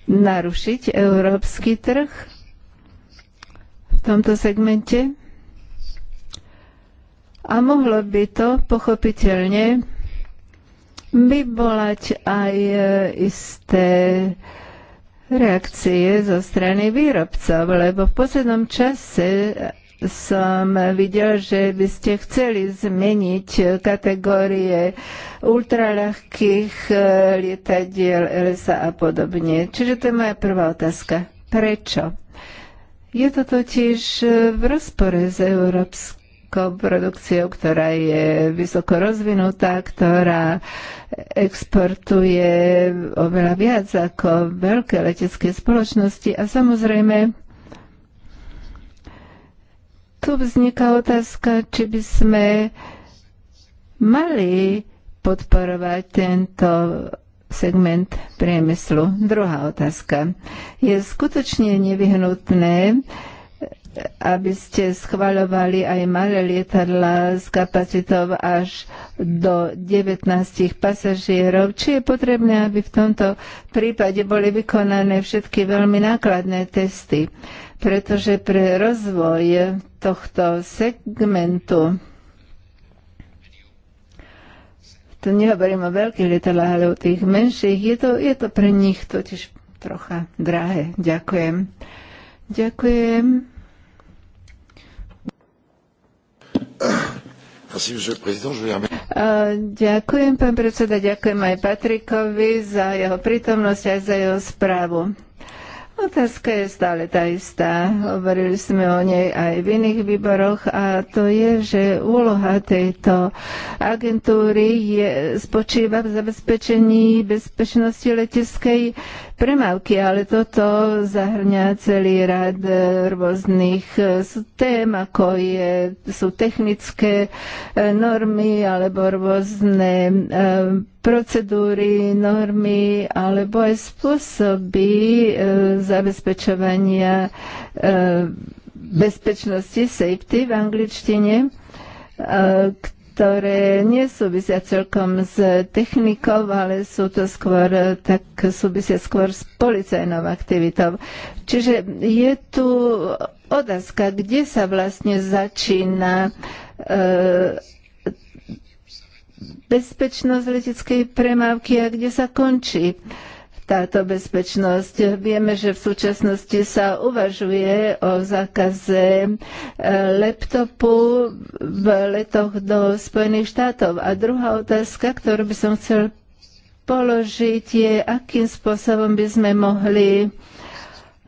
narušiť európsky trh v tomto segmente. A mohlo by to pochopiteľne vyvolať aj e, isté reakcie zo strany výrobcov, lebo v poslednom čase som videl, že by ste chceli zmeniť kategórie ultralahkých e, lietadiel LSA a podobne. Čiže to je moja prvá otázka. Prečo? Je to totiž v rozpore s európskym produkciou, ktorá je vysoko rozvinutá, ktorá exportuje oveľa viac ako veľké letecké spoločnosti a samozrejme tu vzniká otázka, či by sme mali podporovať tento segment priemyslu. Druhá otázka. Je skutočne nevyhnutné, aby ste schvaľovali aj malé lietadla s kapacitou až do 19 pasažierov, či je potrebné, aby v tomto prípade boli vykonané všetky veľmi nákladné testy, pretože pre rozvoj tohto segmentu tu nehovorím o veľkých lietadlách, ale o tých menších, je to, je to pre nich totiž trocha drahé. Ďakujem. Ďakujem. Ďakujem, pán predseda, ďakujem aj Patrikovi za jeho prítomnosť aj za jeho správu. Otázka je stále tá istá. Hovorili sme o nej aj v iných výboroch a to je, že úloha tejto agentúry je, spočíva v zabezpečení bezpečnosti leteckej premávky, ale toto zahrňa celý rad e, rôznych e, tém, ako je, sú technické e, normy alebo rôzne procedúry, normy alebo aj spôsoby zabezpečovania e, bezpečnosti, safety v angličtine, e, ktoré nie súvisia celkom s technikou, ale sú to skôr, tak súvisia skôr s policajnou aktivitou. Čiže je tu otázka, kde sa vlastne začína e, bezpečnosť leteckej premávky a kde sa končí. Uh, táto bezpečnosť. Vieme, že v súčasnosti sa uvažuje o zákaze eh, laptopu v letoch do Spojených štátov. A druhá otázka, ktorú by som chcel položiť, je, akým spôsobom by sme mohli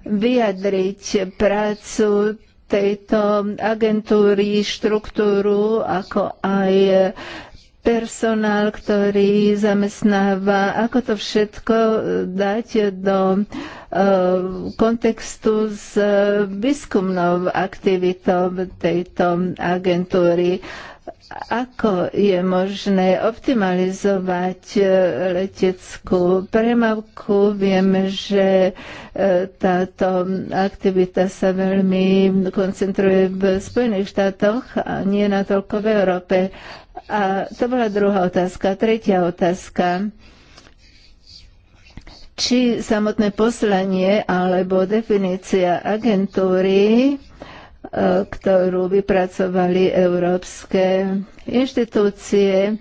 vyjadriť prácu tejto agentúry, štruktúru, ako aj personál, ktorý zamestnáva, ako to všetko dať do eh, kontextu s eh, výskumnou aktivitou tejto agentúry ako je možné optimalizovať e, leteckú premavku. Vieme, že e, táto aktivita sa veľmi koncentruje v Spojených štátoch a nie natoľko v Európe. A to bola druhá otázka. Tretia otázka či samotné poslanie alebo definícia agentúry ktorú vypracovali európske inštitúcie,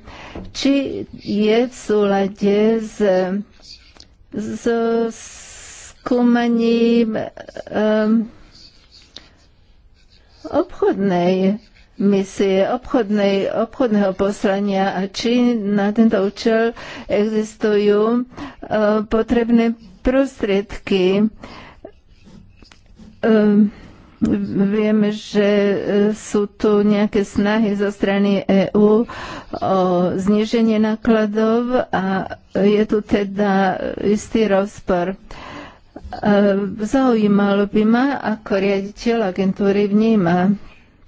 či je v súlade s, s skúmaním um, obchodnej misie obchodnej, obchodného poslania a či na tento účel existujú uh, potrebné prostriedky. Um, Vieme, že e, sú tu nejaké snahy zo strany EÚ o zniženie nákladov a je tu teda istý rozpor. E, zaujímalo by ma, ako riaditeľ agentúry vníma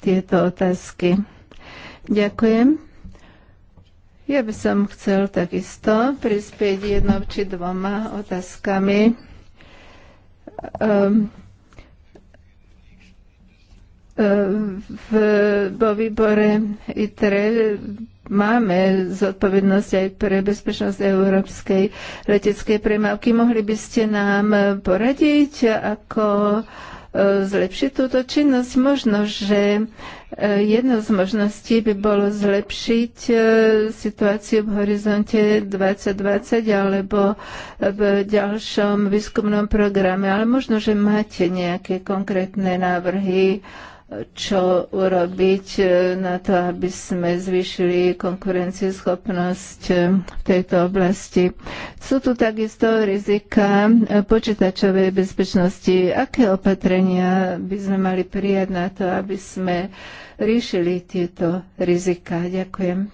tieto otázky. Ďakujem. Ja by som chcel takisto prispieť jednou či dvoma otázkami. Ehm, v, vo výbore ITRE máme zodpovednosť aj pre bezpečnosť európskej leteckej premávky. Mohli by ste nám poradiť, ako e, zlepšiť túto činnosť? Možno, že e, jedno z možností by bolo zlepšiť e, situáciu v horizonte 2020 alebo v ďalšom výskumnom programe, ale možno, že máte nejaké konkrétne návrhy čo urobiť e, na to, aby sme zvýšili konkurencieschopnosť e, v tejto oblasti. Sú tu takisto rizika e, počítačovej bezpečnosti. Aké opatrenia by sme mali prijať na to, aby sme riešili tieto rizika? Ďakujem.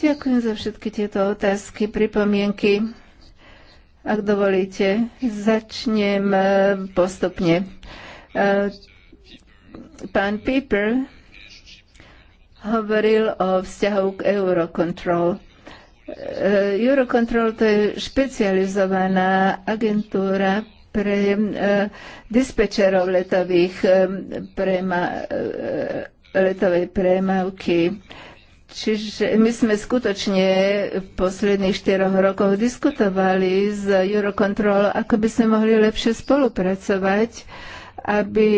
Ďakujem za všetky tieto otázky, pripomienky. Ak dovolíte, začnem postupne. Eh, pán Piper hovoril o vzťahu k Eurocontrol. Eh, Eurocontrol to je špecializovaná agentúra pre eh, dispečerov letových prema, letovej premávky. Čiže my sme skutočne v posledných štyroch rokoch diskutovali s Eurocontrol, ako by sme mohli lepšie spolupracovať aby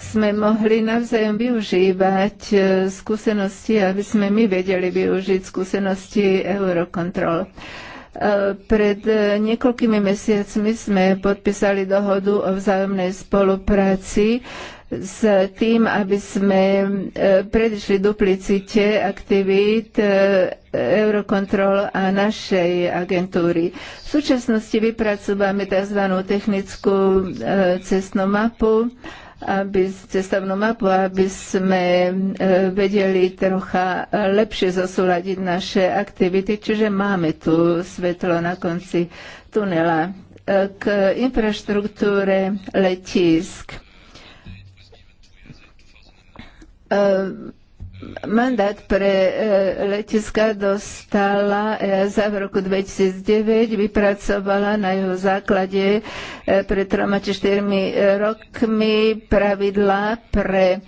sme mohli navzájom využívať e, skúsenosti, aby sme my vedeli využiť skúsenosti Eurocontrol. E, pred e, niekoľkými mesiacmi sme podpísali dohodu o vzájomnej spolupráci s tým, aby sme e, predišli duplicite aktivít e, Eurocontrol a našej agentúry. V súčasnosti vypracováme tzv. technickú e, cestnú mapu, aby, cestovnú mapu, aby sme vedeli trocha lepšie zosúľadiť naše aktivity, čiže máme tu svetlo na konci tunela k infraštruktúre letísk Ehm, mandát pre e, letiska dostala EASA v roku 2009, vypracovala na jeho základe e, pred troma či 4 rokmi pravidla pre e,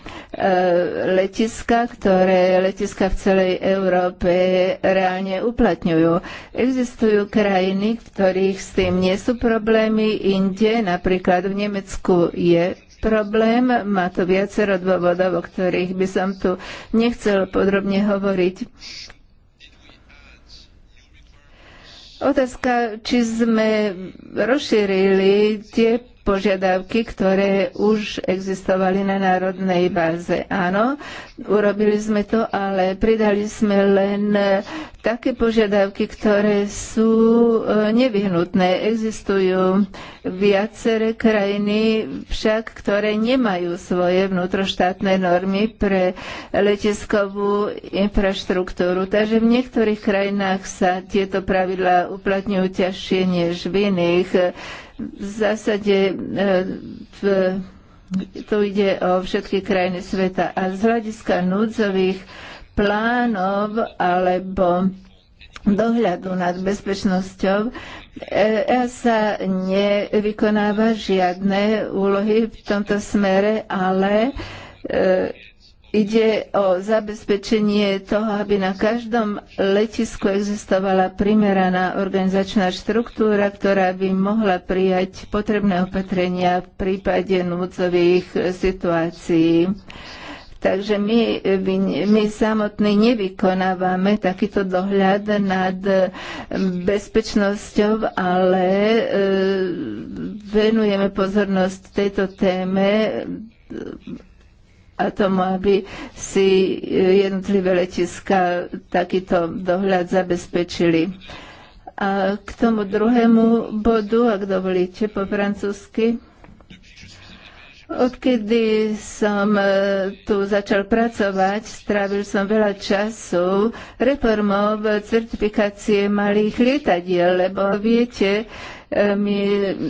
letiska, ktoré letiska v celej Európe reálne uplatňujú. Existujú krajiny, v ktorých s tým nie sú problémy, inde, napríklad v Nemecku je problém. Má to viacero dôvodov, o ktorých by som tu nechcel podrobne hovoriť. Otázka, či sme rozšírili tie požiadavky, ktoré už existovali na národnej báze. Áno, urobili sme to, ale pridali sme len e, také požiadavky, ktoré sú e, nevyhnutné. Existujú viaceré krajiny však, ktoré nemajú svoje vnútroštátne normy pre letiskovú infraštruktúru. Takže v niektorých krajinách sa tieto pravidlá uplatňujú ťažšie než v iných. V zásade e, v to ide o všetky krajiny sveta. A z hľadiska núdzových plánov alebo dohľadu nad bezpečnosťou e, sa nevykonáva žiadne úlohy v tomto smere, ale e, Ide o zabezpečenie toho, aby na každom letisku existovala primeraná organizačná štruktúra, ktorá by mohla prijať potrebné opatrenia v prípade núdzových situácií. Takže my, my samotní nevykonávame takýto dohľad nad bezpečnosťou, ale e, venujeme pozornosť tejto téme a tomu, aby si eh, jednotlivé letiska takýto dohľad zabezpečili. A k tomu druhému bodu, ak dovolíte po francúzsky. Odkedy som eh, tu začal pracovať, strávil som veľa času reformou certifikácie malých lietadiel, lebo viete, my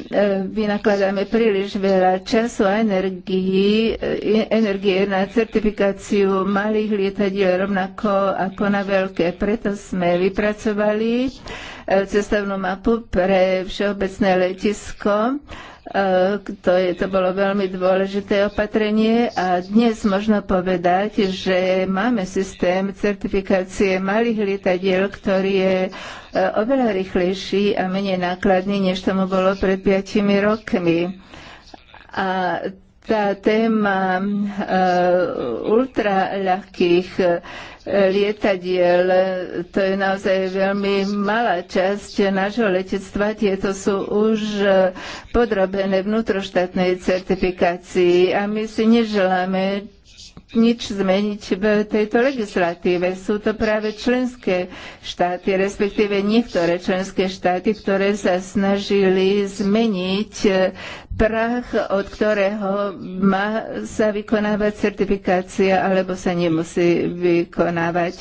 e, vynakladáme príliš veľa času a energii, e, energie na certifikáciu malých lietadiel rovnako ako na veľké. Preto sme vypracovali E, cestovnú mapu pre všeobecné letisko. E, to, je, to bolo veľmi dôležité opatrenie a dnes možno povedať, že máme systém certifikácie malých lietadiel, ktorý je e, oveľa rýchlejší a menej nákladný, než tomu bolo pred 5 rokmi. A tá téma eh, ultraľahkých eh, lietadiel, to je naozaj veľmi malá časť nášho letectva. Tieto sú už eh, podrobené vnútroštátnej certifikácii a my si neželáme nič zmeniť v tejto legislatíve. Sú to práve členské štáty, respektíve niektoré členské štáty, ktoré sa snažili zmeniť prach, od ktorého má sa vykonávať certifikácia alebo sa nemusí vykonávať.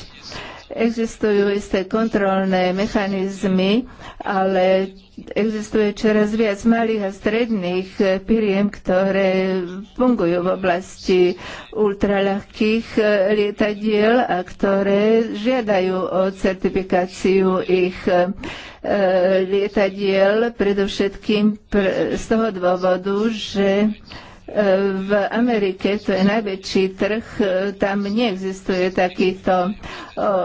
Existujú isté kontrolné mechanizmy, ale existuje čoraz viac malých a stredných piriem, ktoré fungujú v oblasti ultraľahkých eh, lietadiel a ktoré žiadajú o certifikáciu ich eh, lietadiel, predovšetkým z toho dôvodu, že v Amerike, to je najväčší trh, e, tam neexistuje takýto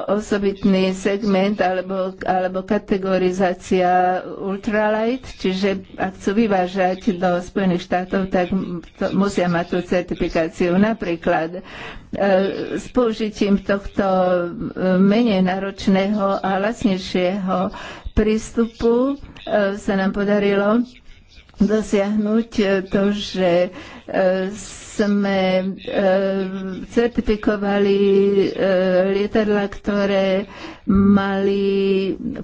osobitný segment alebo, alebo kategorizácia ultralight, čiže ak chcú vyvážať do Spojených štátov, tak to, musia mať tú certifikáciu. Napríklad e, s použitím tohto e, menej náročného a lacnejšieho prístupu sa nám podarilo dosiahnuť e, to, že e, sme e, certifikovali lietadla, ktoré mali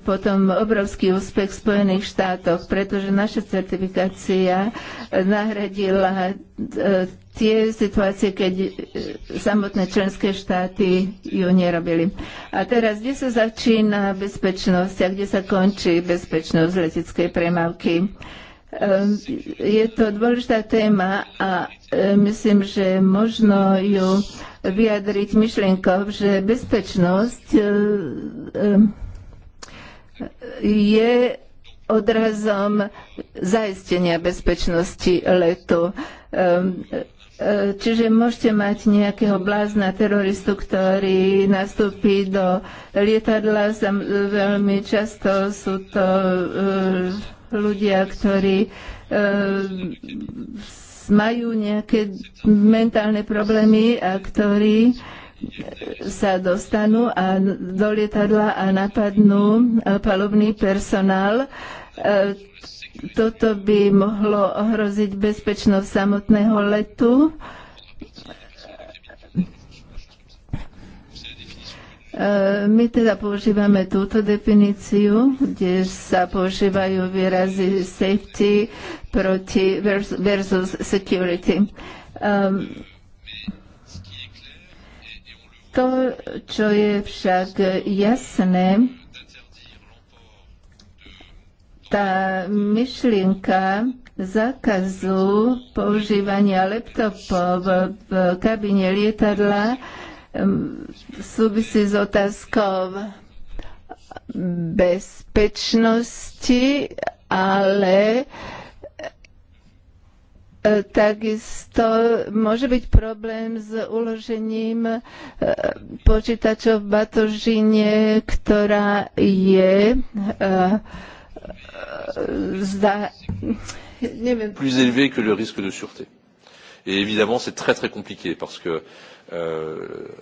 potom obrovský úspech v Spojených štátoch, pretože naša certifikácia nahradila tie situácie, keď samotné členské štáty ju nerobili. A teraz, kde sa začína bezpečnosť a kde sa končí bezpečnosť leteckej premávky? Ehm, je to dôležitá téma a ehm, myslím, že možno ju vyjadriť myšlienkov, že bezpečnosť ehm, je odrazom zaistenia bezpečnosti letu. E, čiže môžete mať nejakého blázna teroristu, ktorý nastúpi do lietadla. Veľmi často sú to e, ľudia, ktorí eh, majú nejaké mentálne problémy a ktorí sa dostanú a do lietadla a napadnú eh, palubný personál. Eh, toto by mohlo ohroziť bezpečnosť samotného letu E, my teda používame túto definíciu, kde sa používajú výrazy safety proti versus security. Um, to, čo je však jasné, tá myšlienka zákazu používania laptopov v kabíne lietadla súvisí s otázkou bezpečnosti, ale e, takisto môže byť problém s uložením e, počítačov v batožine, ktorá je e, zda, neviem. plus élevé que le risque de sûreté. Et évidemment, c'est très très compliqué parce que euh, Euh,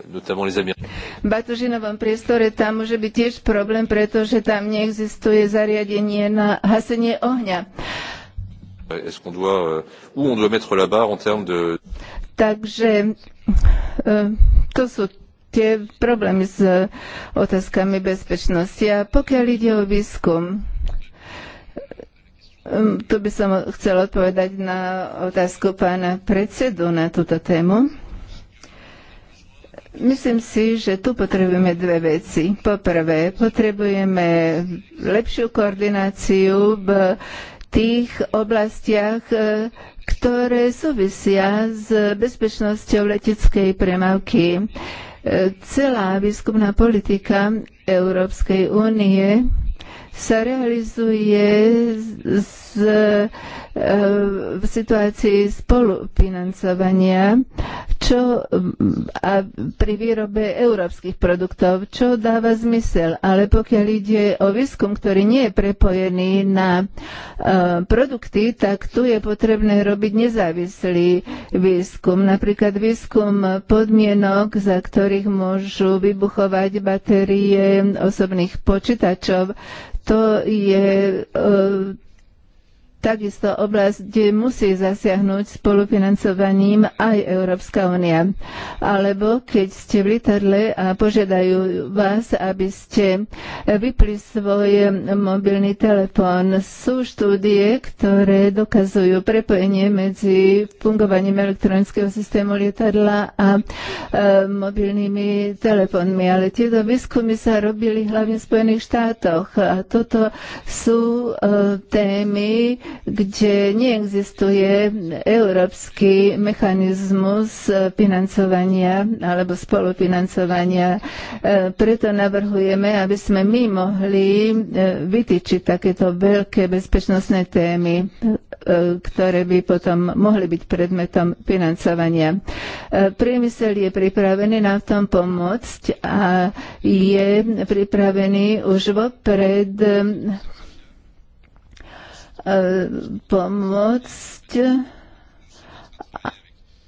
notamment les Américains. V batužinovom priestore tam môže byť tiež problém, pretože tam neexistuje zariadenie na hasenie ohňa. Euh, est-ce qu'on doit, euh, où on doit mettre la barre en termes de... Takže to sú tie problémy s uh, otázkami bezpečnosti. A pokiaľ ide o výskum, um, tu by som chcela odpovedať na otázku pána predsedu na túto tému. Myslím si, že tu potrebujeme dve veci. Poprvé, potrebujeme lepšiu koordináciu v tých oblastiach, e, ktoré súvisia s bezpečnosťou leteckej premávky. E, celá výskumná politika Európskej únie sa realizuje z, z, e, v situácii spolufinancovania, čo a pri výrobe európskych produktov, čo dáva zmysel. Ale pokiaľ ide o výskum, ktorý nie je prepojený na e, produkty, tak tu je potrebné robiť nezávislý výskum. Napríklad výskum podmienok, za ktorých môžu vybuchovať batérie osobných počítačov. To je e, takisto oblasť, kde musí zasiahnuť spolufinancovaním aj Európska únia. Alebo keď ste v lietadle a požiadajú vás, aby ste vypli svoj mobilný telefón. Sú štúdie, ktoré dokazujú prepojenie medzi fungovaním elektronického systému lietadla a e, mobilnými telefónmi. Ale tieto výskumy sa robili hlavne v Spojených štátoch. A toto sú e, témy, kde neexistuje európsky mechanizmus financovania alebo spolufinancovania. E, preto navrhujeme, aby sme my mohli e, vytýčiť takéto veľké bezpečnostné témy, e, ktoré by potom mohli byť predmetom financovania. Priemysel je pripravený nám v tom pomôcť a je pripravený už vopred E, pomôcť.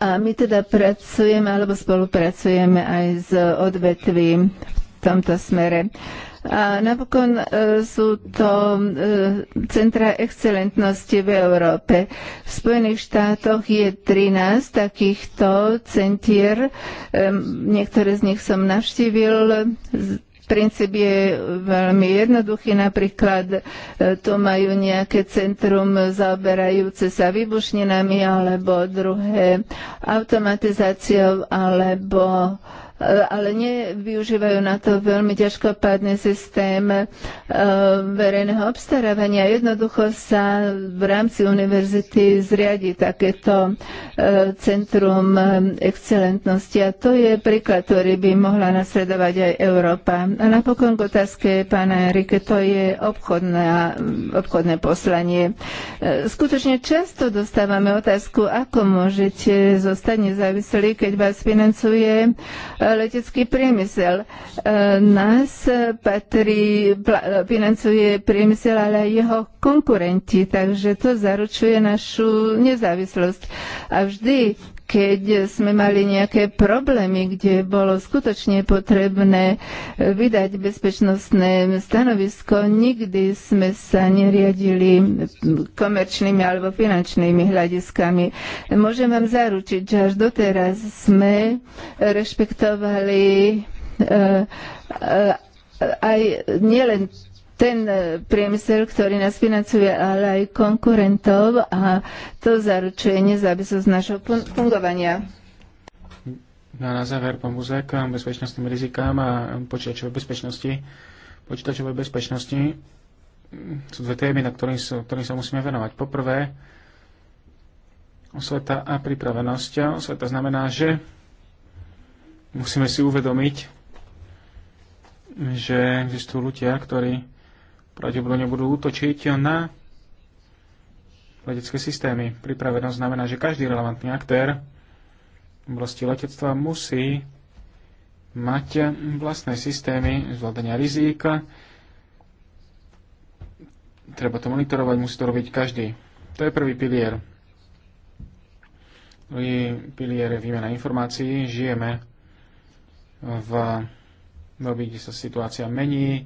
A my teda pracujeme alebo spolupracujeme aj s odvetvím v tomto smere. A napokon e, sú to e, centra excelentnosti v Európe. V Spojených štátoch je 13 takýchto centier. E, niektoré z nich som navštívil princíp je veľmi jednoduchý. Napríklad e, tu majú nejaké centrum zaoberajúce sa výbušninami alebo druhé automatizáciou alebo uh, ale nevyužívajú na to veľmi ťažkopádny systém e, verejného obstarávania. Jednoducho sa v rámci univerzity zriadi takéto e, centrum e, excelentnosti a to je príklad, ktorý by mohla nasledovať aj Európa. A napokon k otázke pána Enrique, to je obchodné, obchodné poslanie. Skutočne často dostávame otázku, ako môžete zostať nezávislí, keď vás financuje letecký priemysel. E, nás patrí, financuje priemysel, ale aj jeho konkurenti, takže to zaručuje našu nezávislosť. A vždy, keď sme mali nejaké problémy, kde bolo skutočne potrebné eh, vydať bezpečnostné stanovisko, nikdy sme sa neriadili komerčnými alebo finančnými hľadiskami. Môžem vám zaručiť, že až doteraz sme rešpektovali eh, eh, aj nielen ten e, priemysel, ktorý nás financuje, ale aj konkurentov a to zaručuje nezávislosť našho fungovania. No a na záver pomôže k bezpečnostným rizikám a počítačovej bezpečnosti. Počítačovej bezpečnosti sú dve témy, na ktorým sa, ktorým sa musíme venovať. Poprvé, osveta a pripravenosť. Osveta znamená, že musíme si uvedomiť, že existujú ľudia, ktorí pravdepodobne budú útočiť na letecké systémy. Pripravenosť znamená, že každý relevantný aktér v oblasti letectva musí mať vlastné systémy zvládania rizika. Treba to monitorovať, musí to robiť každý. To je prvý pilier. Druhý pilier je výmena informácií. Žijeme v dobi, kde sa situácia mení,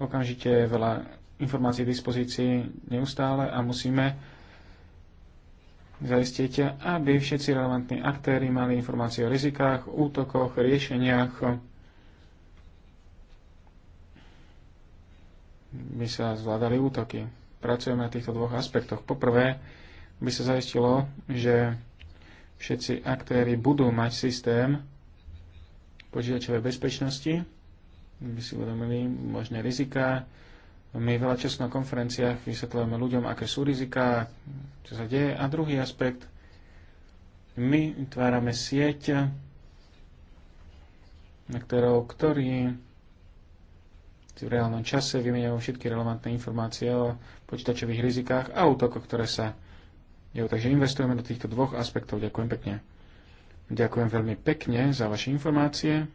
Okamžite je veľa informácií k dispozícii neustále a musíme zaistiť, aby všetci relevantní aktéry mali informácie o rizikách, útokoch, riešeniach. by sa zvládali útoky. Pracujeme na týchto dvoch aspektoch. Poprvé, by sa zaistilo, že všetci aktéry budú mať systém počítačovej bezpečnosti, by si uvedomili možné rizika. My veľa času na konferenciách vysvetľujeme ľuďom, aké sú rizika, čo sa deje. A druhý aspekt, my vytvárame sieť, na ktorou, ktorí v reálnom čase vymieňajú všetky relevantné informácie o počítačových rizikách a útokoch, ktoré sa dejú. Takže investujeme do týchto dvoch aspektov. Ďakujem pekne. Ďakujem veľmi pekne za vaše informácie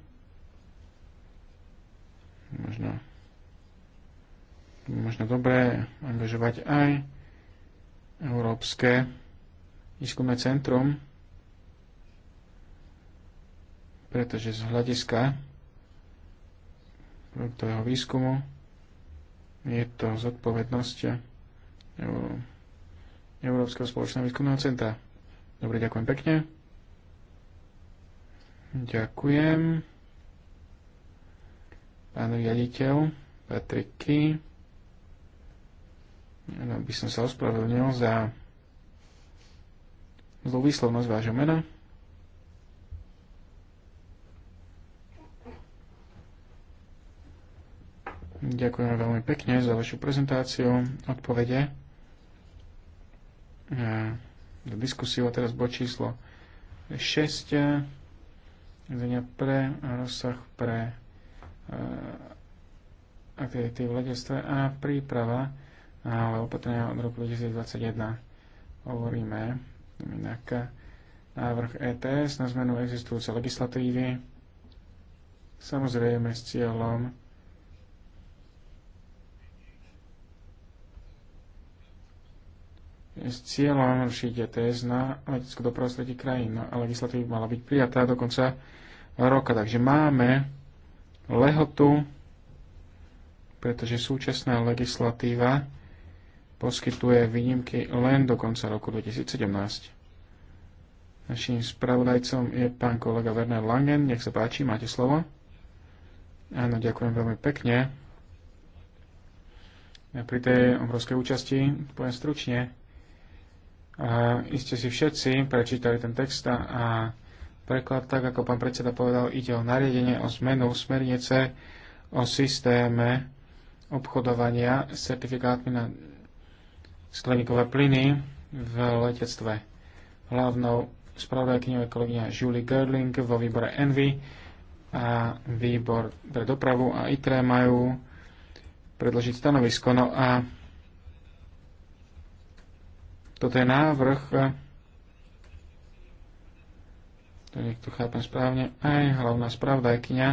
možno, možno dobré angažovať aj Európske výskumné centrum, pretože z hľadiska produktového výskumu je to zodpovednosť Európskeho spoločného výskumného centra. Dobre, ďakujem pekne. Ďakujem. Pán riaditeľ, Patrick Key, by som sa ospravedlnil za zlú výslovnosť vášho mena. Ďakujem veľmi pekne za vašu prezentáciu, odpovede do diskusiu a teraz bod číslo 6 zenia pre rozsah pre Eh, aktivity v letectve a príprava ale opatrenia od roku 2021. Hovoríme inak návrh ETS na zmenu existujúcej legislatívy, samozrejme s cieľom s cieľom rušiť ETS na leteckú doprostredí krajín. No a legislatíva mala byť prijatá do konca roka, takže máme lehotu, pretože súčasná legislatíva poskytuje výnimky len do konca roku 2017. Naším spravodajcom je pán kolega Werner Langen. Nech sa páči, máte slovo. Áno, ďakujem veľmi pekne. Ja pri tej obrovskej účasti poviem stručne. A iste si všetci prečítali ten text a preklad, tak ako pán predseda povedal, ide o nariadenie o zmenu smernice o systéme obchodovania s certifikátmi na skleníkové plyny v letectve. Hlavnou spravodajkyňou je kolegyňa Julie Gerling vo výbore Envy a výbor pre dopravu a ITRE majú predložiť stanovisko. No a toto je návrh to niekto chápem správne, aj hlavná spravodajkyňa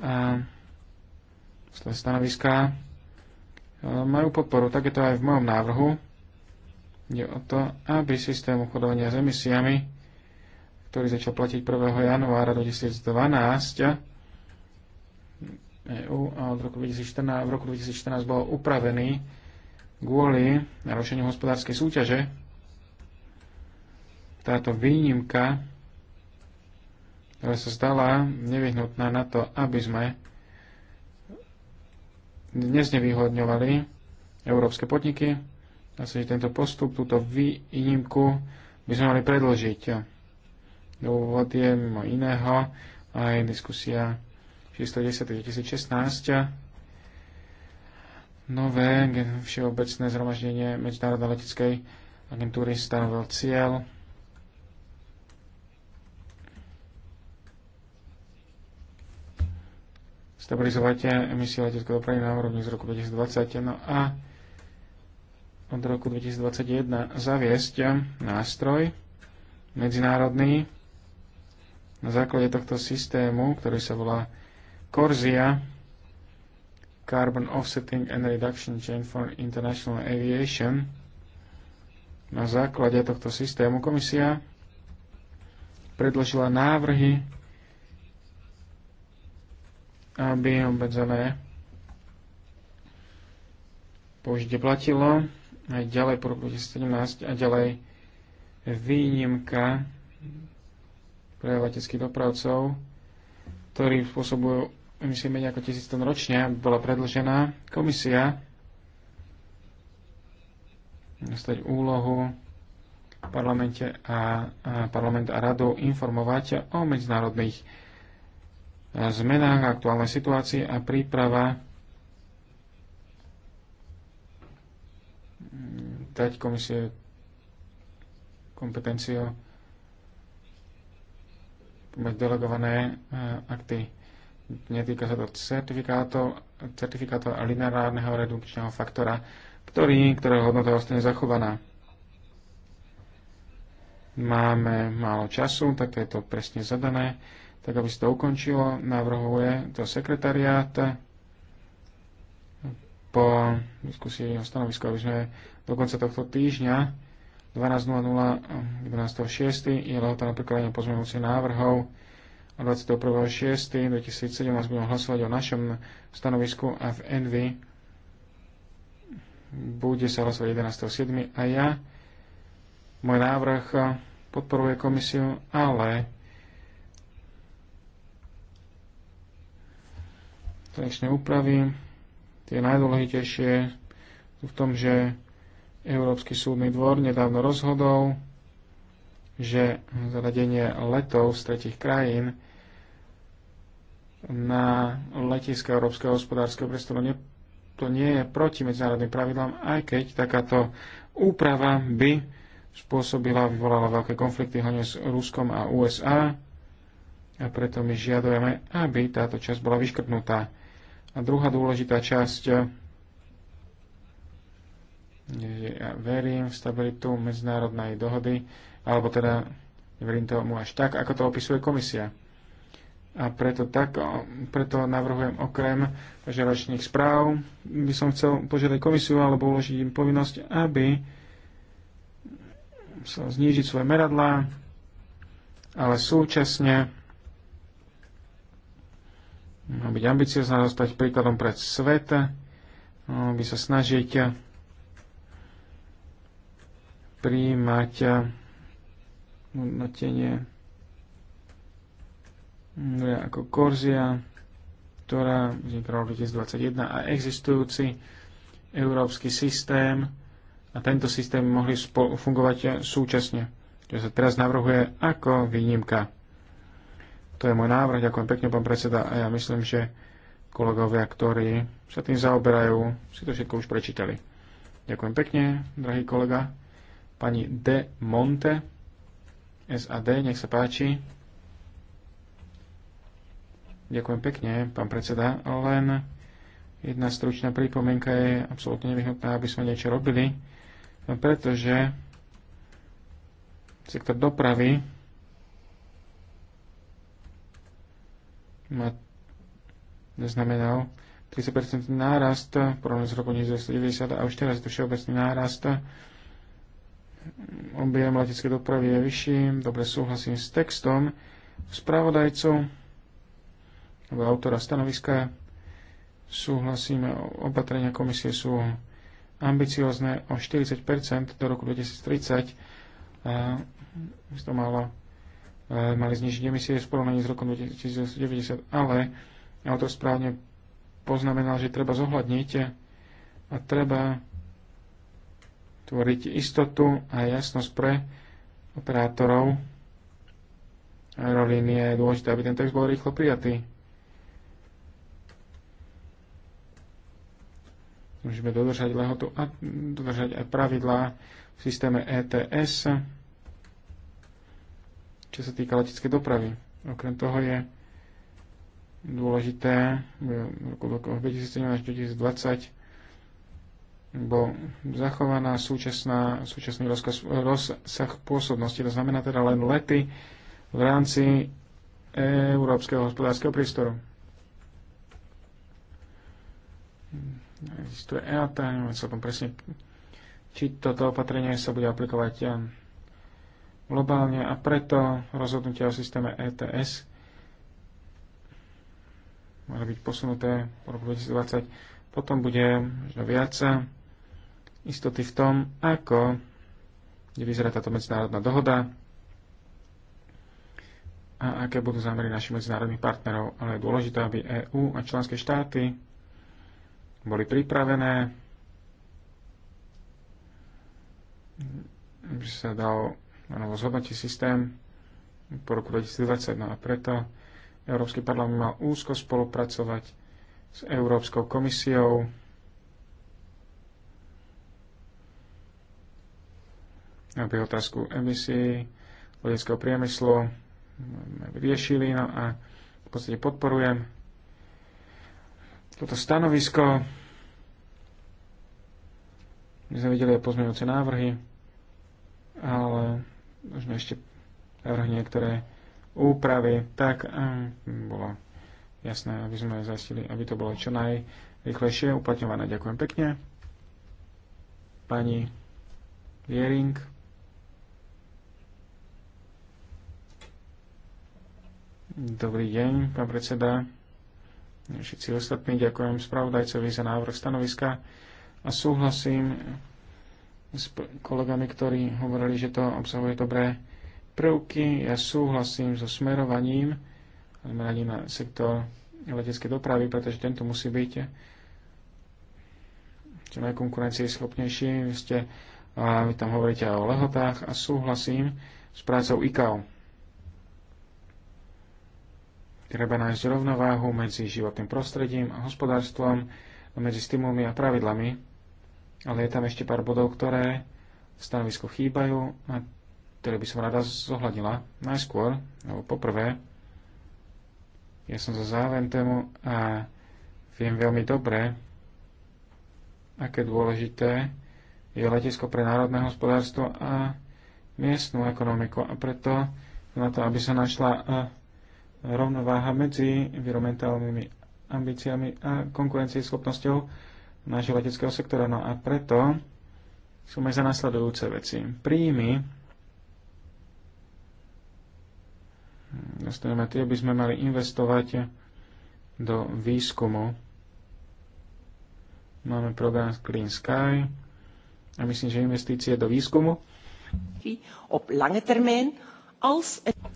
a stanoviská e, majú podporu. Tak je to aj v mojom návrhu. Ide o to, aby systém obchodovania s emisiami, ktorý začal platiť 1. januára 2012 EU a od roku 2014, v roku 2014 bol upravený kvôli narušeniu hospodárskej súťaže. Táto výnimka ktorá sa zdala nevyhnutná na to, aby sme dnes nevyhodňovali európske podniky. Asi tento postup, túto výnimku by sme mali predložiť. Dôvod je mimo iného aj diskusia 610-2016 nové všeobecné zhromaždenie Medzinárodnej leteckej agentúry stanovil cieľ stabilizovať emisie leteckého dopravy na úrovni z roku 2020 no a od roku 2021 zaviesť nástroj medzinárodný na základe tohto systému, ktorý sa volá korzia Carbon Offsetting and Reduction Chain for International Aviation. Na základe tohto systému komisia predložila návrhy aby obmedzené použite platilo aj ďalej po roku 2017 a ďalej výnimka pre leteckých dopravcov, ktorí spôsobujú emisie menej ako 1000 tón ročne, bola predlžená. Komisia dostať úlohu parlamente a, a parlament a radu informovať o medzinárodných zmenách aktuálnej situácie a príprava mm, dať komisie kompetenciu mať delegované e, akty. Netýka sa to certifikátov, certifikátov a lineárneho redukčného faktora, ktorý, ktorého hodnota ostane zachovaná. Máme málo času, tak je to presne zadané tak aby sa to ukončilo, navrhuje to sekretariát po diskusii o stanovisku, aby sme do konca tohto týždňa 12.00 11.6. je lehota na prekladanie pozmeňujúcich návrhov a 21.6.2017 budeme hlasovať o našom stanovisku a v Envy bude sa hlasovať 11.7. a ja môj návrh podporuje komisiu, ale Konečné úpravy, tie najdôležitejšie sú v tom, že Európsky súdny dvor nedávno rozhodol, že zaradenie letov z tretich krajín na letiska Európskeho hospodárskeho priestoru to nie je proti medzinárodným pravidlám, aj keď takáto úprava by spôsobila, vyvolala veľké konflikty hlavne s Ruskom a USA a preto my žiadujeme, aby táto časť bola vyškrtnutá. A druhá dôležitá časť, eh, ja verím v stabilitu medzinárodnej dohody, alebo teda verím tomu až tak, ako to opisuje komisia. A preto, tak, preto navrhujem okrem žeročných správ, by som chcel požiadať komisiu alebo uložiť im povinnosť, aby sa znížiť svoje meradlá, ale súčasne byť ambiciozná, zostať príkladom pre svet, by sa snažiť príjmať eh, hodnotenie eh, ako Korzia, ktorá vznikla v 2021 a existujúci európsky systém a tento systém mohli fungovať eh, súčasne, čo sa teraz navrhuje ako výnimka. To je môj návrh. Ďakujem pekne, pán predseda. A ja myslím, že kolegovia, ktorí sa tým zaoberajú, si to všetko už prečítali. Ďakujem pekne, drahý kolega. Pani De Monte, SAD, nech sa páči. Ďakujem pekne, pán predseda. Len jedna stručná pripomienka je absolútne nevyhnutná, aby sme niečo robili, pretože sektor dopravy znamenal 30% nárast v porovnaní s roku 1990 a už teraz to všeobecný nárast objem leteckej dopravy je vyšší. Dobre súhlasím s textom spravodajcu alebo autora stanoviska. Súhlasíme, opatrenia komisie sú ambiciozne o 40% do roku 2030. A to malo E, mali znižiť emisie v porovnaní s rokom 1990, ale autor správne poznamenal, že treba zohľadniť a treba tvoriť istotu a jasnosť pre operátorov aerolínie. Je dôležité, aby ten text bol rýchlo prijatý. Môžeme dodržať lehotu a dodržať aj pravidlá v systéme ETS čo sa týka leteckej dopravy. Okrem toho je dôležité, v roku 2017-2020 bol zachovaná súčasná, súčasný rozkaz, rozsah pôsobnosti, to znamená teda len lety v rámci európskeho hospodárskeho priestoru. Existuje EATA, neviem celkom presne, či toto opatrenie sa bude aplikovať globálne a preto rozhodnutia o systéme ETS mali byť posunuté po roku 2020. Potom bude možno viac istoty v tom, ako vyzerá táto medzinárodná dohoda a aké budú zámery našich medzinárodných partnerov. Ale je dôležité, aby EÚ a členské štáty boli pripravené, aby sa dal alebo zhodnotí systém po roku 2020. No a preto Európsky parlament mal úzko spolupracovať s Európskou komisiou, aby otázku emisí leteckého priemyslu riešili. No a v podstate podporujem toto stanovisko. My sme videli aj pozmeňujúce návrhy, ale možno ešte navrhnúť niektoré úpravy, tak ehm, bolo jasné, aby sme zastili, aby to bolo čo najrychlejšie uplatňované. Ďakujem pekne. Pani Viering. Dobrý deň, pán predseda. Všetci ostatní ďakujem spravodajcovi za návrh stanoviska a súhlasím s kolegami, ktorí hovorili, že to obsahuje dobré prvky. Ja súhlasím so smerovaním, zameraním na sektor leteckej dopravy, pretože tento musí byť čo schopnejší. Vy, ste, a vy tam hovoríte aj o lehotách a súhlasím s prácou ICAO. Treba nájsť rovnováhu medzi životným prostredím a hospodárstvom, medzi stimulmi a pravidlami ale je tam ešte pár bodov, ktoré v stanovisku chýbajú a ktoré by som rada zohľadila. Najskôr, alebo poprvé, ja som za záven tému a viem veľmi dobre, aké dôležité je letisko pre národné hospodárstvo a miestnú ekonomiku. A preto na to, aby sa našla e, rovnováha medzi environmentálnymi ambíciami a konkurencieschopnosťou, nášho leteckého sektora. No a preto sú aj za nasledujúce veci. Príjmy dostaneme tie, aby sme mali investovať do výskumu. Máme program Green Sky a myslím, že investície do výskumu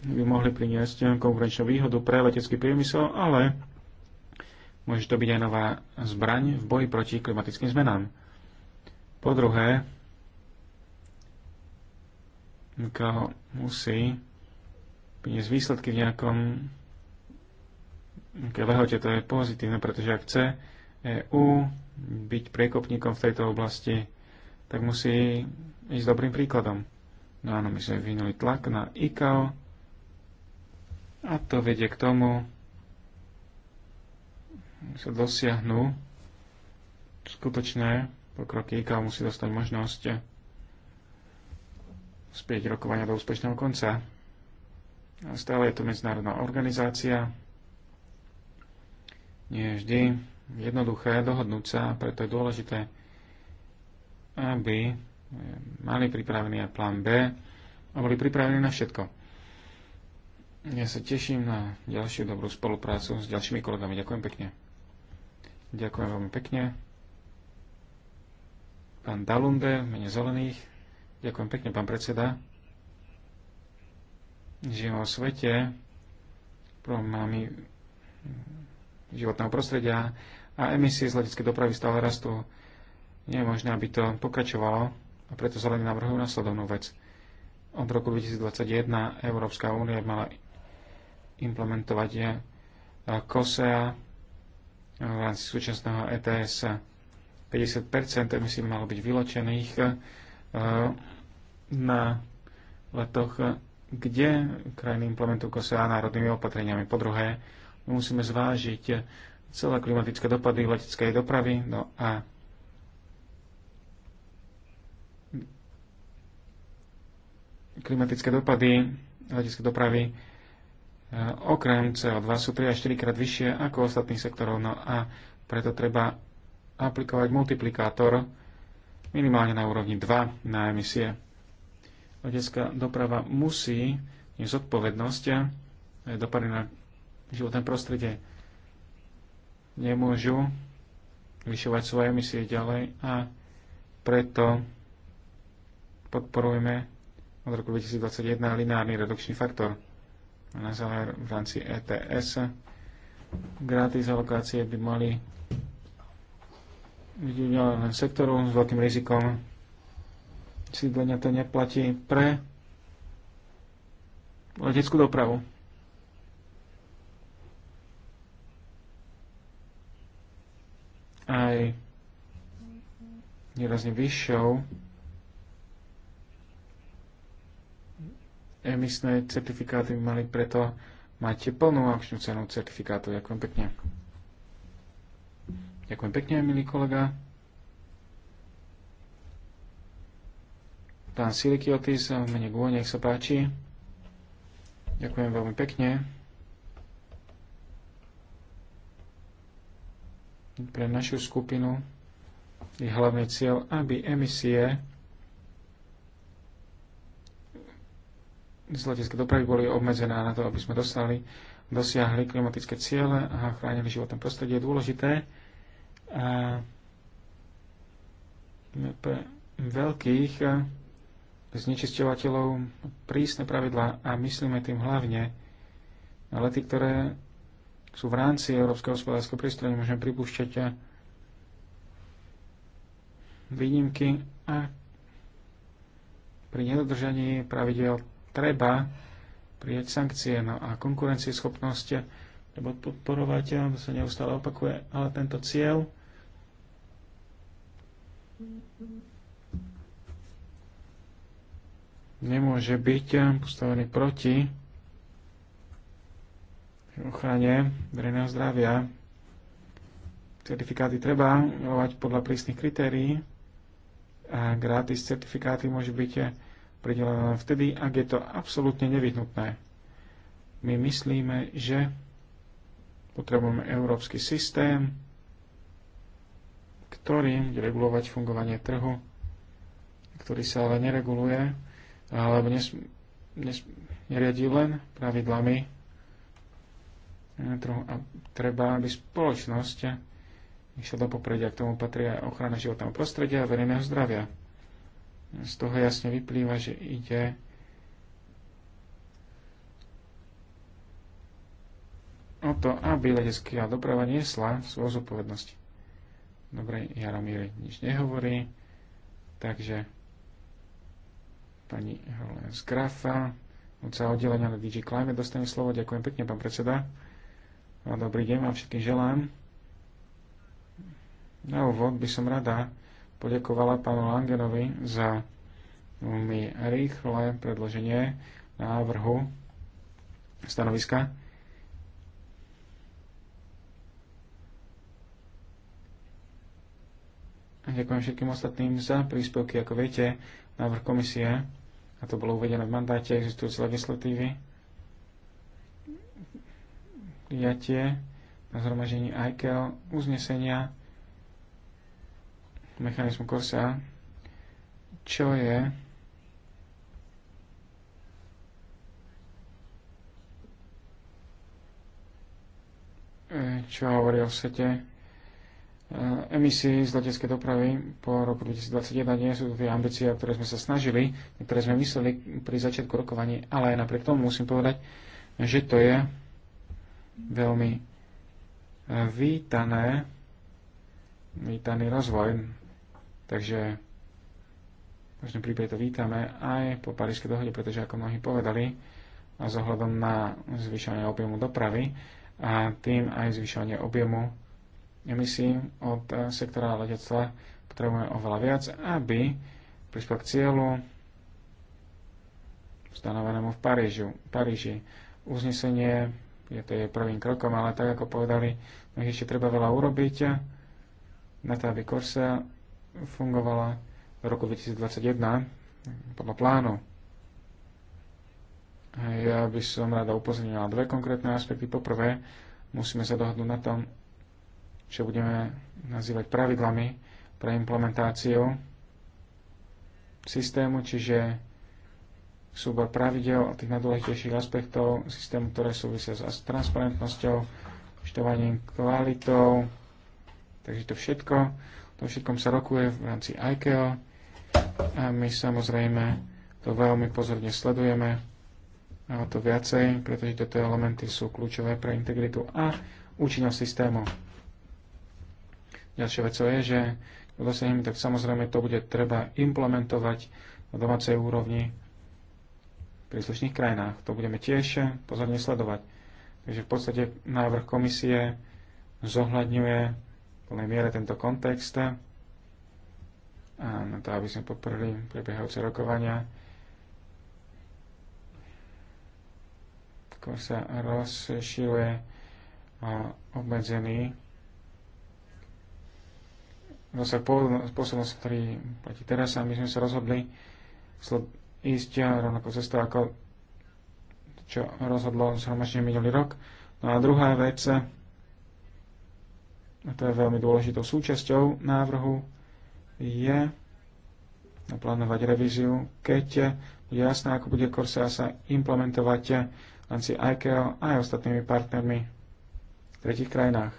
by mohli priniesť konkurenčnú výhodu pre letecký priemysel, ale Môže to byť aj nová zbraň v boji proti klimatickým zmenám. Po druhé, MKO musí priniesť výsledky v nejakom nejaké lehote, to je pozitívne, pretože ak chce EU byť priekopníkom v tejto oblasti, tak musí ísť dobrým príkladom. No áno, my sme vyvinuli tlak na ICAO a to vedie k tomu, sa dosiahnu skutočné pokroky, kam musí dostať možnosť spieť rokovania do úspešného konca. A stále je to medzinárodná organizácia. Nie je vždy jednoduché dohodnúť sa, preto je dôležité, aby mali pripravený aj plán B a boli pripravení na všetko. Ja sa teším na ďalšiu dobrú spoluprácu s ďalšími kolegami. Ďakujem pekne. Ďakujem veľmi pekne. Pán Dalunde, mene zelených. Ďakujem pekne, pán predseda. Žijeme vo svete problémami životného prostredia a emisie z hľadiska dopravy stále rastú. Nie je možné, aby to pokračovalo a preto zelení navrhujú následovnú vec. Od roku 2021 Európska únia mala implementovať je COSEA, eh, v rámci súčasného ETS 50% emisí malo byť vyločených eh, na letoch, kde krajiny implementujú KOSA národnými opatreniami. Po druhé, musíme zvážiť celé klimatické dopady leteckej dopravy, no a klimatické dopady leteckej dopravy Eh, okrem CO2 sú 3 až 4 krát vyššie ako ostatných sektorov. No a preto treba aplikovať multiplikátor minimálne na úrovni 2 na emisie. Letecká doprava musí je zodpovednosť eh, dopady na životné prostredie. Nemôžu vyšovať svoje emisie ďalej a preto podporujeme od roku 2021 lineárny redukčný faktor na záver v rámci ETS. Gratis alokácie by mali vidieť len sektoru s veľkým rizikom sídlenia to neplatí pre leteckú dopravu. Aj výrazne vyššou emisné certifikáty by mali preto mať plnú akčnú cenu certifikátu. Ďakujem pekne. Ďakujem pekne, milý kolega. Pán Siliky Otis, v mene Gô, nech sa páči. Ďakujem veľmi pekne. Pre našu skupinu je hlavný cieľ, aby emisie z letecké dopravy boli obmedzená na to, aby sme dostali, dosiahli klimatické ciele a chránili životné prostredie. Je dôležité a pre veľkých znečisťovateľov prísne pravidlá a myslíme tým hlavne na lety, ktoré sú v rámci Európskeho hospodárskeho prístroja, môžeme pripúšťať výnimky a pri nedodržaní pravidel treba prijať sankcie. No a konkurencieschopnosť treba podporovať, to sa neustále opakuje, ale tento cieľ nemôže byť postavený proti ochrane verejného zdravia. Certifikáty treba milovať podľa prísnych kritérií a gratis certifikáty môžu byť pridelené len vtedy, ak je to absolútne nevyhnutné. My myslíme, že potrebujeme európsky systém, ktorým regulovať fungovanie trhu, ktorý sa ale nereguluje, alebo nes, nes, neriadí len pravidlami eh, trhu. A treba, aby spoločnosť išla do popredia. K tomu patria ochrana životného prostredia a verejného zdravia. Z toho jasne vyplýva, že ide o to, aby letecká doprava niesla svoju zodpovednosť. Dobre, Jaromír nič nehovorí, takže pani z Grafa, sa oddelenia na DG Climate dostane slovo. Ďakujem pekne, pán predseda. A dobrý deň vám všetkým želám. Na úvod by som rada poďakovala pánu Langenovi za veľmi rýchle predloženie návrhu stanoviska. ďakujem všetkým ostatným za príspevky. Ako viete, návrh komisie, a to bolo uvedené v mandáte existujúcej legislatívy, prijatie na zhromažení ICAO uznesenia mechanizmu Korsa, čo je e, čo hovorí o svete e, emisí z leteckej dopravy po roku 2021 nie sú to tie ambície, o ktoré sme sa snažili, ktoré sme mysleli pri začiatku rokovaní, ale aj napriek tomu musím povedať, že to je veľmi e, vítané, vítaný rozvoj Takže v každom prípade to vítame aj po Parískej dohode, pretože ako mnohí povedali, a s ohľadom na zvyšovanie objemu dopravy a tým aj zvyšovanie objemu emisí od eh, sektora letectva potrebujeme oveľa viac, aby prispel k cieľu stanovenému v Parížu, Paríži. Uznesenie je to je prvým krokom, ale tak ako povedali, no ešte treba veľa urobiť na to, aby Korsa fungovala v roku 2021 podľa plánu. Ja by som rada upozornila dve konkrétne aspekty. Poprvé, musíme sa dohodnúť na tom, čo budeme nazývať pravidlami pre implementáciu systému, čiže súbor pravidel a tých najdôležitejších aspektov systému, ktoré súvisia s transparentnosťou, štovaním kvalitou, takže to všetko to všetkom sa rokuje v rámci ICAO a my samozrejme to veľmi pozorne sledujeme a to viacej, pretože tieto elementy sú kľúčové pre integritu a účinnosť systému. Ďalšia vec je, že dosiahneme, tak samozrejme to bude treba implementovať na domácej úrovni v príslušných krajinách. To budeme tiež pozorne sledovať. Takže v podstate návrh komisie zohľadňuje plnej miere tento kontext a na to, aby sme podporili prebiehajúce rokovania. tak sa rozširuje obmedzený rozsah spôsobnosti, ktorý platí teraz a my sme sa rozhodli ísť rovnako cesto ako čo rozhodlo zhromaždenie minulý rok. No a druhá vec, a to je veľmi dôležitou súčasťou návrhu, je naplánovať revíziu, keď bude jasné, ako bude Corsair sa implementovať v rámci ICAO a aj ostatnými partnermi v tretich krajinách.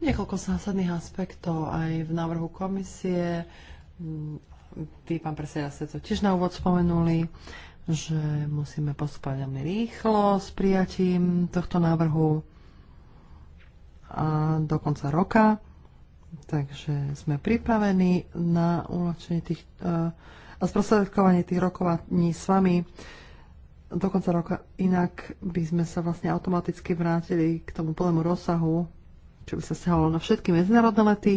Niekoľko zásadných aspektov aj v návrhu komisie. Vy, pán predseda, ste to tiež na úvod spomenuli, že musíme postupovať veľmi rýchlo s prijatím tohto návrhu do konca roka. Takže sme pripravení na uľahčenie tých e, a sprostredkovanie tých rokovaní s vami do konca roka. Inak by sme sa vlastne automaticky vrátili k tomu plnému rozsahu, čo by sa stiahalo na všetky medzinárodné lety.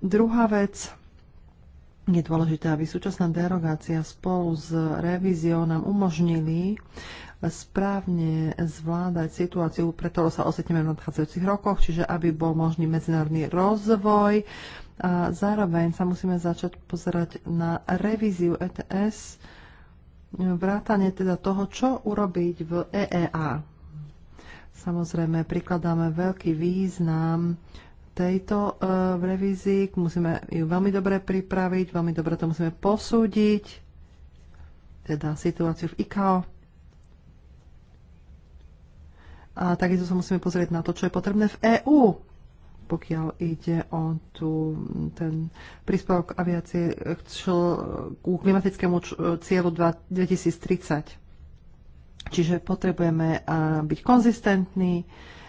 Druhá vec, je dôležité, aby súčasná derogácia spolu s revíziou nám umožnili správne zvládať situáciu, preto sa osvetíme v nadchádzajúcich rokoch, čiže aby bol možný medzinárodný rozvoj. A zároveň sa musíme začať pozerať na revíziu ETS, vrátanie teda toho, čo urobiť v EEA. Samozrejme, prikladáme veľký význam tejto uh, revízii. Musíme ju veľmi dobre pripraviť, veľmi dobre to musíme posúdiť, teda situáciu v ICAO. A takisto sa musíme pozrieť na to, čo je potrebné v EÚ, pokiaľ ide o tú, ten príspevok aviácie k, čl, klimatickému č, cieľu 2030. Čiže potrebujeme byť konzistentní,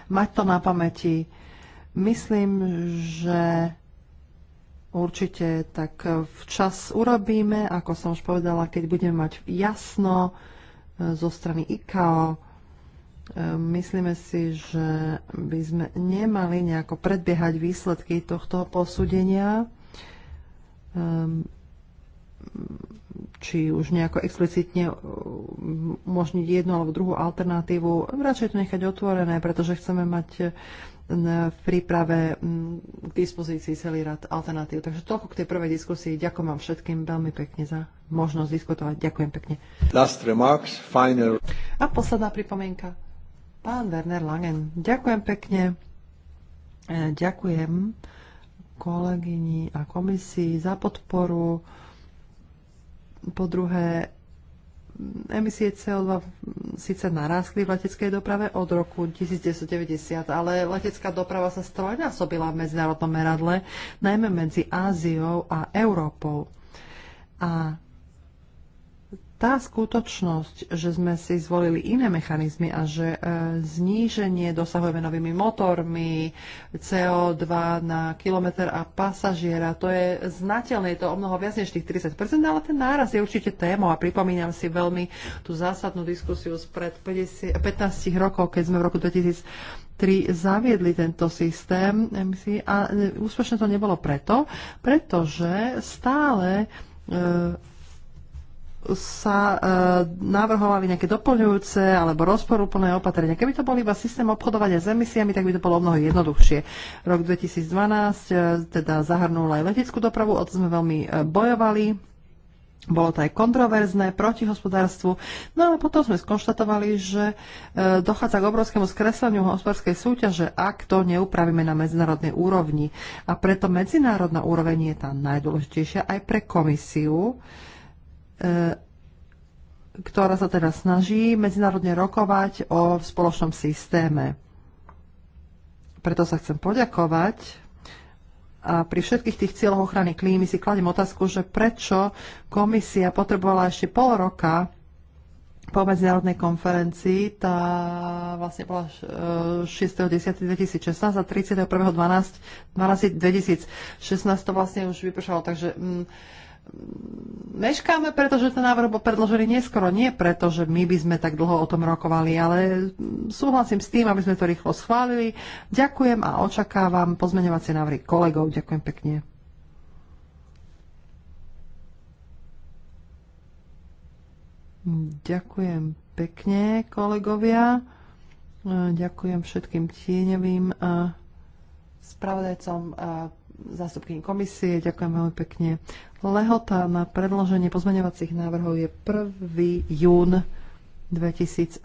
mať to na pamäti. Myslím, že určite tak včas urobíme, ako som už povedala, keď budeme mať jasno e, zo strany ICAO, Myslíme si, že by sme nemali nejako predbiehať výsledky tohto posúdenia, ehm, či už nejako explicitne ehm, umožniť jednu alebo druhú alternatívu. Radšej to nechať otvorené, pretože chceme mať ehm, v príprave k dispozícii celý rad alternatív. Takže toľko k tej prvej diskusii. Ďakujem vám všetkým veľmi pekne za možnosť diskutovať. Ďakujem pekne. Last remarks, final. A posledná pripomienka Pán Werner Langen, ďakujem pekne. E, ďakujem kolegyni a komisii za podporu. Po druhé, emisie CO2 síce narástli v leteckej doprave od roku 1990, ale letecká doprava sa strojnásobila v medzinárodnom meradle, najmä medzi Áziou a Európou. A tá skutočnosť, že sme si zvolili iné mechanizmy a že e, zníženie dosahujeme novými motormi, CO2 na kilometr a pasažiera, to je znateľné, je to o mnoho viac než tých 30%, ale ten náraz je určite témou a pripomínam si veľmi tú zásadnú diskusiu spred 50, 15 rokov, keď sme v roku 2000 ktorí zaviedli tento systém emisí a e, úspešne to nebolo preto, pretože stále e, sa e, navrhovali nejaké doplňujúce alebo rozporúplné opatrenia. Keby to bol iba systém obchodovania s emisiami, tak by to bolo mnoho jednoduchšie. Rok 2012 e, teda zahrnul aj leteckú dopravu, o to sme veľmi e, bojovali. Bolo to aj kontroverzné proti hospodárstvu. No ale potom sme skonštatovali, že e, dochádza k obrovskému skresleniu hospodárskej súťaže, ak to neupravíme na medzinárodnej úrovni. A preto medzinárodná úroveň je tá najdôležitejšia aj pre komisiu. E, E, ktorá sa teda snaží medzinárodne rokovať o spoločnom systéme. Preto sa chcem poďakovať a pri všetkých tých cieľoch ochrany klímy si kladem otázku, že prečo komisia potrebovala ešte pol roka po medzinárodnej konferencii, tá vlastne bola 6.10.2016 e, a 31.12.2016 to vlastne už vypršalo, takže mm, meškáme, pretože ten návrh bol predložený neskoro. Nie preto, že my by sme tak dlho o tom rokovali, ale súhlasím s tým, aby sme to rýchlo schválili. Ďakujem a očakávam pozmeňovacie návrhy kolegov. Ďakujem pekne. Ďakujem pekne, kolegovia. Ďakujem všetkým tieňovým eh, spravodajcom eh, zástupkyni komisie. Ďakujem veľmi pekne. Lehota na predloženie pozmeňovacích návrhov je 1. jún 2017.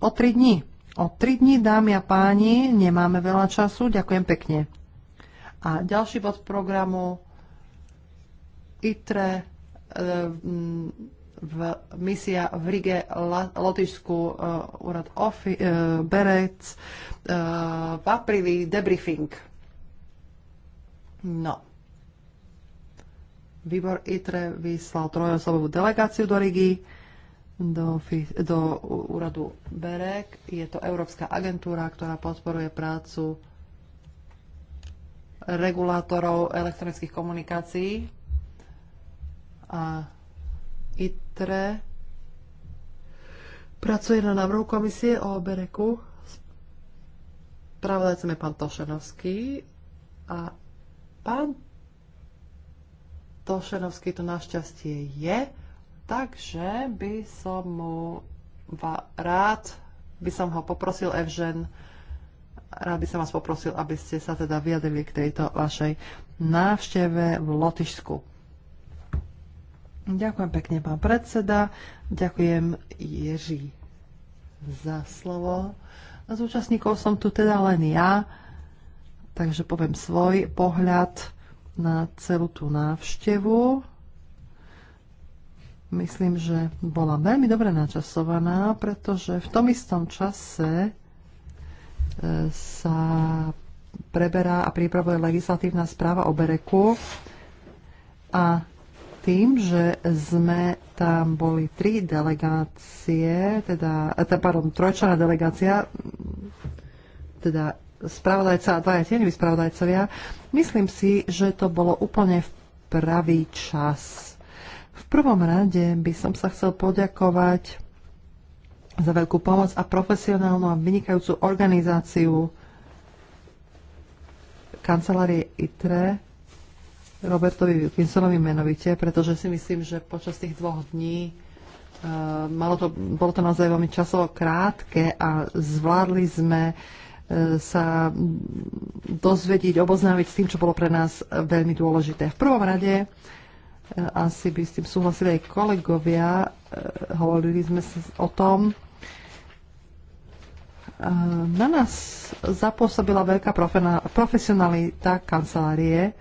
O 3 dní. O 3 dní, dámy a páni, nemáme veľa času. Ďakujem pekne. A ďalší bod programu ITRE e, v misia v Rige, Lotyšsku, e, úrad Ofi, e, Berec, v apríli debriefing. No. Výbor ITRE vyslal trojosobovú delegáciu do Rigi, do, do úradu BEREK. Je to Európska agentúra, ktorá podporuje prácu regulátorov elektronických komunikácií. A ITRE pracuje na návrhu komisie o Bereku. Pravodajcem je pán Tošenovský a Pán Tošenovský to našťastie je, takže by som mu rád, by som ho poprosil, Evžen, rád by som vás poprosil, aby ste sa teda vyjadrili k tejto vašej návšteve v Lotyšsku. Ďakujem pekne, pán predseda. Ďakujem Ježi za slovo. Z účastníkov som tu teda len ja Takže poviem svoj pohľad na celú tú návštevu. Myslím, že bola veľmi dobre načasovaná, pretože v tom istom čase e, sa preberá a pripravuje legislatívna správa o Bereku a tým, že sme tam boli tri delegácie, teda, e, pardon, trojčlená delegácia, teda spravodajca a dvaja tieňoví spravodajcovia. Myslím si, že to bolo úplne v pravý čas. V prvom rade by som sa chcel poďakovať za veľkú pomoc a profesionálnu a vynikajúcu organizáciu kancelárie ITRE Robertovi Wilkinsonovi menovite, pretože si myslím, že počas tých dvoch dní e, malo to, bolo to naozaj veľmi časovo krátke a zvládli sme sa dozvedieť, oboznámiť s tým, čo bolo pre nás veľmi dôležité. V prvom rade, e, asi by s tým súhlasili aj kolegovia, e, hovorili sme sa o tom, e, na nás zapôsobila veľká profesionalita kancelárie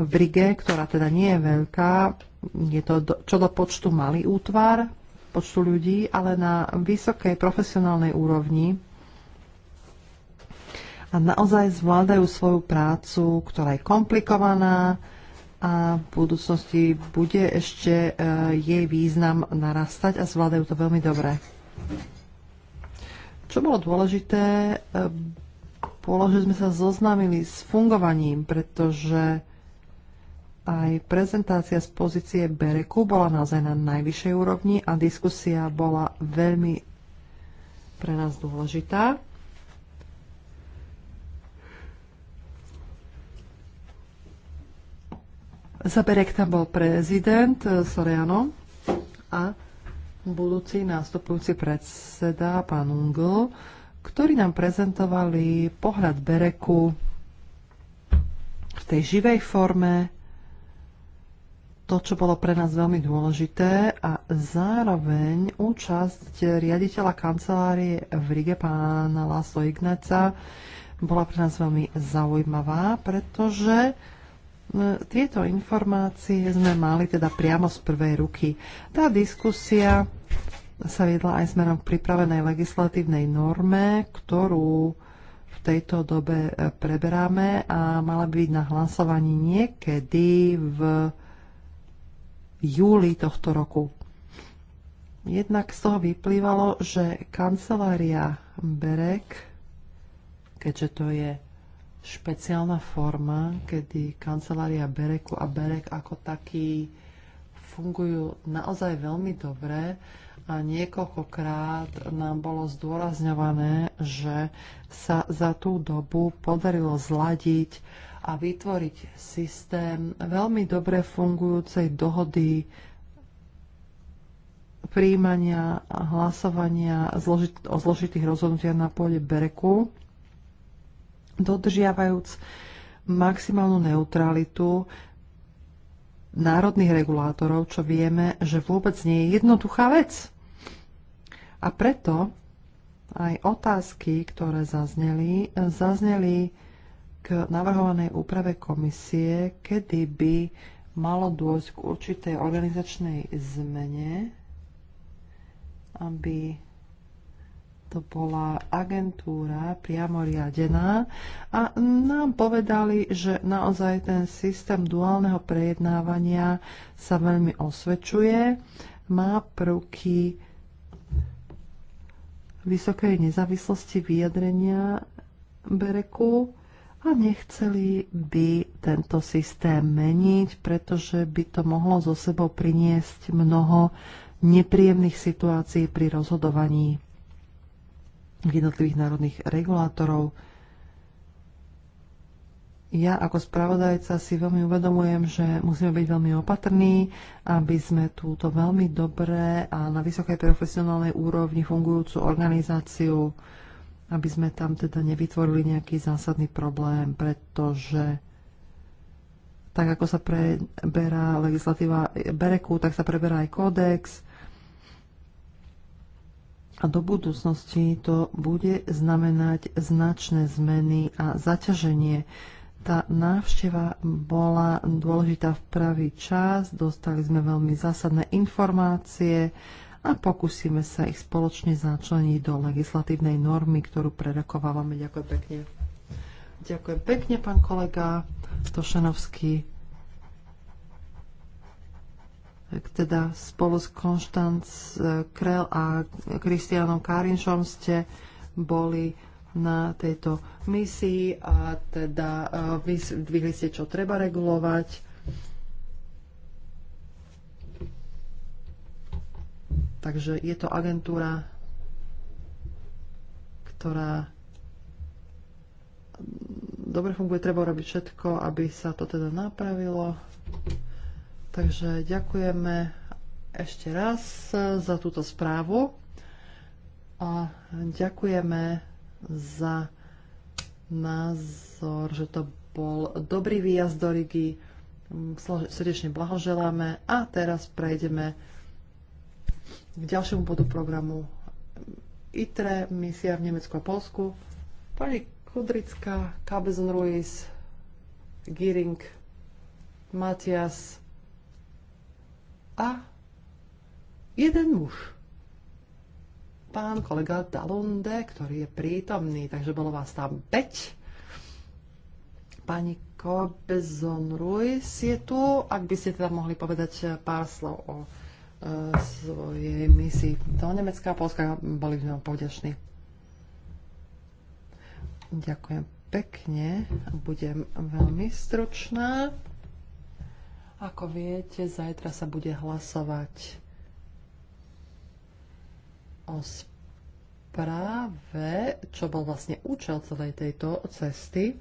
v Brige, ktorá teda nie je veľká. Je to do, čo do počtu malý útvar, počtu ľudí, ale na vysokej profesionálnej úrovni a naozaj zvládajú svoju prácu, ktorá je komplikovaná a v budúcnosti bude ešte e, jej význam narastať a zvládajú to veľmi dobre. Čo bolo dôležité, e, bolo, že sme sa zoznámili s fungovaním, pretože aj prezentácia z pozície Bereku bola naozaj na najvyššej úrovni a diskusia bola veľmi pre nás dôležitá. Zaberek tam bol prezident eh, Soriano a budúci nástupujúci predseda pán Ungl, ktorí nám prezentovali pohľad Bereku v tej živej forme, to, čo bolo pre nás veľmi dôležité a zároveň účasť riaditeľa kancelárie v Rige pána Laso Ignáca bola pre nás veľmi zaujímavá, pretože E, tieto informácie sme mali teda priamo z prvej ruky. Tá diskusia sa viedla aj smerom k pripravenej legislatívnej norme, ktorú v tejto dobe e, preberáme a mala byť na hlasovaní niekedy v júli tohto roku. Jednak z toho vyplývalo, že kancelária Berek, keďže to je špeciálna forma, kedy kancelária Bereku a Berek ako taký fungujú naozaj veľmi dobre a niekoľkokrát nám bolo zdôrazňované, že sa za tú dobu podarilo zladiť a vytvoriť systém veľmi dobre fungujúcej dohody príjmania a hlasovania o zložitých rozhodnutiach na pôde Bereku dodržiavajúc maximálnu neutralitu národných regulátorov, čo vieme, že vôbec nie je jednoduchá vec. A preto aj otázky, ktoré zazneli, zazneli k navrhovanej úprave komisie, kedy by malo dôjsť k určitej organizačnej zmene, aby to bola agentúra priamo riadená a nám povedali, že naozaj ten systém duálneho prejednávania sa veľmi osvedčuje, má prvky vysokej nezávislosti vyjadrenia Bereku a nechceli by tento systém meniť, pretože by to mohlo zo sebou priniesť mnoho nepríjemných situácií pri rozhodovaní jednotlivých národných regulátorov. Ja ako spravodajca si veľmi uvedomujem, že musíme byť veľmi opatrní, aby sme túto veľmi dobré a na vysokej profesionálnej úrovni fungujúcu organizáciu, aby sme tam teda nevytvorili nejaký zásadný problém, pretože tak ako sa preberá legislatíva Bereku, tak sa preberá aj kódex, a do budúcnosti to bude znamenať značné zmeny a zaťaženie. Tá návšteva bola dôležitá v pravý čas, dostali sme veľmi zásadné informácie a pokúsime sa ich spoločne začleniť do legislatívnej normy, ktorú prerokovávame. Ďakujem pekne. Ďakujem pekne, pán kolega Stošanovský teda spolu s Konštanc e, Krel a Kristianom Karinšom ste boli na tejto misii a teda e, vyzdvihli ste, čo treba regulovať. Takže je to agentúra, ktorá mm, dobre funguje, treba robiť všetko, aby sa to teda napravilo. Takže ďakujeme ešte raz za túto správu a ďakujeme za názor, že to bol dobrý výjazd do Rigi. Srdečne blahoželáme a teraz prejdeme k ďalšiemu bodu programu ITRE, misia v Nemecku a Polsku. Pani Kudrická, Kabezon Ruiz, Giring, Matias, a jeden muž. Pán kolega Dalunde, ktorý je prítomný, takže bolo vás tam 5. Pani Kobezon Ruiz je tu. Ak by ste teda mohli povedať pár slov o e, svojej misii do Nemecka a Polska, boli by sme vám povďační. Ďakujem pekne. Budem veľmi stručná. Ako viete, zajtra sa bude hlasovať o správe, čo bol vlastne účel celej tejto cesty.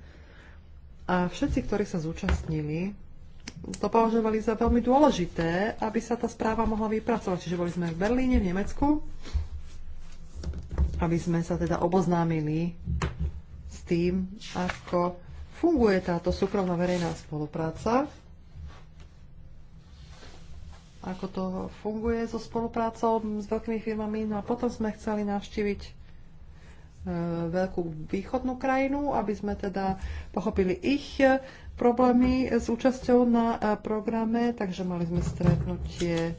A všetci, ktorí sa zúčastnili, to považovali za veľmi dôležité, aby sa tá správa mohla vypracovať. Čiže boli sme v Berlíne, v Nemecku, aby sme sa teda oboznámili s tým, ako funguje táto súkromná verejná spolupráca ako to funguje so spoluprácou s veľkými firmami. No a potom sme chceli navštíviť e, veľkú východnú krajinu, aby sme teda pochopili ich e, problémy s účasťou na e, programe, takže mali sme stretnutie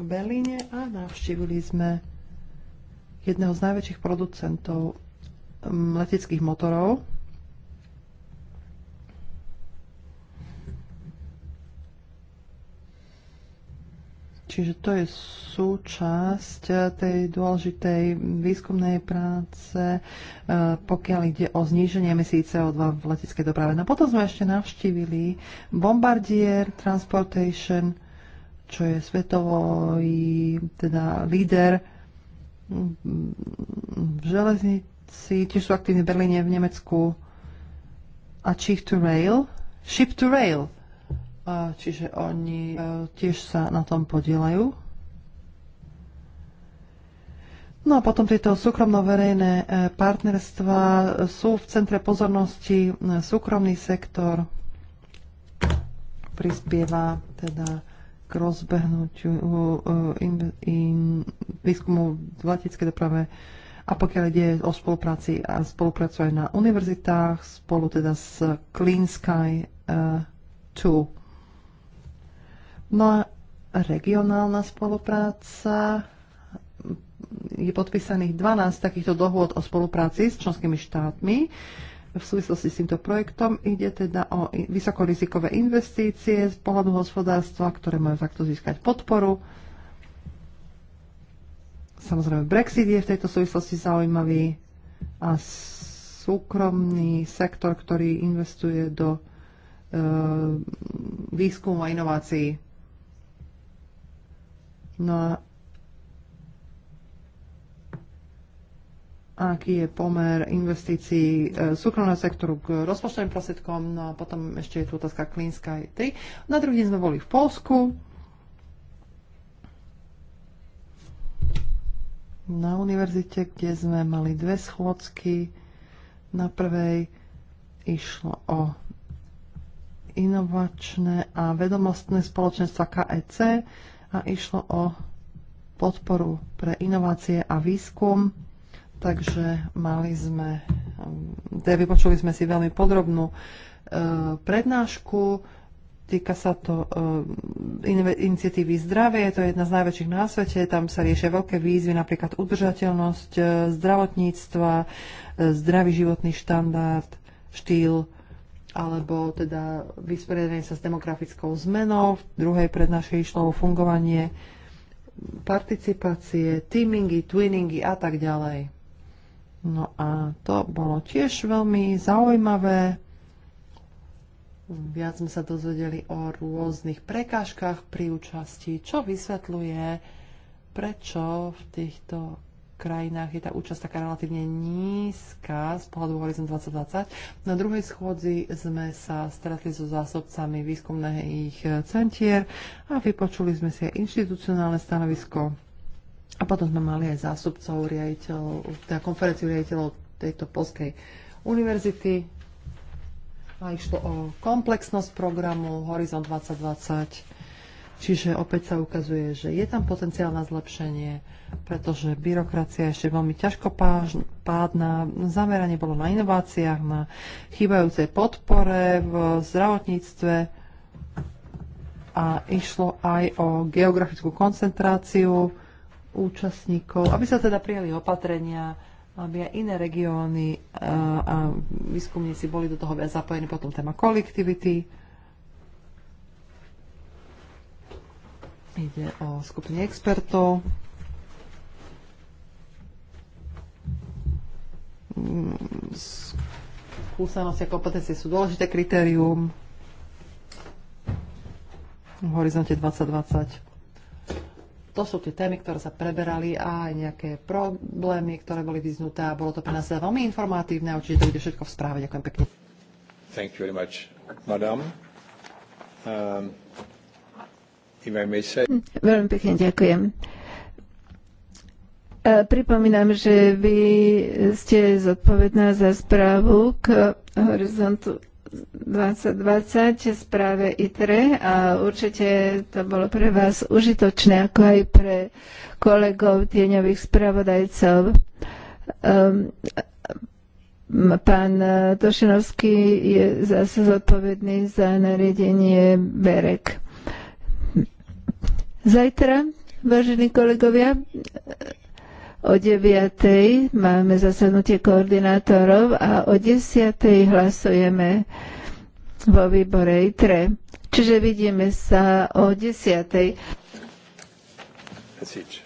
v Berlíne a navštívili sme jedného z najväčších producentov leteckých motorov. Čiže to je súčasť eh, tej dôležitej výskumnej práce, eh, pokiaľ ide o zníženie emisí CO2 v leteckej doprave. No potom sme ešte navštívili Bombardier Transportation, čo je svetový teda líder mm, v železnici, tiež sú aktívni v Berlíne, v Nemecku a Chief to Rail. Ship to Rail Čiže oni e, tiež sa na tom podielajú. No a potom tieto súkromno-verejné e, partnerstva sú v centre pozornosti e, súkromný sektor, prispieva teda k rozbehnutiu in, in, výskumu v leteckej doprave a pokiaľ ide o spolupráci a spolupracuje na univerzitách spolu teda s Clean Sky 2. No a regionálna spolupráca je podpísaných 12 takýchto dohôd o spolupráci s členskými štátmi. V súvislosti s týmto projektom ide teda o vysokorizikové investície z pohľadu hospodárstva, ktoré majú takto získať podporu. Samozrejme, Brexit je v tejto súvislosti zaujímavý a súkromný sektor, ktorý investuje do e, výskumu a inovácií. No a aký je pomer investícií e, súkromného sektoru k rozpočtovým prostriedkom, no a potom ešte je tu otázka Clean Sky 3. Na druhý deň sme boli v Polsku. Na univerzite, kde sme mali dve schôdzky. Na prvej išlo o inovačné a vedomostné spoločenstva KEC, a išlo o podporu pre inovácie a výskum. Takže mali sme, mm, teda vypočuli sme si veľmi podrobnú e, prednášku. Týka sa to e, iniciatívy zdravie, to je jedna z najväčších na svete, tam sa riešia veľké výzvy, napríklad udržateľnosť e, zdravotníctva, zdravý životný štandard, štýl alebo teda vysporiadanie sa s demografickou zmenou, v druhej prednáške išlo o fungovanie participácie, teamingy, twinningy a tak ďalej. No a to bolo tiež veľmi zaujímavé. Viac sme sa dozvedeli o rôznych prekážkach pri účasti, čo vysvetľuje, prečo v týchto krajinách je tá účasť taká relatívne nízka z pohľadu Horizon 2020. Na druhej schôdzi sme sa stretli so zásobcami výskumných centier a vypočuli sme si aj inštitucionálne stanovisko a potom sme mali aj zástupcov riaditeľov, teda konferenciu riaditeľov tejto Polskej univerzity a išlo o komplexnosť programu Horizon 2020 Čiže opäť sa ukazuje, že je tam potenciál na zlepšenie, pretože byrokracia je ešte veľmi ťažko pádna. Zameranie bolo na inováciách, na chýbajúcej podpore v zdravotníctve a išlo aj o geografickú koncentráciu účastníkov, aby sa teda prijali opatrenia, aby aj iné regióny a výskumníci boli do toho viac zapojení. Potom téma kolektivity Ide o skupinu expertov. Skúsenosti a kompetencie sú dôležité kritérium v horizonte 2020 to sú tie témy, ktoré sa preberali a aj nejaké problémy, ktoré boli vyznuté a bolo to pre nás teda veľmi informatívne a určite to bude všetko v správe. Ďakujem pekne. Thank you very much, madam. Um, Hm, veľmi pekne ďakujem. Pripomínam, že vy ste zodpovedná za správu k horizontu 2020 správe ITRE a určite to bolo pre vás užitočné, ako aj pre kolegov tieňových spravodajcov. Um, pán Tošinovský je zase zodpovedný za nariadenie BEREK. Zajtra, vážení kolegovia, o 9. máme zasadnutie koordinátorov a o 10. hlasujeme vo výbore ITRE. Čiže vidíme sa o 10. That's